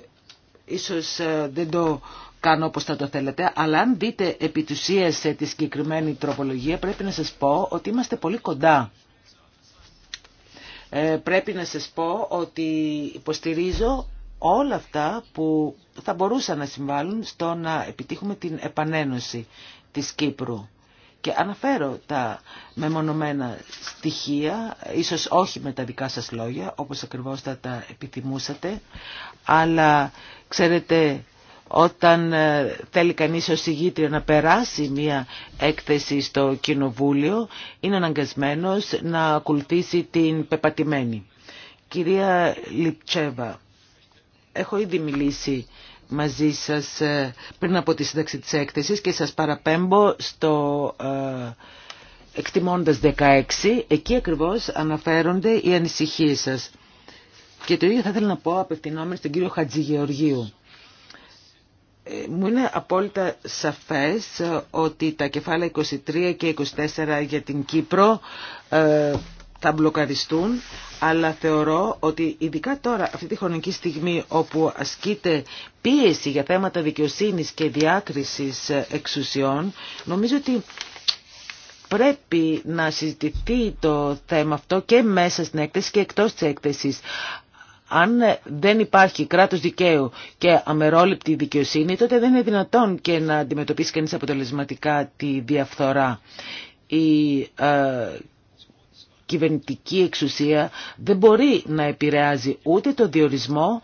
ίσως ε, δεν το κάνω όπως θα το θέλετε, αλλά αν δείτε επί σε τη συγκεκριμένη τροπολογία πρέπει να σας πω ότι είμαστε πολύ κοντά. Ε, πρέπει να σας πω ότι υποστηρίζω όλα αυτά που θα μπορούσαν να συμβάλλουν στο να επιτύχουμε την επανένωση της Κύπρου. Και αναφέρω τα μεμονωμένα στοιχεία, ίσως όχι με τα δικά σας λόγια, όπως ακριβώς θα τα επιθυμούσατε, αλλά ξέρετε όταν ε, θέλει κανείς ως ηγήτρια να περάσει μια έκθεση στο κοινοβούλιο, είναι αναγκασμένος να ακολουθήσει την πεπατημένη. Κυρία Λιπτσέβα, έχω ήδη μιλήσει μαζί σας ε, πριν από τη σύνταξη της έκθεσης και σας παραπέμπω στο ε, εκτιμώντας 16, εκεί ακριβώς αναφέρονται οι ανησυχίες σας. Και το ίδιο θα ήθελα να πω απευθυνόμενοι στον κύριο Χατζηγεωργίου. Ε, μου είναι απόλυτα σαφές ότι τα κεφάλαια 23 και 24 για την Κύπρο θα μπλοκαριστούν, αλλά θεωρώ ότι ειδικά τώρα, αυτή τη χρονική στιγμή όπου ασκείται πίεση για θέματα δικαιοσύνης και διάκρισης εξουσιών, νομίζω ότι πρέπει να συζητηθεί το θέμα αυτό και μέσα στην έκθεση και εκτός της έκθεσης. Αν δεν υπάρχει κράτος δικαίου και αμερόληπτη δικαιοσύνη, τότε δεν είναι δυνατόν και να αντιμετωπίσει κανείς αποτελεσματικά τη διαφθορά. Η ε, κυβερνητική εξουσία δεν μπορεί να επηρεάζει ούτε το διορισμό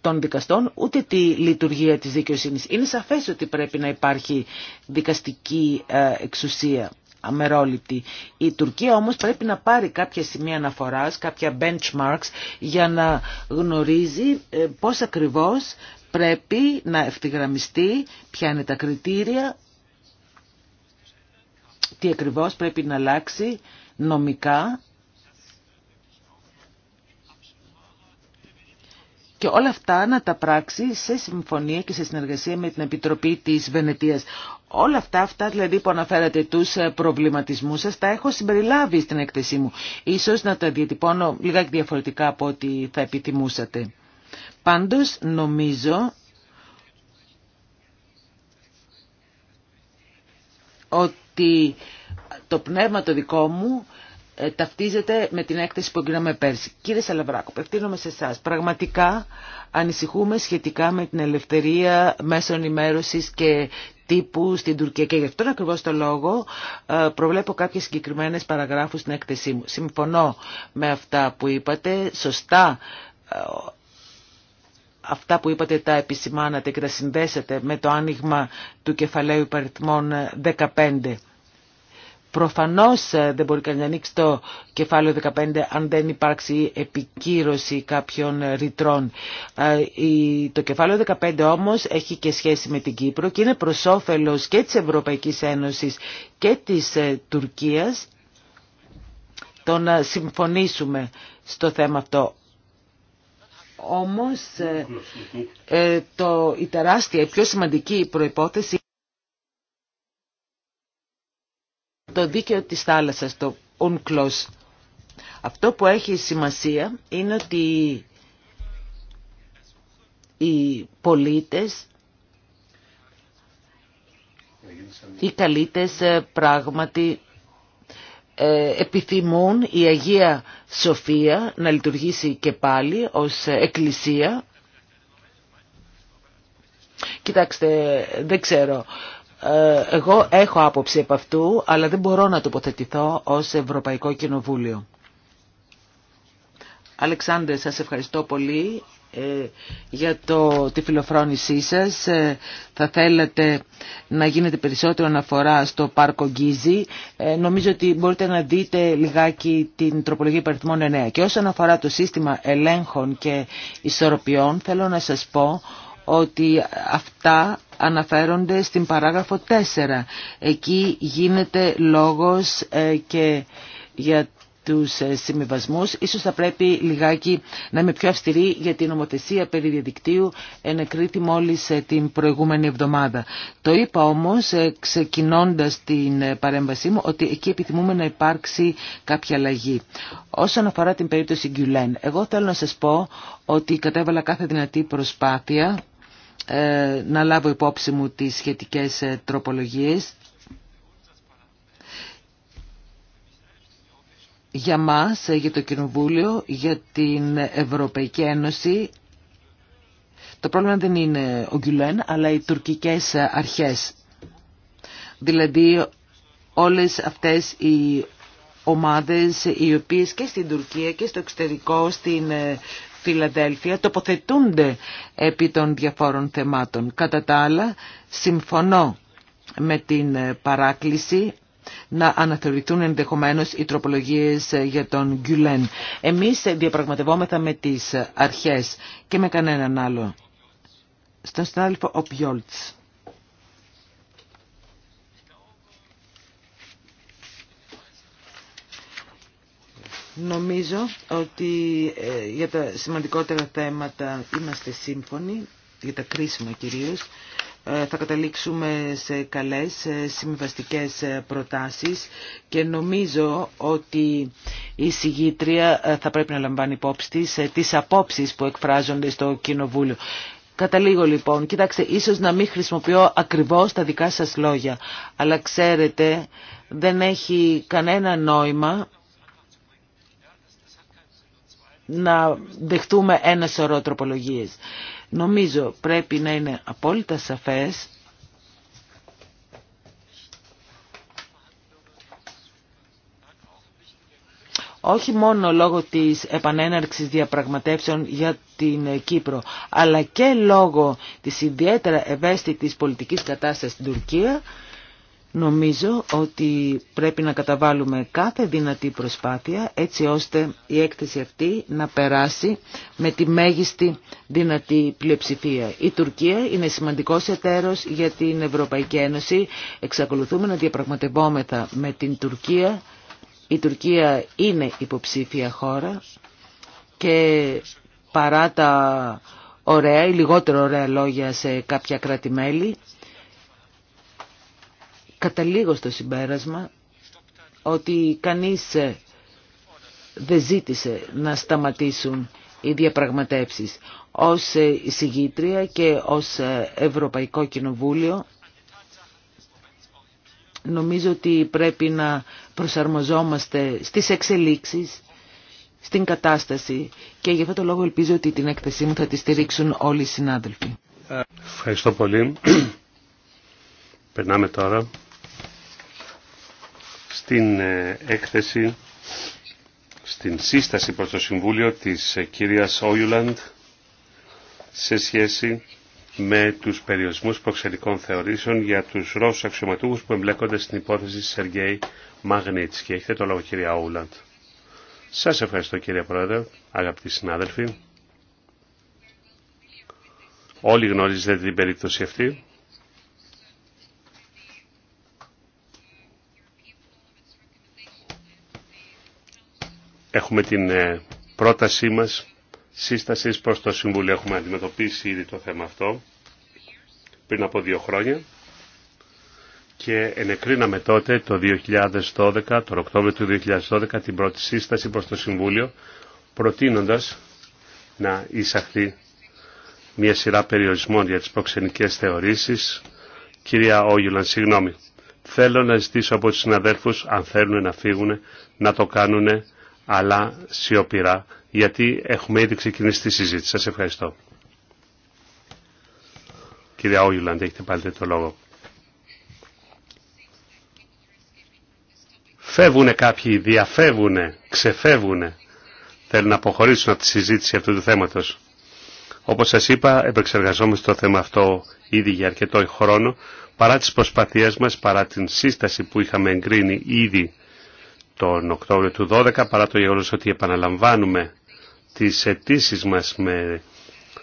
των δικαστών, ούτε τη λειτουργία της δικαιοσύνης. Είναι σαφές ότι πρέπει να υπάρχει δικαστική ε, εξουσία αμερόληπτη. Η Τουρκία όμως πρέπει να πάρει κάποια σημεία αναφοράς, κάποια benchmarks για να γνωρίζει ε, πώς ακριβώς πρέπει να ευθυγραμμιστεί, ποια είναι τα κριτήρια, τι ακριβώς πρέπει να αλλάξει νομικά και όλα αυτά να τα πράξει σε συμφωνία και σε συνεργασία με την Επιτροπή της Βενετίας. Όλα αυτά, αυτά δηλαδή που αναφέρατε τους ε, προβληματισμούς σας, τα έχω συμπεριλάβει στην έκθεσή μου. Ίσως να τα διατυπώνω λίγα διαφορετικά από ό,τι θα επιθυμούσατε. Πάντως νομίζω ότι το πνεύμα το δικό μου ε, ταυτίζεται με την έκθεση που εγκρίναμε πέρσι. Κύριε Σαλαβράκο, απευθύνομαι σε εσά. Πραγματικά ανησυχούμε σχετικά με την ελευθερία μέσων ενημέρωση και τύπου στην Τουρκία. Και γι' αυτόν ακριβώ το λόγο ε, προβλέπω κάποιε συγκεκριμένε παραγράφου στην έκθεσή μου. Συμφωνώ με αυτά που είπατε. Σωστά ε, αυτά που είπατε τα επισημάνατε και τα συνδέσατε με το άνοιγμα του κεφαλαίου υπαριθμών 15. Προφανώς ε, δεν μπορεί κανείς να ανοίξει το κεφάλαιο 15 αν δεν υπάρξει επικύρωση κάποιων ρητρών. Ε, το κεφάλαιο 15 όμως έχει και σχέση με την Κύπρο και είναι προς όφελος και της Ευρωπαϊκής Ένωσης και της ε, Τουρκίας το να συμφωνήσουμε στο θέμα αυτό. Όμως το, η τεράστια, η πιο σημαντική προϋπόθεση το δίκαιο της θάλασσας, το UNCLOS. Αυτό που έχει σημασία είναι ότι οι πολίτες οι καλύτες ε, πράγματι ε, επιθυμούν η Αγία Σοφία να λειτουργήσει και πάλι ως εκκλησία. Κοιτάξτε, δεν ξέρω ε, εγώ έχω άποψη από αυτού, αλλά δεν μπορώ να τοποθετηθώ ως Ευρωπαϊκό Κοινοβούλιο. Αλεξάνδρε, σας ευχαριστώ πολύ ε, για το, τη φιλοφρόνησή σας. Ε, θα θέλατε να γίνετε περισσότερο αναφορά στο Πάρκο Γκίζη. νομίζω ότι μπορείτε να δείτε λιγάκι την τροπολογία υπαριθμών 9. Και όσον αφορά το σύστημα ελέγχων και ισορροπιών, θέλω να σας πω ότι αυτά αναφέρονται στην παράγραφο 4. Εκεί γίνεται λόγος ε, και για τους ε, συμβιβασμούς. Ίσως θα πρέπει λιγάκι να είμαι πιο αυστηρή για την νομοθεσία περί διαδικτύου ενεκρίτη μόλις ε, την προηγούμενη εβδομάδα. Το είπα όμως ξεκινώντας την παρέμβασή μου ότι εκεί επιθυμούμε να υπάρξει κάποια αλλαγή. Όσον αφορά την περίπτωση Γκιουλέν, εγώ θέλω να σας πω ότι κατέβαλα κάθε δυνατή προσπάθεια ε, να λάβω υπόψη μου τις σχετικές ε, τροπολογίες. Για μας, ε, για το Κοινοβούλιο, για την Ευρωπαϊκή Ένωση, το πρόβλημα δεν είναι ο Γκουλέν, αλλά οι τουρκικές αρχές. Δηλαδή όλες αυτές οι ομάδες οι οποίες και στην Τουρκία και στο εξωτερικό, στην Φιλαδέλφια τοποθετούνται επί των διαφόρων θεμάτων. Κατά τα άλλα, συμφωνώ με την ε, παράκληση να αναθεωρηθούν ενδεχομένως οι τροπολογίες ε, για τον Γκουλέν. Εμείς ε, διαπραγματευόμεθα με τις αρχές και με κανέναν άλλο. Στον συνάδελφο Οπιόλτς. Νομίζω ότι ε, για τα σημαντικότερα θέματα είμαστε σύμφωνοι, για τα κρίσιμα κυρίως. Ε, θα καταλήξουμε σε καλές ε, συμβαστικές προτάσεις και νομίζω ότι η συγγήτρια θα πρέπει να λαμβάνει υπόψη της τις απόψεις που εκφράζονται στο Κοινοβούλιο. Καταλήγω λοιπόν, κοιτάξτε, ίσως να μην χρησιμοποιώ ακριβώς τα δικά σας λόγια, αλλά ξέρετε δεν έχει κανένα νόημα να δεχτούμε ένα σωρό τροπολογίες. Νομίζω πρέπει να είναι απόλυτα σαφές όχι μόνο λόγω της επανέναρξης διαπραγματεύσεων για την Κύπρο, αλλά και λόγω της ιδιαίτερα ευαίσθητης πολιτικής κατάστασης στην Τουρκία, Νομίζω ότι πρέπει να καταβάλουμε κάθε δυνατή προσπάθεια έτσι ώστε η έκθεση αυτή να περάσει με τη μέγιστη δυνατή πλειοψηφία. Η Τουρκία είναι σημαντικός εταίρος για την Ευρωπαϊκή Ένωση. Εξακολουθούμε να διαπραγματευόμεθα με την Τουρκία. Η Τουρκία είναι υποψήφια χώρα και παρά τα ωραία ή λιγότερο ωραία λόγια σε κάποια κράτη-μέλη καταλήγω στο συμπέρασμα ότι κανείς ε, δεν ζήτησε να σταματήσουν οι διαπραγματεύσεις. Ως ε, εισηγήτρια και ως ε, Ευρωπαϊκό Κοινοβούλιο νομίζω ότι πρέπει να προσαρμοζόμαστε στις εξελίξεις, στην κατάσταση και για αυτό το λόγο ελπίζω ότι την έκθεσή μου θα τη στηρίξουν όλοι οι συνάδελφοι. Ευχαριστώ πολύ. Περνάμε τώρα στην ε, έκθεση, στην σύσταση προς το Συμβούλιο της ε, κυρίας Όιουλαντ σε σχέση με τους περιορισμούς προξενικών θεωρήσεων για τους Ρώσους αξιωματούχους που εμπλέκονται στην υπόθεση Σεργέη Μαγνίτσκι. Έχετε το λόγο κυρία Όιουλαντ. Σας ευχαριστώ κύριε Πρόεδρε, αγαπητοί συνάδελφοι. Όλοι γνωρίζετε την περίπτωση αυτή. Έχουμε την ε, πρότασή μας σύστασης προς το Συμβούλιο. Έχουμε αντιμετωπίσει ήδη το θέμα αυτό πριν από δύο χρόνια και ενεκρίναμε τότε το 2012, τον Οκτώβριο του 2012, την πρώτη σύσταση προς το Συμβούλιο προτείνοντας να εισαχθεί μια σειρά περιορισμών για τις προξενικές θεωρήσεις. Κυρία Όγιουλαν, συγγνώμη. Θέλω να ζητήσω από τους συναδέλφους, αν θέλουν να φύγουν, να το κάνουν αλλά σιωπηρά, γιατί έχουμε ήδη ξεκινήσει τη συζήτηση. Σας ευχαριστώ. Κύριε Όγιουλαντ, έχετε πάλι το λόγο. Φεύγουν κάποιοι, διαφεύγουν, ξεφεύγουν. Θέλουν να αποχωρήσουν από τη συζήτηση αυτού του θέματος. Όπως σας είπα, επεξεργαζόμαστε το θέμα αυτό ήδη για αρκετό χρόνο, παρά τις προσπαθίες μας, παρά την σύσταση που είχαμε εγκρίνει ήδη τον Οκτώβριο του 12 παρά το γεγονός ότι επαναλαμβάνουμε τις αιτήσει μας με,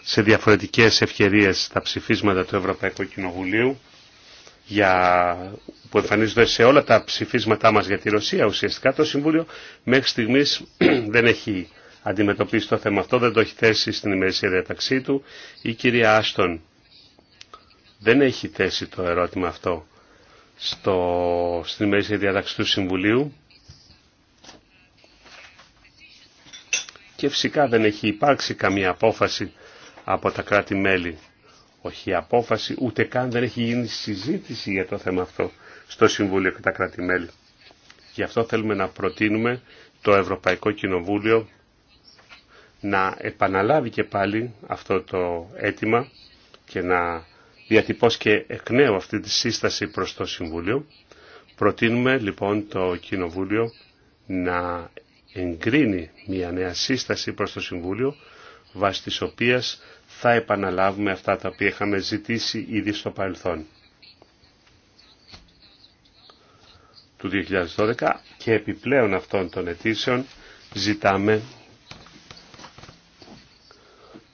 σε διαφορετικές ευκαιρίες στα ψηφίσματα του Ευρωπαϊκού Κοινοβουλίου για, που εμφανίζονται σε όλα τα ψηφίσματά μας για τη Ρωσία ουσιαστικά το Συμβούλιο μέχρι στιγμής δεν έχει αντιμετωπίσει το θέμα αυτό, δεν το έχει θέσει στην ημερησία διαταξή του. Η κυρία Άστον δεν έχει θέσει το ερώτημα αυτό στο, στην ημερησία διαταξή του Συμβουλίου και φυσικά δεν έχει υπάρξει καμία απόφαση από τα κράτη-μέλη. Όχι απόφαση, ούτε καν δεν έχει γίνει συζήτηση για το θέμα αυτό στο Συμβούλιο και τα κράτη-μέλη. Γι' αυτό θέλουμε να προτείνουμε το Ευρωπαϊκό Κοινοβούλιο να επαναλάβει και πάλι αυτό το αίτημα και να διατυπώσει και εκ νέου αυτή τη σύσταση προς το Συμβούλιο. Προτείνουμε λοιπόν το Κοινοβούλιο να εγκρίνει μια νέα σύσταση προς το Συμβούλιο βάσει της οποίας θα επαναλάβουμε αυτά τα οποία είχαμε ζητήσει ήδη στο παρελθόν του 2012 και επιπλέον αυτών των αιτήσεων ζητάμε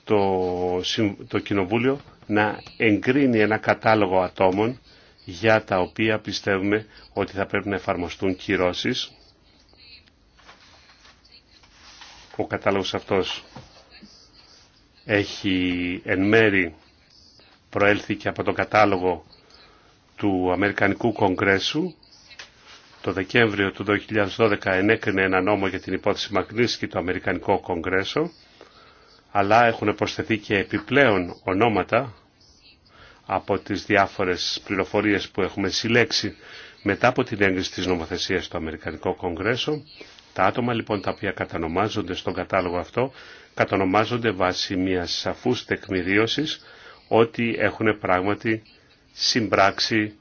το, Κοινοβούλιο να εγκρίνει ένα κατάλογο ατόμων για τα οποία πιστεύουμε ότι θα πρέπει να εφαρμοστούν κυρώσεις ο κατάλογος αυτός έχει εν μέρη προέλθει και από το κατάλογο του Αμερικανικού Κογκρέσου. Το Δεκέμβριο του 2012 ενέκρινε ένα νόμο για την υπόθεση Μακνίσκη το Αμερικανικό Κογκρέσο, αλλά έχουν προσθεθεί και επιπλέον ονόματα από τις διάφορες πληροφορίες που έχουμε συλλέξει μετά από την έγκριση της νομοθεσίας στο Αμερικανικό Κογκρέσο τα άτομα λοιπόν τα οποία κατανομάζονται στον κατάλογο αυτό κατανομάζονται βάσει μιας σαφούς τεκμηρίωσης ότι έχουν πράγματι συμπράξει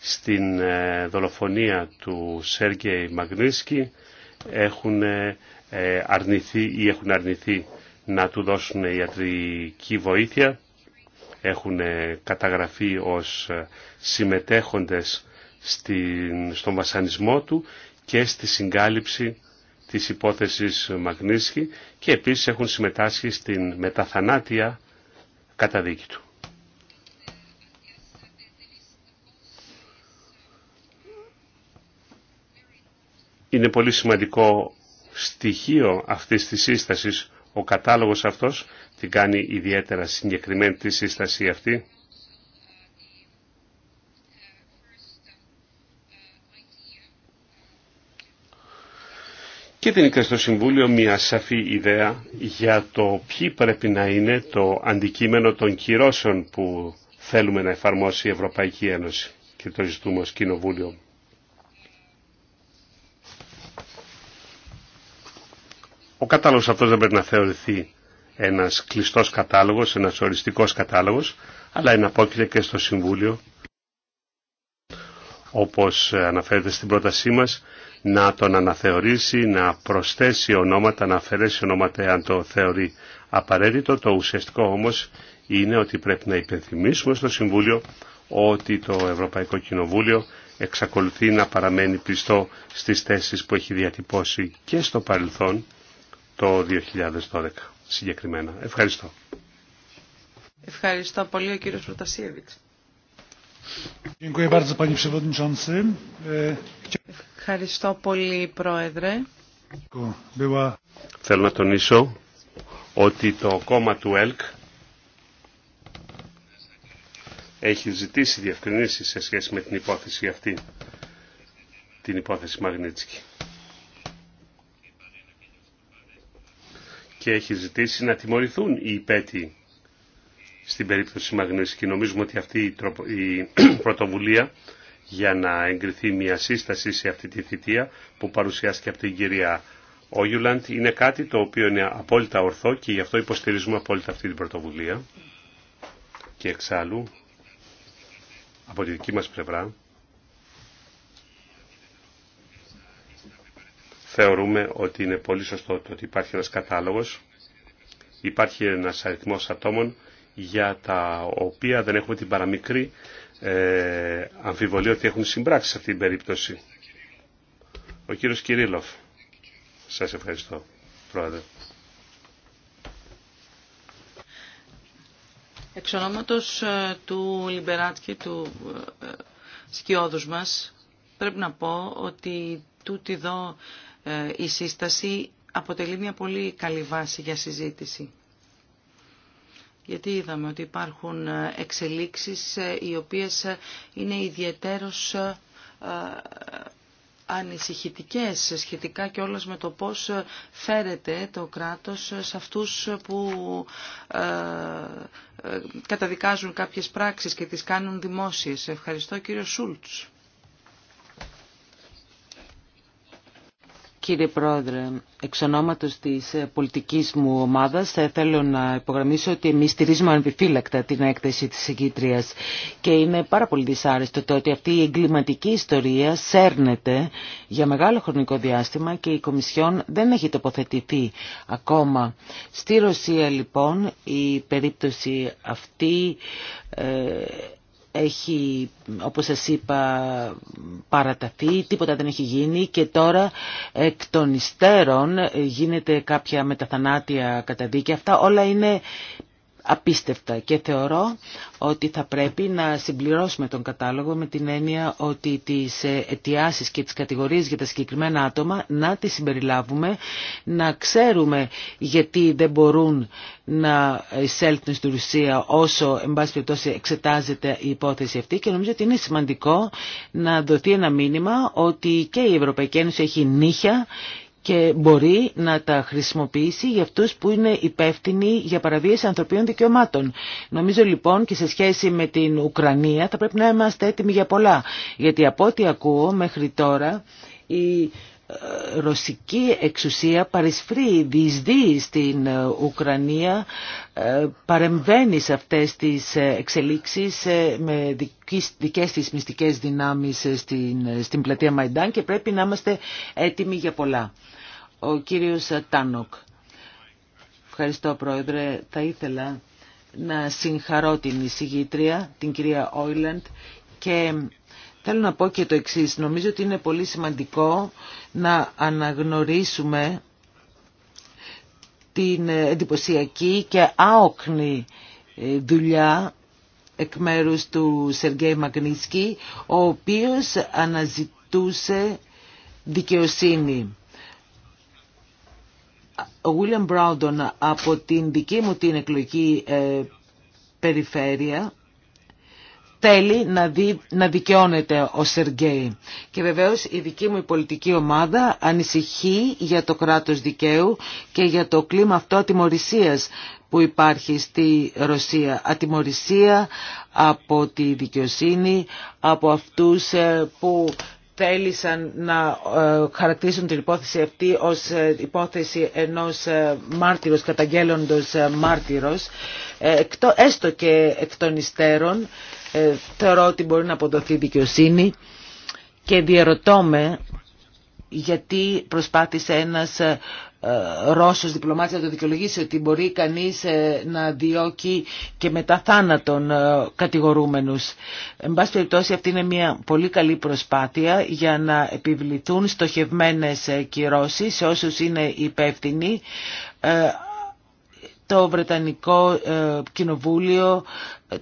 στην ε, δολοφονία του Σέργεϊ Μαγνίσκι έχουν ε, ε, αρνηθεί ή έχουν αρνηθεί να του δώσουν ιατρική βοήθεια έχουν καταγραφεί ως συμμετέχοντες στην, στον βασανισμό του και στη συγκάλυψη της υπόθεσης Μαγνίσκη και επίσης έχουν συμμετάσχει στην μεταθανάτια καταδίκη του. Είναι πολύ σημαντικό στοιχείο αυτής της σύστασης ο κατάλογος αυτός την κάνει ιδιαίτερα συγκεκριμένη τη σύσταση αυτή και την και στο Συμβούλιο μια σαφή ιδέα για το ποιοι πρέπει να είναι το αντικείμενο των κυρώσεων που θέλουμε να εφαρμόσει η Ευρωπαϊκή Ένωση και το ζητούμε ως Κοινοβούλιο. Ο κατάλογος αυτός δεν πρέπει να θεωρηθεί ένας κλειστός κατάλογος, ένας οριστικός κατάλογος, αλλά εναπόκειται και στο Συμβούλιο, όπως αναφέρεται στην πρότασή μας, να τον αναθεωρήσει, να προσθέσει ονόματα, να αφαιρέσει ονόματα εάν το θεωρεί απαραίτητο. Το ουσιαστικό όμως είναι ότι πρέπει να υπενθυμίσουμε στο Συμβούλιο ότι το Ευρωπαϊκό Κοινοβούλιο εξακολουθεί να παραμένει πιστό στις θέσεις που έχει διατυπώσει και στο παρελθόν το 2012 συγκεκριμένα. Ευχαριστώ. Ευχαριστώ πολύ ο κύριος Προτασίεβιτς. Ευχαριστώ πολύ, Πρόεδρε. Θέλω να τονίσω ότι το κόμμα του ΕΛΚ έχει ζητήσει διευκρινήσει σε σχέση με την υπόθεση αυτή, την υπόθεση Μαγνίτσικη. Και έχει ζητήσει να τιμωρηθούν οι υπέτειοι στην περίπτωση μαγνηση και νομίζουμε ότι αυτή η πρωτοβουλία για να εγκριθεί μια σύσταση σε αυτή τη θητεία που παρουσιάστηκε από την κυρία Όγιουλαντ είναι κάτι το οποίο είναι απόλυτα ορθό και γι' αυτό υποστηρίζουμε απόλυτα αυτή την πρωτοβουλία και εξάλλου από τη δική μας πλευρά θεωρούμε ότι είναι πολύ σωστό το ότι υπάρχει ένας κατάλογος υπάρχει ένας αριθμός ατόμων για τα οποία δεν έχουμε την παραμικρή ε, αμφιβολία ότι έχουν συμπράξει σε αυτή την περίπτωση. Ο κύριος Κυρίλοφ. Σας ευχαριστώ, Πρόεδρε. Εξ ονόματος ε, του Λιμπεράτκη, του ε, σκιώδους μας, πρέπει να πω ότι τούτη εδώ ε, η σύσταση αποτελεί μια πολύ καλή βάση για συζήτηση γιατί είδαμε ότι υπάρχουν ε, εξελίξεις ε, οι οποίες ε, είναι ιδιαίτερος ανησυχητικές σχετικά και όλες με το πώς φέρεται το κράτος σε αυτούς που καταδικάζουν κάποιες πράξεις και τις κάνουν δημόσιες. Ευχαριστώ κύριο Σούλτς. Κύριε Πρόεδρε, εξ ονόματος της ε, πολιτικής μου ομάδας θέλω να υπογραμμίσω ότι εμείς στηρίζουμε ανεπιφύλακτα την έκθεση της εγκύτριας και είναι πάρα πολύ δυσάρεστο το ότι αυτή η εγκληματική ιστορία σέρνεται για μεγάλο χρονικό διάστημα και η Κομισιόν δεν έχει τοποθετηθεί ακόμα. Στη Ρωσία λοιπόν η περίπτωση αυτή ε, έχει, όπως σας είπα, παραταθεί, τίποτα δεν έχει γίνει και τώρα εκ των υστέρων γίνεται κάποια μεταθανάτια καταδίκη. Αυτά όλα είναι απίστευτα και θεωρώ ότι θα πρέπει να συμπληρώσουμε τον κατάλογο με την έννοια ότι τις αιτιάσεις και τις κατηγορίες για τα συγκεκριμένα άτομα να τις συμπεριλάβουμε, να ξέρουμε γιατί δεν μπορούν να εισέλθουν στη Ρουσία όσο εν περιπτώσει εξετάζεται η υπόθεση αυτή και νομίζω ότι είναι σημαντικό να δοθεί ένα μήνυμα ότι και η Ευρωπαϊκή Ένωση έχει νύχια και μπορεί να τα χρησιμοποιήσει για αυτούς που είναι υπεύθυνοι για παραβίαση ανθρωπίνων δικαιωμάτων. Νομίζω λοιπόν και σε σχέση με την Ουκρανία θα πρέπει να είμαστε έτοιμοι για πολλά. Γιατί από ό,τι ακούω μέχρι τώρα η ε, ρωσική εξουσία παρισφρεί, διεισδύει στην ε, Ουκρανία, ε, παρεμβαίνει σε αυτές τις εξελίξεις με δικές της μυστικές δυνάμεις στην, στην πλατεία Μαϊντάν και πρέπει να είμαστε έτοιμοι για πολλά. Ο κύριος Τάνοκ. Ευχαριστώ πρόεδρε. Θα ήθελα να συγχαρώ την εισηγήτρια, την κυρία Όιλαντ και θέλω να πω και το εξής. Νομίζω ότι είναι πολύ σημαντικό να αναγνωρίσουμε την εντυπωσιακή και άοκνη ε, δουλειά εκ μέρους του Σεργέη Μαγνίσκη, ο οποίος αναζητούσε δικαιοσύνη ο Βίλιαμ Μπράουντον από την δική μου την εκλογική ε, περιφέρεια θέλει να, να δικαιώνεται ο Σεργέη. Και βεβαίως η δική μου πολιτική ομάδα ανησυχεί για το κράτος δικαίου και για το κλίμα αυτό ατιμορρησίας που υπάρχει στη Ρωσία. Ατιμορρησία από τη δικαιοσύνη, από αυτούς ε, που θέλησαν να ε, χαρακτηρίσουν την υπόθεση αυτή ως ε, υπόθεση ενός ε, μάρτυρος, καταγγέλλοντος μάρτυρος, έστω και εκ των υστέρων, θεωρώ ότι μπορεί να αποδοθεί δικαιοσύνη και διαρωτώ με γιατί προσπάθησε ένας ε, ε, Ρώσος διπλωμάτης να το δικαιολογήσει ότι μπορεί κανείς ε, να διώκει και μετά θάνατον κατηγορούμενους. Εν πάση περιπτώσει αυτή είναι μια πολύ καλή προσπάθεια για να επιβληθούν στοχευμένες κυρώσεις σε όσους είναι υπεύθυνοι. Το Βρετανικό Κοινοβούλιο,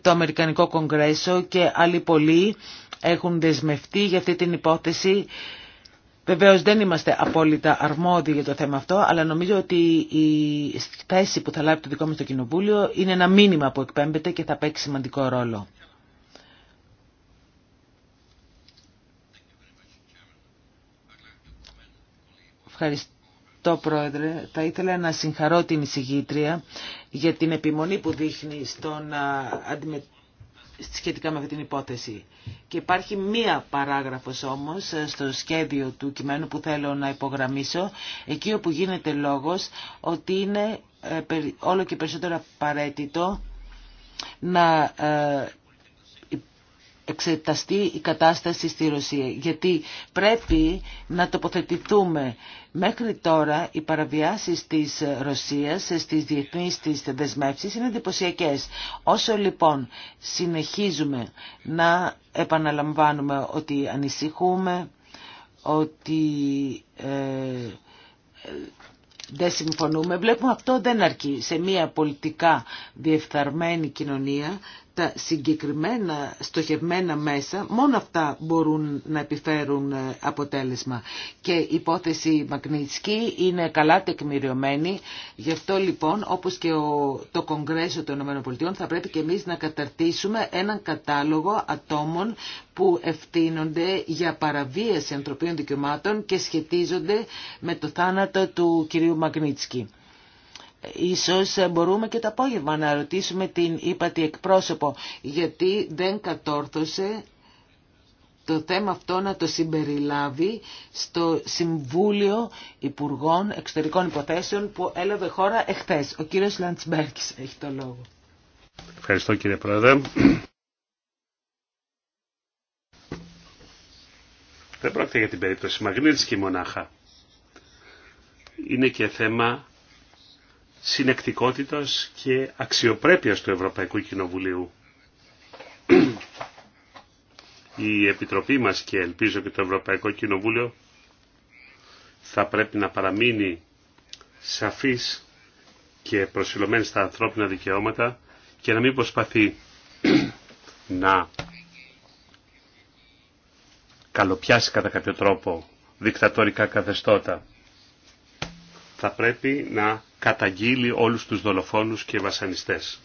το Αμερικανικό Κογκρέσο και άλλοι πολλοί έχουν δεσμευτεί για αυτή την υπόθεση Βεβαίως δεν είμαστε απόλυτα αρμόδιοι για το θέμα αυτό, αλλά νομίζω ότι η θέση που θα λάβει το δικό μας το Κοινοβούλιο είναι ένα μήνυμα που εκπέμπεται και θα παίξει σημαντικό ρόλο. Ευχαριστώ Πρόεδρε. Θα ήθελα να συγχαρώ την εισηγήτρια για την επιμονή που δείχνει στο να αντιμετωπίσει σχετικά με αυτή την υπόθεση. Και υπάρχει μία παράγραφος όμως ε, στο σχέδιο του κειμένου που θέλω να υπογραμμίσω, εκεί όπου γίνεται λόγος ότι είναι ε, όλο και περισσότερο απαραίτητο να ε, εξεταστεί η κατάσταση στη Ρωσία. Γιατί πρέπει να τοποθετηθούμε. Μέχρι τώρα οι παραβιάσεις της Ρωσίας στις διεθνείς της δεσμεύσεις είναι εντυπωσιακέ. Όσο λοιπόν συνεχίζουμε να επαναλαμβάνουμε ότι ανησυχούμε, ότι ε, δεν συμφωνούμε. Βλέπουμε αυτό δεν αρκεί σε μια πολιτικά διεφθαρμένη κοινωνία τα συγκεκριμένα στοχευμένα μέσα, μόνο αυτά μπορούν να επιφέρουν ε, αποτέλεσμα. Και η υπόθεση Μακνίτσκι είναι καλά τεκμηριωμένη, γι' αυτό λοιπόν όπως και το Κογκρέσιο των ΗΠΑ θα πρέπει και εμείς να καταρτήσουμε έναν κατάλογο ατόμων που ευθύνονται για παραβίαση ανθρωπίνων δικαιωμάτων και σχετίζονται με το θάνατο του κυρίου Μαγνίτσκι. Ίσως μπορούμε και το απόγευμα να ρωτήσουμε την ύπατη εκπρόσωπο γιατί δεν κατόρθωσε το θέμα αυτό να το συμπεριλάβει στο Συμβούλιο Υπουργών Εξωτερικών Υποθέσεων που έλαβε χώρα εχθές. Ο κύριος Λαντσμπέρκης έχει το λόγο. Ευχαριστώ κύριε Πρόεδρε. Δεν πρόκειται για την περίπτωση και μονάχα. Είναι και θέμα συνεκτικότητας και αξιοπρέπειας του Ευρωπαϊκού Κοινοβουλίου. Η Επιτροπή μας και ελπίζω και το Ευρωπαϊκό Κοινοβούλιο θα πρέπει να παραμείνει σαφής και προσιλωμένη στα ανθρώπινα δικαιώματα και να μην προσπαθεί να καλοπιάσει κατά κάποιο τρόπο δικτατορικά καθεστώτα θα πρέπει να καταγγείλει όλους τους δολοφόνους και βασανιστές.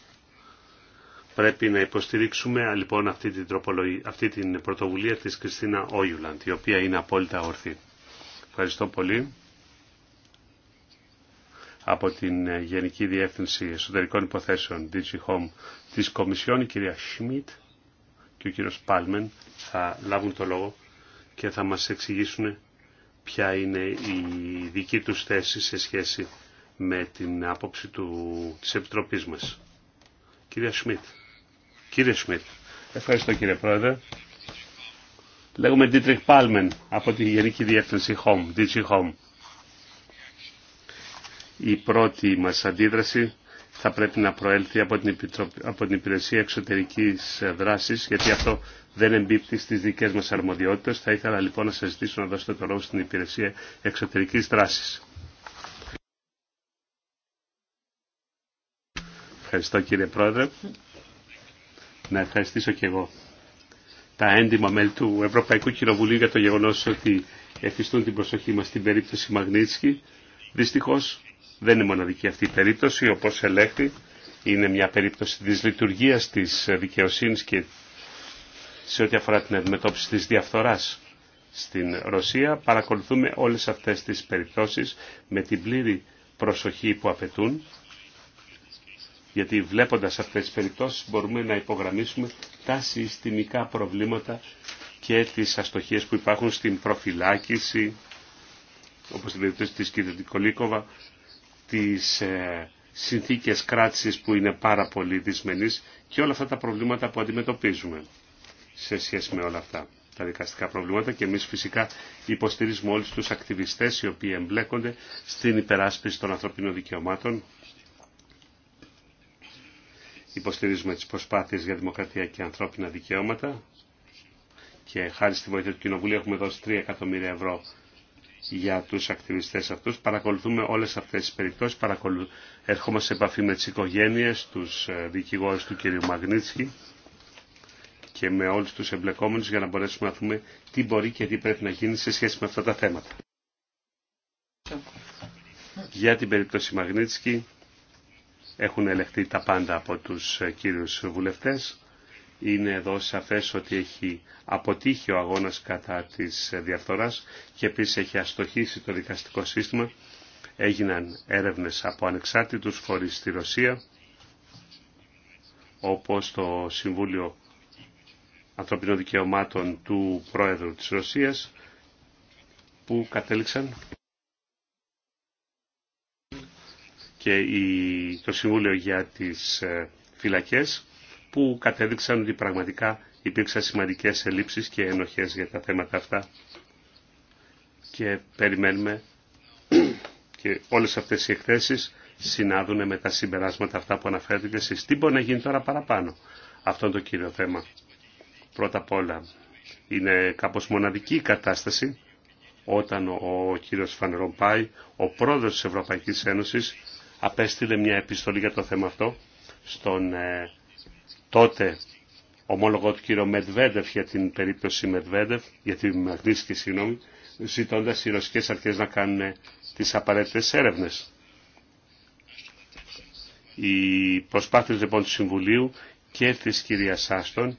Πρέπει να υποστηρίξουμε λοιπόν αυτή την, αυτή την πρωτοβουλία της Κριστίνα Όγιουλαντ, η οποία είναι απόλυτα ορθή. Ευχαριστώ πολύ. Από την ε, Γενική Διεύθυνση Εσωτερικών Υποθέσεων DG Home της Κομισιόν, η κυρία Σμιτ και ο κύριος Πάλμεν θα λάβουν το λόγο και θα μας εξηγήσουν ποια είναι η δική τους θέση σε σχέση με την άποψη του, της Επιτροπής μας. Κυρία Σμιτ. Κύριε Σμιτ. Ευχαριστώ κύριε Πρόεδρε. Λέγομαι Dietrich Πάλμεν από τη Γενική Διεύθυνση Home, DG Home. Η πρώτη μας αντίδραση θα πρέπει να προέλθει από την, από την Υπηρεσία Εξωτερικής Δράσης, γιατί αυτό δεν εμπίπτει στις δικές μας αρμοδιότητες. Θα ήθελα λοιπόν να σας ζητήσω να δώσετε το λόγο στην Υπηρεσία Εξωτερικής Δράσης. Ευχαριστώ κύριε Πρόεδρε. Να ευχαριστήσω και εγώ τα έντιμα μέλη του Ευρωπαϊκού Κοινοβουλίου για το γεγονός ότι εφιστούν την προσοχή μας στην περίπτωση Μαγνίτσκι. Δυστυχώς δεν είναι μοναδική αυτή η περίπτωση, όπως ελέγχθη, είναι μια περίπτωση της λειτουργίας της δικαιοσύνης και σε ό,τι αφορά την αντιμετώπιση της διαφθοράς στην Ρωσία. Παρακολουθούμε όλες αυτές τις περιπτώσεις με την πλήρη προσοχή που απαιτούν, γιατί βλέποντας αυτές τις περιπτώσεις μπορούμε να υπογραμμίσουμε τα συστημικά προβλήματα και τις αστοχίες που υπάρχουν στην προφυλάκηση, όπως την περίπτωση της κ. Νικολίκοβα, τις ε, συνθήκες κράτησης που είναι πάρα πολύ δυσμενείς και όλα αυτά τα προβλήματα που αντιμετωπίζουμε σε σχέση με όλα αυτά τα δικαστικά προβλήματα και εμείς φυσικά υποστηρίζουμε όλους τους ακτιβιστές οι οποίοι εμπλέκονται στην υπεράσπιση των ανθρωπίνων δικαιωμάτων. Υποστηρίζουμε τις προσπάθειες για δημοκρατία και ανθρώπινα δικαιώματα και χάρη στη βοήθεια του Κοινοβουλίου έχουμε δώσει 3 εκατομμύρια ευρώ για τους ακτιβιστές αυτούς. Παρακολουθούμε όλες αυτές τις περιπτώσεις, Παρακολου... ερχόμαστε σε επαφή με τις οικογένειες, τους ε, δικηγόρους του κ. Μαγνίτσκι και με όλους τους εμπλεκόμενους για να μπορέσουμε να δούμε τι μπορεί και τι πρέπει να γίνει σε σχέση με αυτά τα θέματα. Για την περίπτωση Μαγνίτσκι έχουν ελεχθεί τα πάντα από τους ε, κύριους βουλευτές είναι εδώ σαφές ότι έχει αποτύχει ο αγώνας κατά της διαφθοράς και επίσης έχει αστοχήσει το δικαστικό σύστημα. Έγιναν έρευνες από ανεξάρτητους φορείς στη Ρωσία, όπως το Συμβούλιο Ανθρωπινών Δικαιωμάτων του Πρόεδρου της Ρωσίας, που κατέληξαν και το Συμβούλιο για τις ε, Φυλακές που κατέδειξαν ότι πραγματικά υπήρξαν σημαντικές ελλείψεις και ενοχές για τα θέματα αυτά και περιμένουμε και όλες αυτές οι εκθέσεις συνάδουν με τα συμπεράσματα αυτά που αναφέρετε και εσείς. Τι μπορεί να γίνει τώρα παραπάνω. Αυτό είναι το κύριο θέμα. Πρώτα απ' όλα είναι κάπως μοναδική η κατάσταση όταν ο, κύριος ο πρόεδρος της Ευρωπαϊκής Ένωσης, απέστειλε μια επιστολή για το θέμα αυτό στον ε, τότε ομόλογο του κύριο Μετβέντεφ για την περίπτωση Μετβέντεφ, για την Μαγνίσκη, συγγνώμη, ζητώντας οι ρωσικές αρχές να κάνουν τις απαραίτητες έρευνες. Οι προσπάθειες λοιπόν του Συμβουλίου και της κυρίας Άστον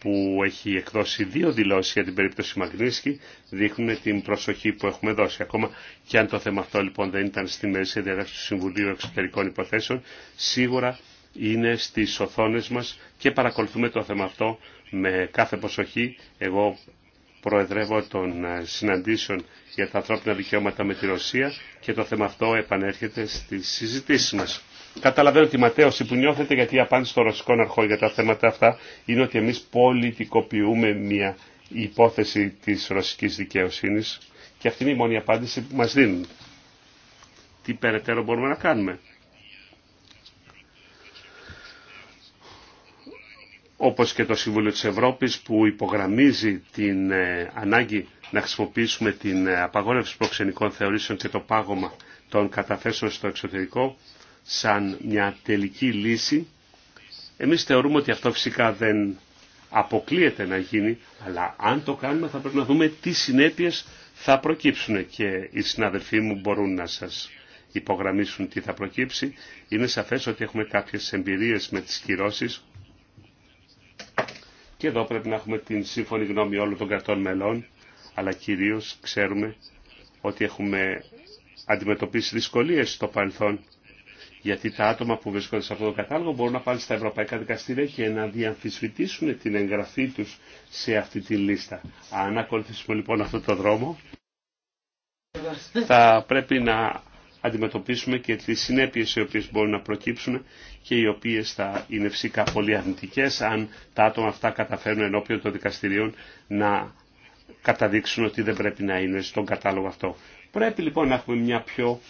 που έχει εκδώσει δύο δηλώσεις για την περίπτωση Μαγνίσκη δείχνουν την προσοχή που έχουμε δώσει. Ακόμα και αν το θέμα αυτό λοιπόν δεν ήταν στη μέση διαδράξη του Συμβουλίου Εξωτερικών Υποθέσεων, σίγουρα είναι στις οθόνες μας και παρακολουθούμε το θέμα αυτό με κάθε προσοχή. Εγώ προεδρεύω των ε, συναντήσεων για τα ανθρώπινα δικαιώματα με τη Ρωσία και το θέμα αυτό επανέρχεται στις συζητήσεις μας. Καταλαβαίνω η ματέωση που νιώθετε γιατί η απάντηση των ρωσικών αρχών για τα θέματα αυτά είναι ότι εμείς πολιτικοποιούμε μια υπόθεση της ρωσικής δικαιοσύνης και αυτή είναι η μόνη απάντηση που μας δίνουν. Τι περαιτέρω μπορούμε να κάνουμε. όπως και το Συμβούλιο της Ευρώπης που υπογραμμίζει την ε, ανάγκη να χρησιμοποιήσουμε την ε, απαγόρευση προξενικών θεωρήσεων και το πάγωμα των καταθέσεων στο εξωτερικό σαν μια τελική λύση. Εμείς θεωρούμε ότι αυτό φυσικά δεν αποκλείεται να γίνει, αλλά αν το κάνουμε θα πρέπει να δούμε τι συνέπειες θα προκύψουν και οι συναδελφοί μου μπορούν να σας υπογραμμίσουν τι θα προκύψει. Είναι σαφές ότι έχουμε κάποιες εμπειρίες με τις κυρώσεις και εδώ πρέπει να έχουμε την σύμφωνη γνώμη όλων των κρατών μελών, αλλά κυρίως ξέρουμε ότι έχουμε αντιμετωπίσει δυσκολίες στο παρελθόν, γιατί τα άτομα που βρίσκονται σε αυτόν τον κατάλογο μπορούν να πάνε στα ευρωπαϊκά δικαστήρια και να διαμφισβητήσουν την εγγραφή τους σε αυτή τη λίστα. Αν ακολουθήσουμε λοιπόν αυτό το δρόμο, θα πρέπει να αντιμετωπίσουμε και τις συνέπειες οι οποίες μπορούν να προκύψουν και οι οποίες θα είναι φυσικά πολύ αρνητικές αν τα άτομα αυτά καταφέρουν ενώπιον των δικαστηρίων να καταδείξουν ότι δεν πρέπει να είναι στον κατάλογο αυτό. Πρέπει λοιπόν να έχουμε μια πιο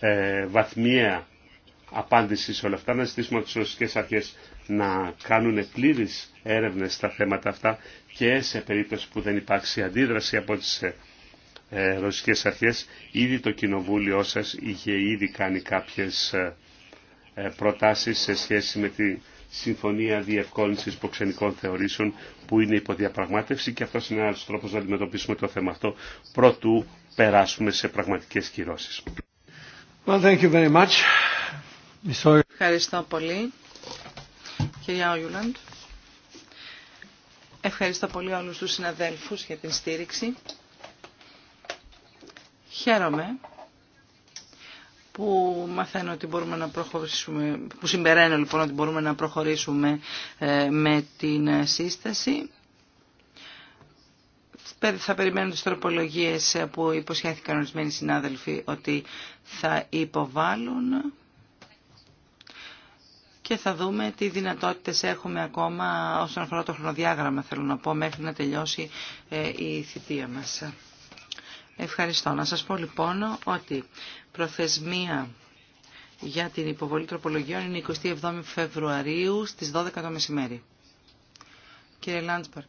ε, βαθμιαία απάντηση σε όλα αυτά, να ζητήσουμε από τις ρωσικές αρχές να κάνουν πλήρεις έρευνες στα θέματα αυτά και σε περίπτωση που δεν υπάρξει αντίδραση από τις ε, ε, ρωσικές αρχές. Ήδη το κοινοβούλιο σας είχε ήδη κάνει κάποιες ε, ε, προτάσεις σε σχέση με τη Συμφωνία Διευκόλυνσης Υποξενικών Θεωρήσεων που είναι υποδιαπραγμάτευση και αυτός είναι ένας τρόπος να αντιμετωπίσουμε το θέμα αυτό πρώτου περάσουμε σε πραγματικές κυρώσεις. Well, thank you very much. Ευχαριστώ πολύ, κυρία Ευχαριστώ πολύ όλους τους συναδέλφους για την στήριξη. Χαίρομαι που μαθαίνω ότι μπορούμε να προχωρήσουμε, που συμπεραίνω λοιπόν ότι μπορούμε να προχωρήσουμε ε, με την ε, σύσταση. Θα περιμένω τις τροπολογίες ε, που υποσχέθηκαν ορισμένοι συνάδελφοι ότι θα υποβάλουν και θα δούμε τι δυνατότητες έχουμε ακόμα όσον αφορά το χρονοδιάγραμμα, θέλω να πω, μέχρι να τελειώσει η θητεία μας. Ευχαριστώ. Να σας πω λοιπόν ότι προθεσμία για την υποβολή τροπολογιών είναι 27 Φεβρουαρίου στις 12 το μεσημέρι. Κύριε Λάντσπαρκ,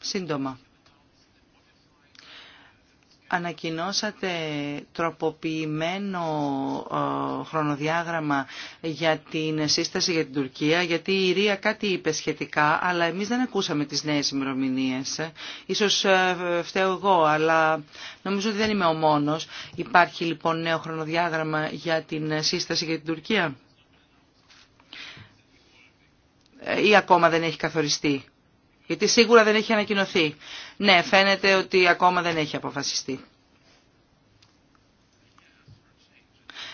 σύντομα ανακοινώσατε τροποποιημένο ε, χρονοδιάγραμμα για την σύσταση για την Τουρκία, γιατί η Ρία κάτι είπε σχετικά, αλλά εμείς δεν ακούσαμε τις νέες ημερομηνίε. Ίσως ε, φταίω εγώ, αλλά νομίζω ότι δεν είμαι ο μόνος. Υπάρχει λοιπόν νέο χρονοδιάγραμμα για την σύσταση για την Τουρκία ε, ή ακόμα δεν έχει καθοριστεί. Γιατί σίγουρα δεν έχει ανακοινωθεί. Ναι, φαίνεται ότι ακόμα δεν έχει αποφασιστεί.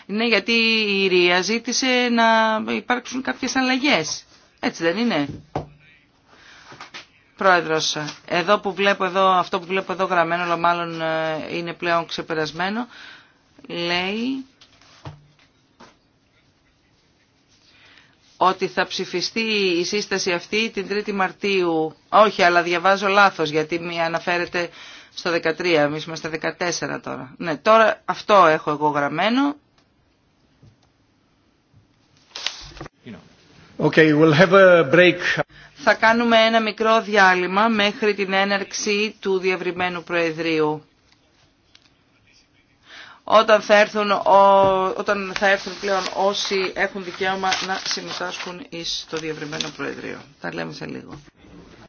Ναι, γιατί η Ιρία ζήτησε να υπάρξουν κάποιες αλλαγές. Έτσι δεν είναι. Πρόεδρος, εδώ που βλέπω εδώ, αυτό που βλέπω εδώ γραμμένο, αλλά μάλλον ε, είναι πλέον ξεπερασμένο, λέει ότι θα ψηφιστεί η σύσταση αυτή την 3η Μαρτίου. Όχι, αλλά διαβάζω λάθος γιατί μία αναφέρεται στο 13, εμείς είμαστε 14 τώρα. Ναι, τώρα αυτό έχω εγώ γραμμένο. Okay, we'll have a break. Θα κάνουμε ένα μικρό διάλειμμα μέχρι την έναρξη του διαβριμένου Προεδρείου όταν θα έρθουν, όταν θα έρθουν πλέον όσοι έχουν δικαίωμα να συμμετάσχουν εις το διευρυμένο Προεδρείο. Τα λέμε σε λίγο.